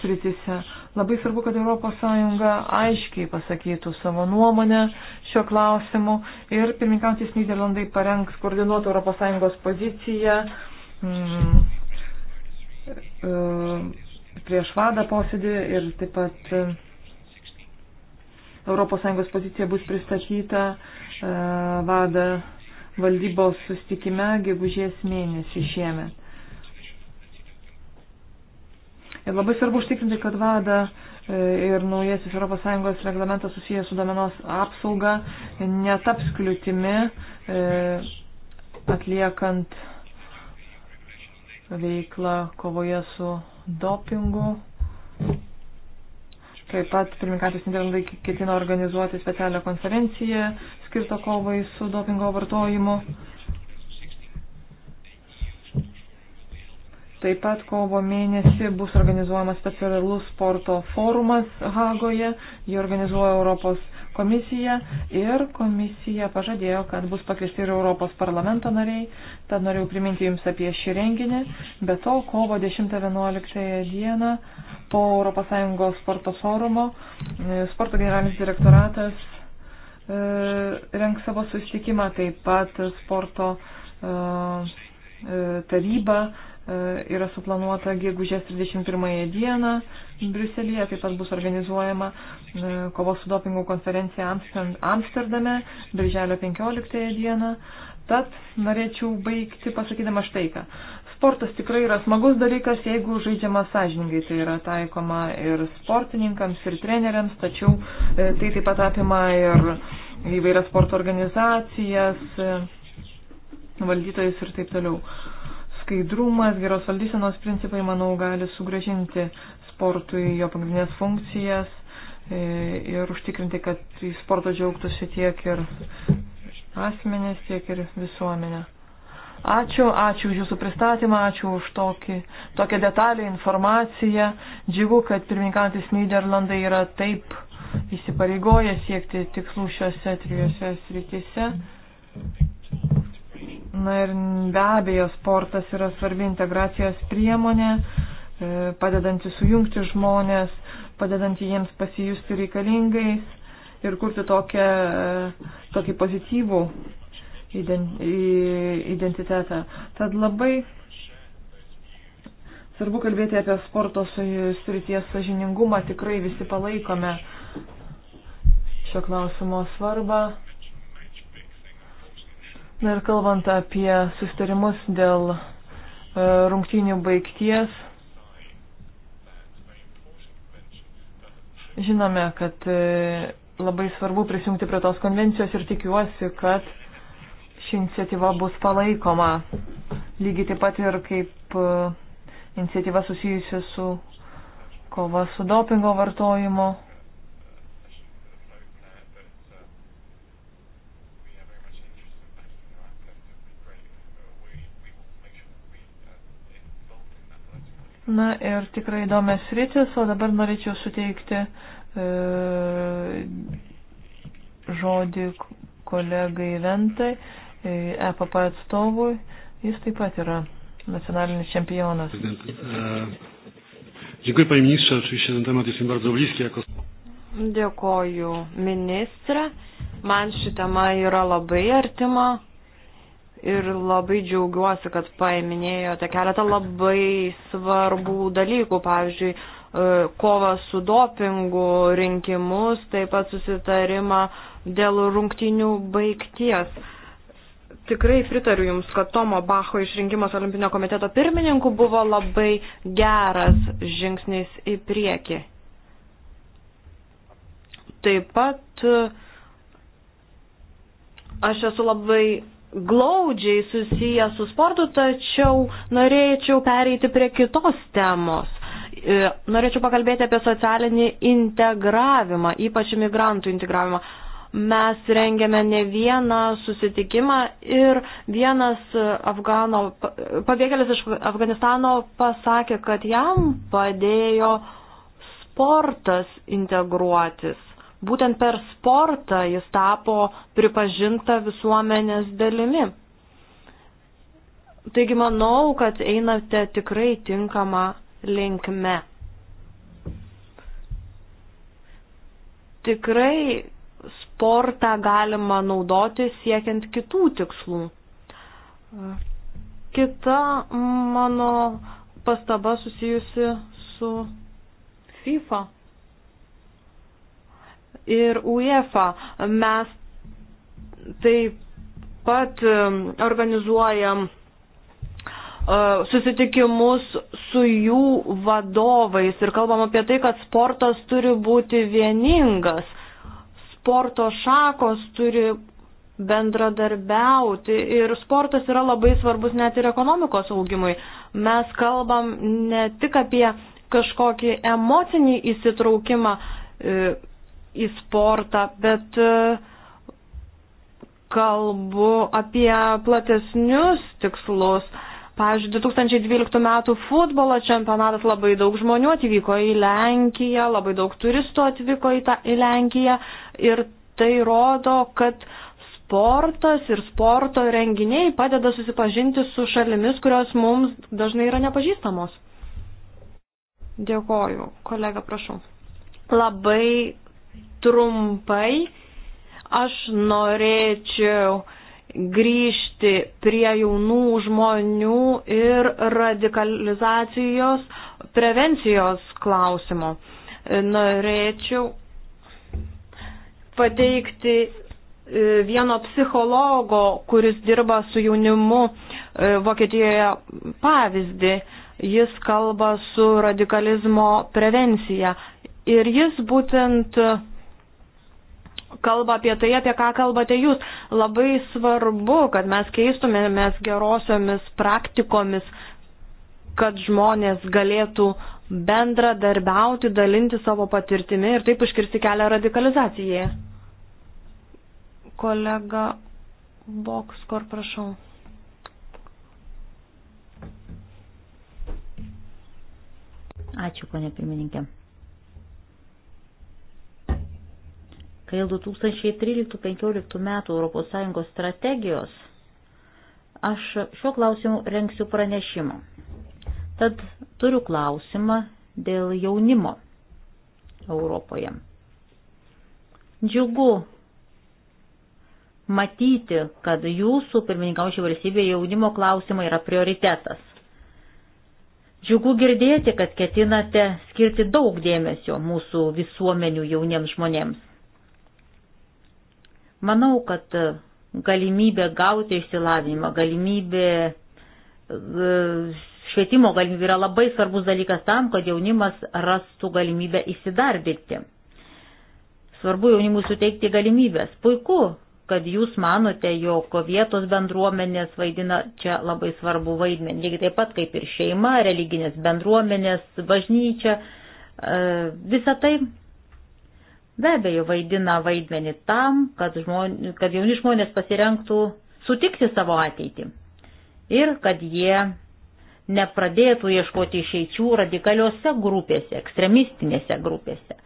sritise. Labai svarbu, kad ES aiškiai pasakytų savo nuomonę šiuo klausimu ir pirmininkantis Niderlandai parengs koordinuotą ES poziciją mm, e, e, prieš vadą posėdį ir taip pat ES pozicija bus pristatyta e, vadą valdybos sustikime gegužės mėnesį šiemet. Ir labai svarbu užtikrinti, kad vada e, ir naujasis ES reglamentas susijęs su domenos apsauga netaps kliūtimi e, atliekant veiklą kovoje su dopingu. Taip pat pirmininkatis Niderlandai ketina organizuoti specialią konferenciją skirtą kovai su dopingo vartojimu. Taip pat kovo mėnesį bus organizuojamas specialus sporto forumas Hagoje, jį organizuoja Europos komisija ir komisija pažadėjo, kad bus pakviesti ir Europos parlamento nariai, tad norėjau priminti Jums apie šį renginį. Be to, kovo 10-11 dieną po ES sporto forumo e, sporto generalinis direktoratas e, renks savo susitikimą, taip pat sporto e, e taryba E, yra suplanuota gegužės 31 dieną Briuselėje, taip pat bus organizuojama e, kovos su dopingu konferencija Amsterdame, birželio 15 dieną. Tad norėčiau baigti pasakydama štai ką. Sportas tikrai yra smagus dalykas, jeigu žaidžiama sąžiningai, tai yra taikoma ir sportininkams, ir treneriams, tačiau e, tai taip pat apima ir įvairias sporto organizacijas, valdytojus ir taip toliau. Skaidrumas, geros valdysenos principai, manau, gali sugražinti sportui jo pagrindinės funkcijas e, ir užtikrinti, kad į sportą džiaugtųsi tiek ir asmenės, tiek ir visuomenė. Ačiū, ačiū už Jūsų pristatymą, ačiū už tokį, tokią detalę informaciją. Džiugu, kad pirmininkantis Niderlandai yra taip įsipareigoję siekti tikslų šiuose trijose srityse. Na ir be abejo, sportas yra svarbi integracijos priemonė, e, padedanti sujungti žmonės, padedanti jiems pasijusti reikalingais ir kurti tokią, e, tokį pozityvų identitetą. Tad labai svarbu kalbėti apie sporto srities sažiningumą, tikrai visi palaikome šio klausimo svarbą. Na ir kalbant apie sustarimus dėl e, rungtynių baigties, žinome, kad e, labai svarbu prisijungti prie tos konvencijos ir tikiuosi, kad ši iniciatyva bus palaikoma. Lygiai taip pat ir kaip e, iniciatyva susijusi su kova su dopingo vartojimu. Na ir tikrai įdomias rytis, o dabar norėčiau suteikti e, žodį kolegai Lentai, e, EPP atstovui. Jis taip pat yra nacionalinis čempionas. E, dziękuję panie ministrze, oczywiście ten temat jest mi bardzo bliski. Jako... Dėkoju ministrė, man ši tema yra labai artima ir labai džiaugiuosi, kad paminėjote keletą labai svarbų dalykų, pavyzdžiui, e, kovą su dopingu, rinkimus, taip pat susitarimą dėl rungtinių baigties. Tikrai pritariu Jums, kad Tomo Bacho išrinkimas Olimpinio komiteto pirmininku buvo labai geras žingsnis į priekį. Taip pat e, aš esu labai glaudžiai susiję su sportu, tačiau norėčiau pereiti prie kitos temos. E, norėčiau pakalbėti apie socialinį integravimą, ypač imigrantų integravimą. Mes rengėme ne vieną susitikimą ir vienas Afgano, pabėgėlis iš Afganistano pasakė, kad jam padėjo sportas integruotis. Būtent per sportą jis tapo pripažinta visuomenės dalimi. Taigi manau, kad einate tikrai tinkamą linkme. Tikrai sportą galima naudoti siekiant kitų tikslų. Kita mano pastaba susijusi su FIFA ir UEFA. Mes taip pat um, organizuojam uh, susitikimus su jų vadovais ir kalbam apie tai, kad sportas turi būti vieningas, sporto šakos turi bendradarbiauti ir sportas yra labai svarbus net ir ekonomikos augimui. Mes kalbam ne tik apie kažkokį emocinį įsitraukimą, e, į sportą, bet e, kalbu apie platesnius tikslus. Pavyzdžiui, 2012 metų futbolo čempionatas labai daug žmonių atvyko į Lenkiją, labai daug turistų atvyko į, tą, į Lenkiją ir tai rodo, kad sportas ir sporto renginiai padeda susipažinti su šalimis, kurios mums dažnai yra nepažįstamos. Dėkoju, kolega, prašau. Labai trumpai. Aš norėčiau grįžti prie jaunų žmonių ir radikalizacijos prevencijos klausimo. Norėčiau pateikti e, vieno psichologo, kuris dirba su jaunimu e, Vokietijoje pavyzdį. Jis kalba su radikalizmo prevencija. Ir jis būtent uh, kalba apie tai, apie ką kalbate jūs. Labai svarbu, kad mes keistumėmės gerosiomis praktikomis, kad žmonės galėtų bendradarbiauti, dalinti savo patirtimi ir taip užkirsti kelią radikalizacijai. Kolega Bokskor, prašau. Ačiū, ponė pirmininkė. kai 2013-2015 metų ES strategijos aš šiuo klausimu renksiu pranešimą. Tad turiu klausimą dėl jaunimo Europoje. Džiugu matyti, kad jūsų pirmininkaušiai valstybė jaunimo klausimai yra prioritetas. Džiugu girdėti, kad ketinate skirti daug dėmesio mūsų visuomenių jauniems žmonėms. Manau, kad e, galimybė gauti išsilavinimą, galimybė e, švietimo galimybė yra labai svarbus dalykas tam, kad jaunimas rastų galimybę įsidarbinti. Svarbu jaunimui suteikti galimybės. Puiku, kad jūs manote, jog vietos bendruomenės vaidina čia labai svarbu vaidmenį. Lygiai taip pat kaip ir šeima, religinės bendruomenės, bažnyčia, e, visa tai be abejo vaidina vaidmenį tam, kad, žmon, kad jauni žmonės pasirenktų sutikti savo ateitį ir kad jie nepradėtų ieškoti išeičių radikaliuose grupėse, ekstremistinėse grupėse.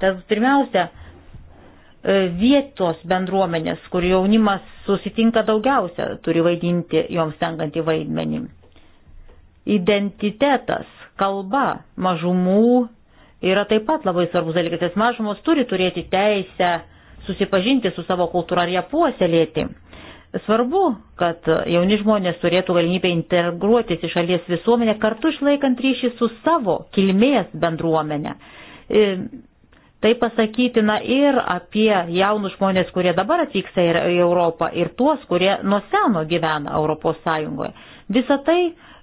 Tas pirmiausia, e, vietos bendruomenės, kur jaunimas susitinka daugiausia, turi vaidinti joms tenkantį vaidmenį. Identitetas, kalba, mažumų yra taip pat labai svarbus dalykas, nes mažumos turi turėti teisę susipažinti su savo kultūra ir ją puoselėti. Svarbu, kad jauni žmonės turėtų galimybę integruotis į šalies visuomenę, kartu išlaikant ryšį su savo kilmės bendruomenė. E, tai pasakytina ir apie jaunus žmonės, kurie dabar atvyksta į Europą, ir tuos, kurie nuo seno gyvena Europos Sąjungoje. Visą tai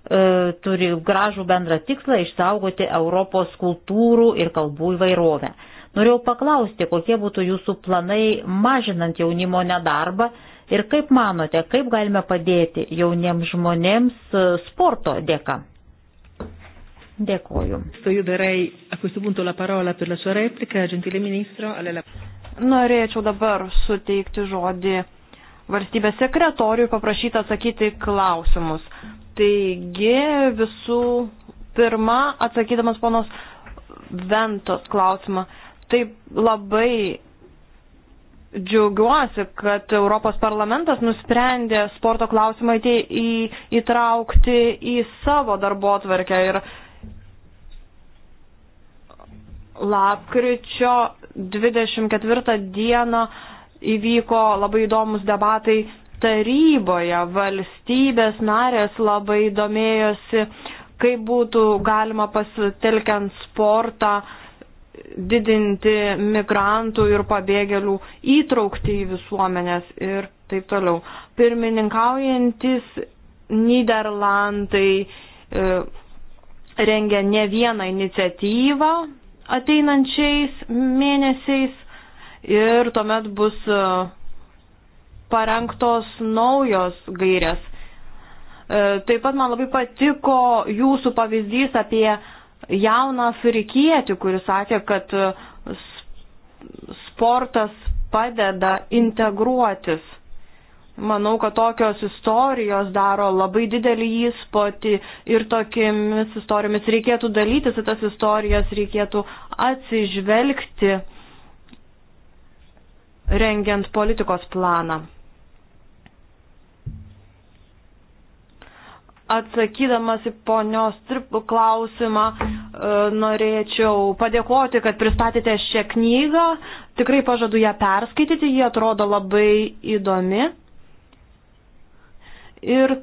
E, turi gražų bendrą tikslą išsaugoti Europos kultūrų ir kalbų įvairovę. Norėjau paklausti, kokie būtų jūsų planai mažinant jaunimo nedarbą ir kaip manote, kaip galime padėti jauniems žmonėms e, sporto dėka. Dėkoju. Norėčiau dabar suteikti žodį valstybės sekretoriui paprašyti atsakyti klausimus. Taigi visų pirma, atsakydamas ponos Ventos klausimą, taip labai džiaugiuosi, kad Europos parlamentas nusprendė sporto klausimą į, į, įtraukti į savo darbo atvarkę ir lapkričio 24 dieną įvyko labai įdomus debatai taryboje valstybės narės labai domėjosi, kaip būtų galima pasitelkiant sportą didinti migrantų ir pabėgėlių įtraukti į visuomenės ir taip toliau. Pirmininkaujantis Niderlandai e, rengia ne vieną iniciatyvą ateinančiais mėnesiais ir tuomet bus e, parengtos naujos gairės. E, taip pat man labai patiko jūsų pavyzdys apie jauną afrikietį, kuris sakė, kad e, sportas padeda integruotis. Manau, kad tokios istorijos daro labai didelį įspūdį ir tokiamis istorijomis reikėtų dalytis, į tas istorijas reikėtų atsižvelgti rengiant politikos planą. Atsakydamas į ponios Tripų klausimą, e, norėčiau padėkoti, kad pristatėte šią knygą. Tikrai pažadu ją perskaityti, ji atrodo labai įdomi. Ir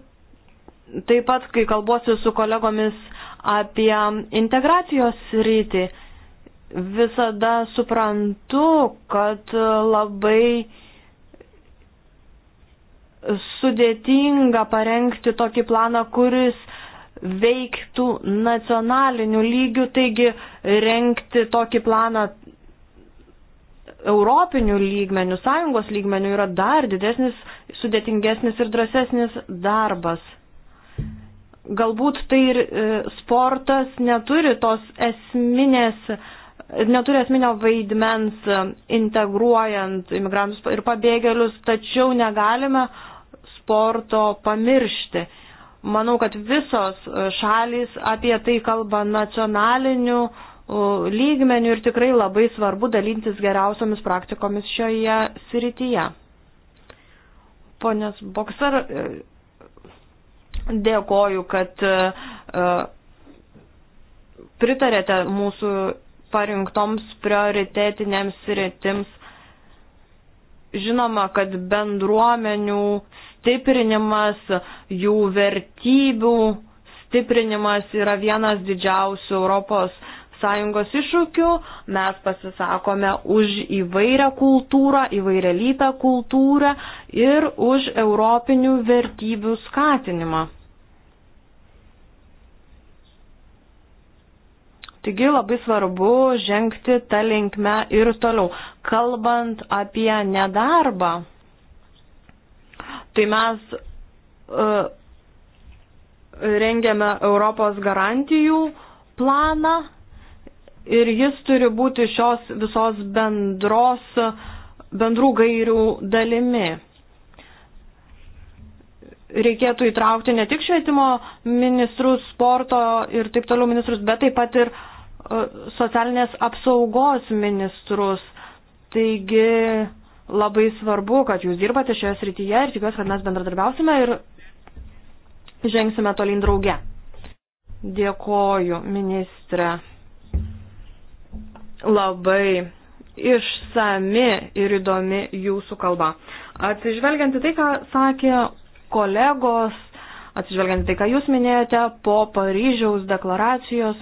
taip pat, kai kalbuosiu su kolegomis apie integracijos rytį, visada suprantu, kad labai sudėtinga parengti tokį planą, kuris veiktų nacionaliniu lygiu, taigi rengti tokį planą europinių lygmenių, sąjungos lygmenių yra dar didesnis, sudėtingesnis ir drąsesnis darbas. Galbūt tai ir e, sportas neturi tos esminės, neturi esminio vaidmens e, integruojant imigrantus ir pabėgėlius, tačiau negalime eksporto pamiršti. Manau, kad visos šalys apie tai kalba nacionaliniu lygmeniu ir tikrai labai svarbu dalintis geriausiomis praktikomis šioje srityje. Ponės Boksar, dėkoju, kad e, pritarėte mūsų parinktoms prioritetinėms sritims žinoma, kad bendruomenių stiprinimas, jų vertybių stiprinimas yra vienas didžiausių Europos sąjungos iššūkių, mes pasisakome už įvairią kultūrą, įvairialytą kultūrą ir už europinių vertybių skatinimą. Taigi labai svarbu žengti tą linkmę ir toliau, kalbant apie nedarbą. Tai mes uh, rengiame Europos garantijų planą ir jis turi būti šios visos bendros, bendrų gairių dalimi. Reikėtų įtraukti ne tik švietimo ministrus, sporto ir taip toliau ministrus, bet taip pat ir e, socialinės apsaugos ministrus. Taigi labai svarbu, kad jūs dirbate šioje srityje ir tikiuosi, kad mes bendradarbiausime ir žengsime tolyn drauge. Dėkoju, ministrė. Labai išsami ir įdomi jūsų kalba. Atsižvelgiant į tai, ką sakė kolegos, atsižvelgiant į tai, ką jūs minėjote po Paryžiaus deklaracijos,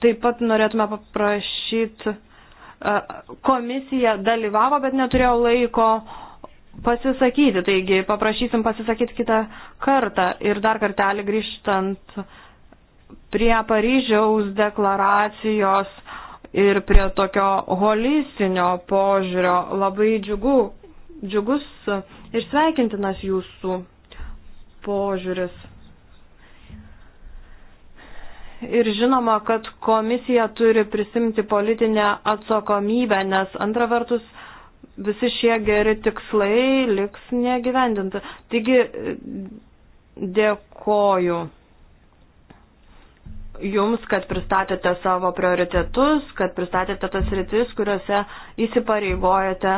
Taip pat norėtume paprašyti, e, komisija dalyvavo, bet neturėjo laiko pasisakyti, taigi paprašysim pasisakyti kitą kartą. Ir dar kartelį grįžtant prie Paryžiaus deklaracijos ir prie tokio holistinio požiūrio labai džiugu, džiugus ir sveikintinas jūsų požiūris ir žinoma, kad komisija turi prisimti politinę atsakomybę, nes antra vertus visi šie geri tikslai liks negyvendinti. Taigi dėkoju Jums, kad pristatėte savo prioritetus, kad pristatėte tas rytis, kuriuose įsipareigojate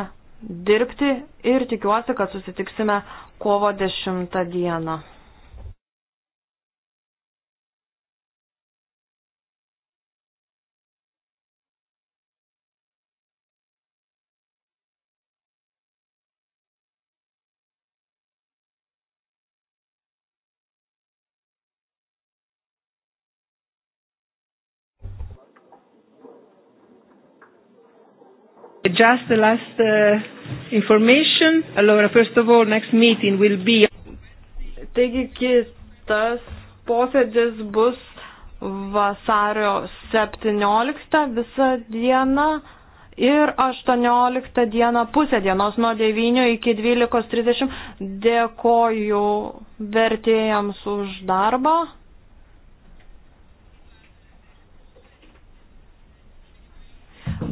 dirbti ir tikiuosi, kad susitiksime kovo 10 dieną. just the last uh, information. Allora, first of all, next meeting will be. Taigi kitas posėdis bus vasario 17 visą dieną ir 18 dieną pusę dienos nuo 9 iki 12.30. Dėkoju vertėjams už darbą.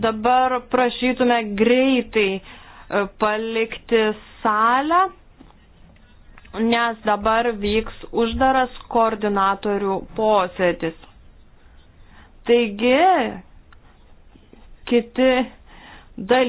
Dabar prašytume greitai e, palikti salę, nes dabar vyks uždaras koordinatorių posėdis. Taigi, kiti dalykai.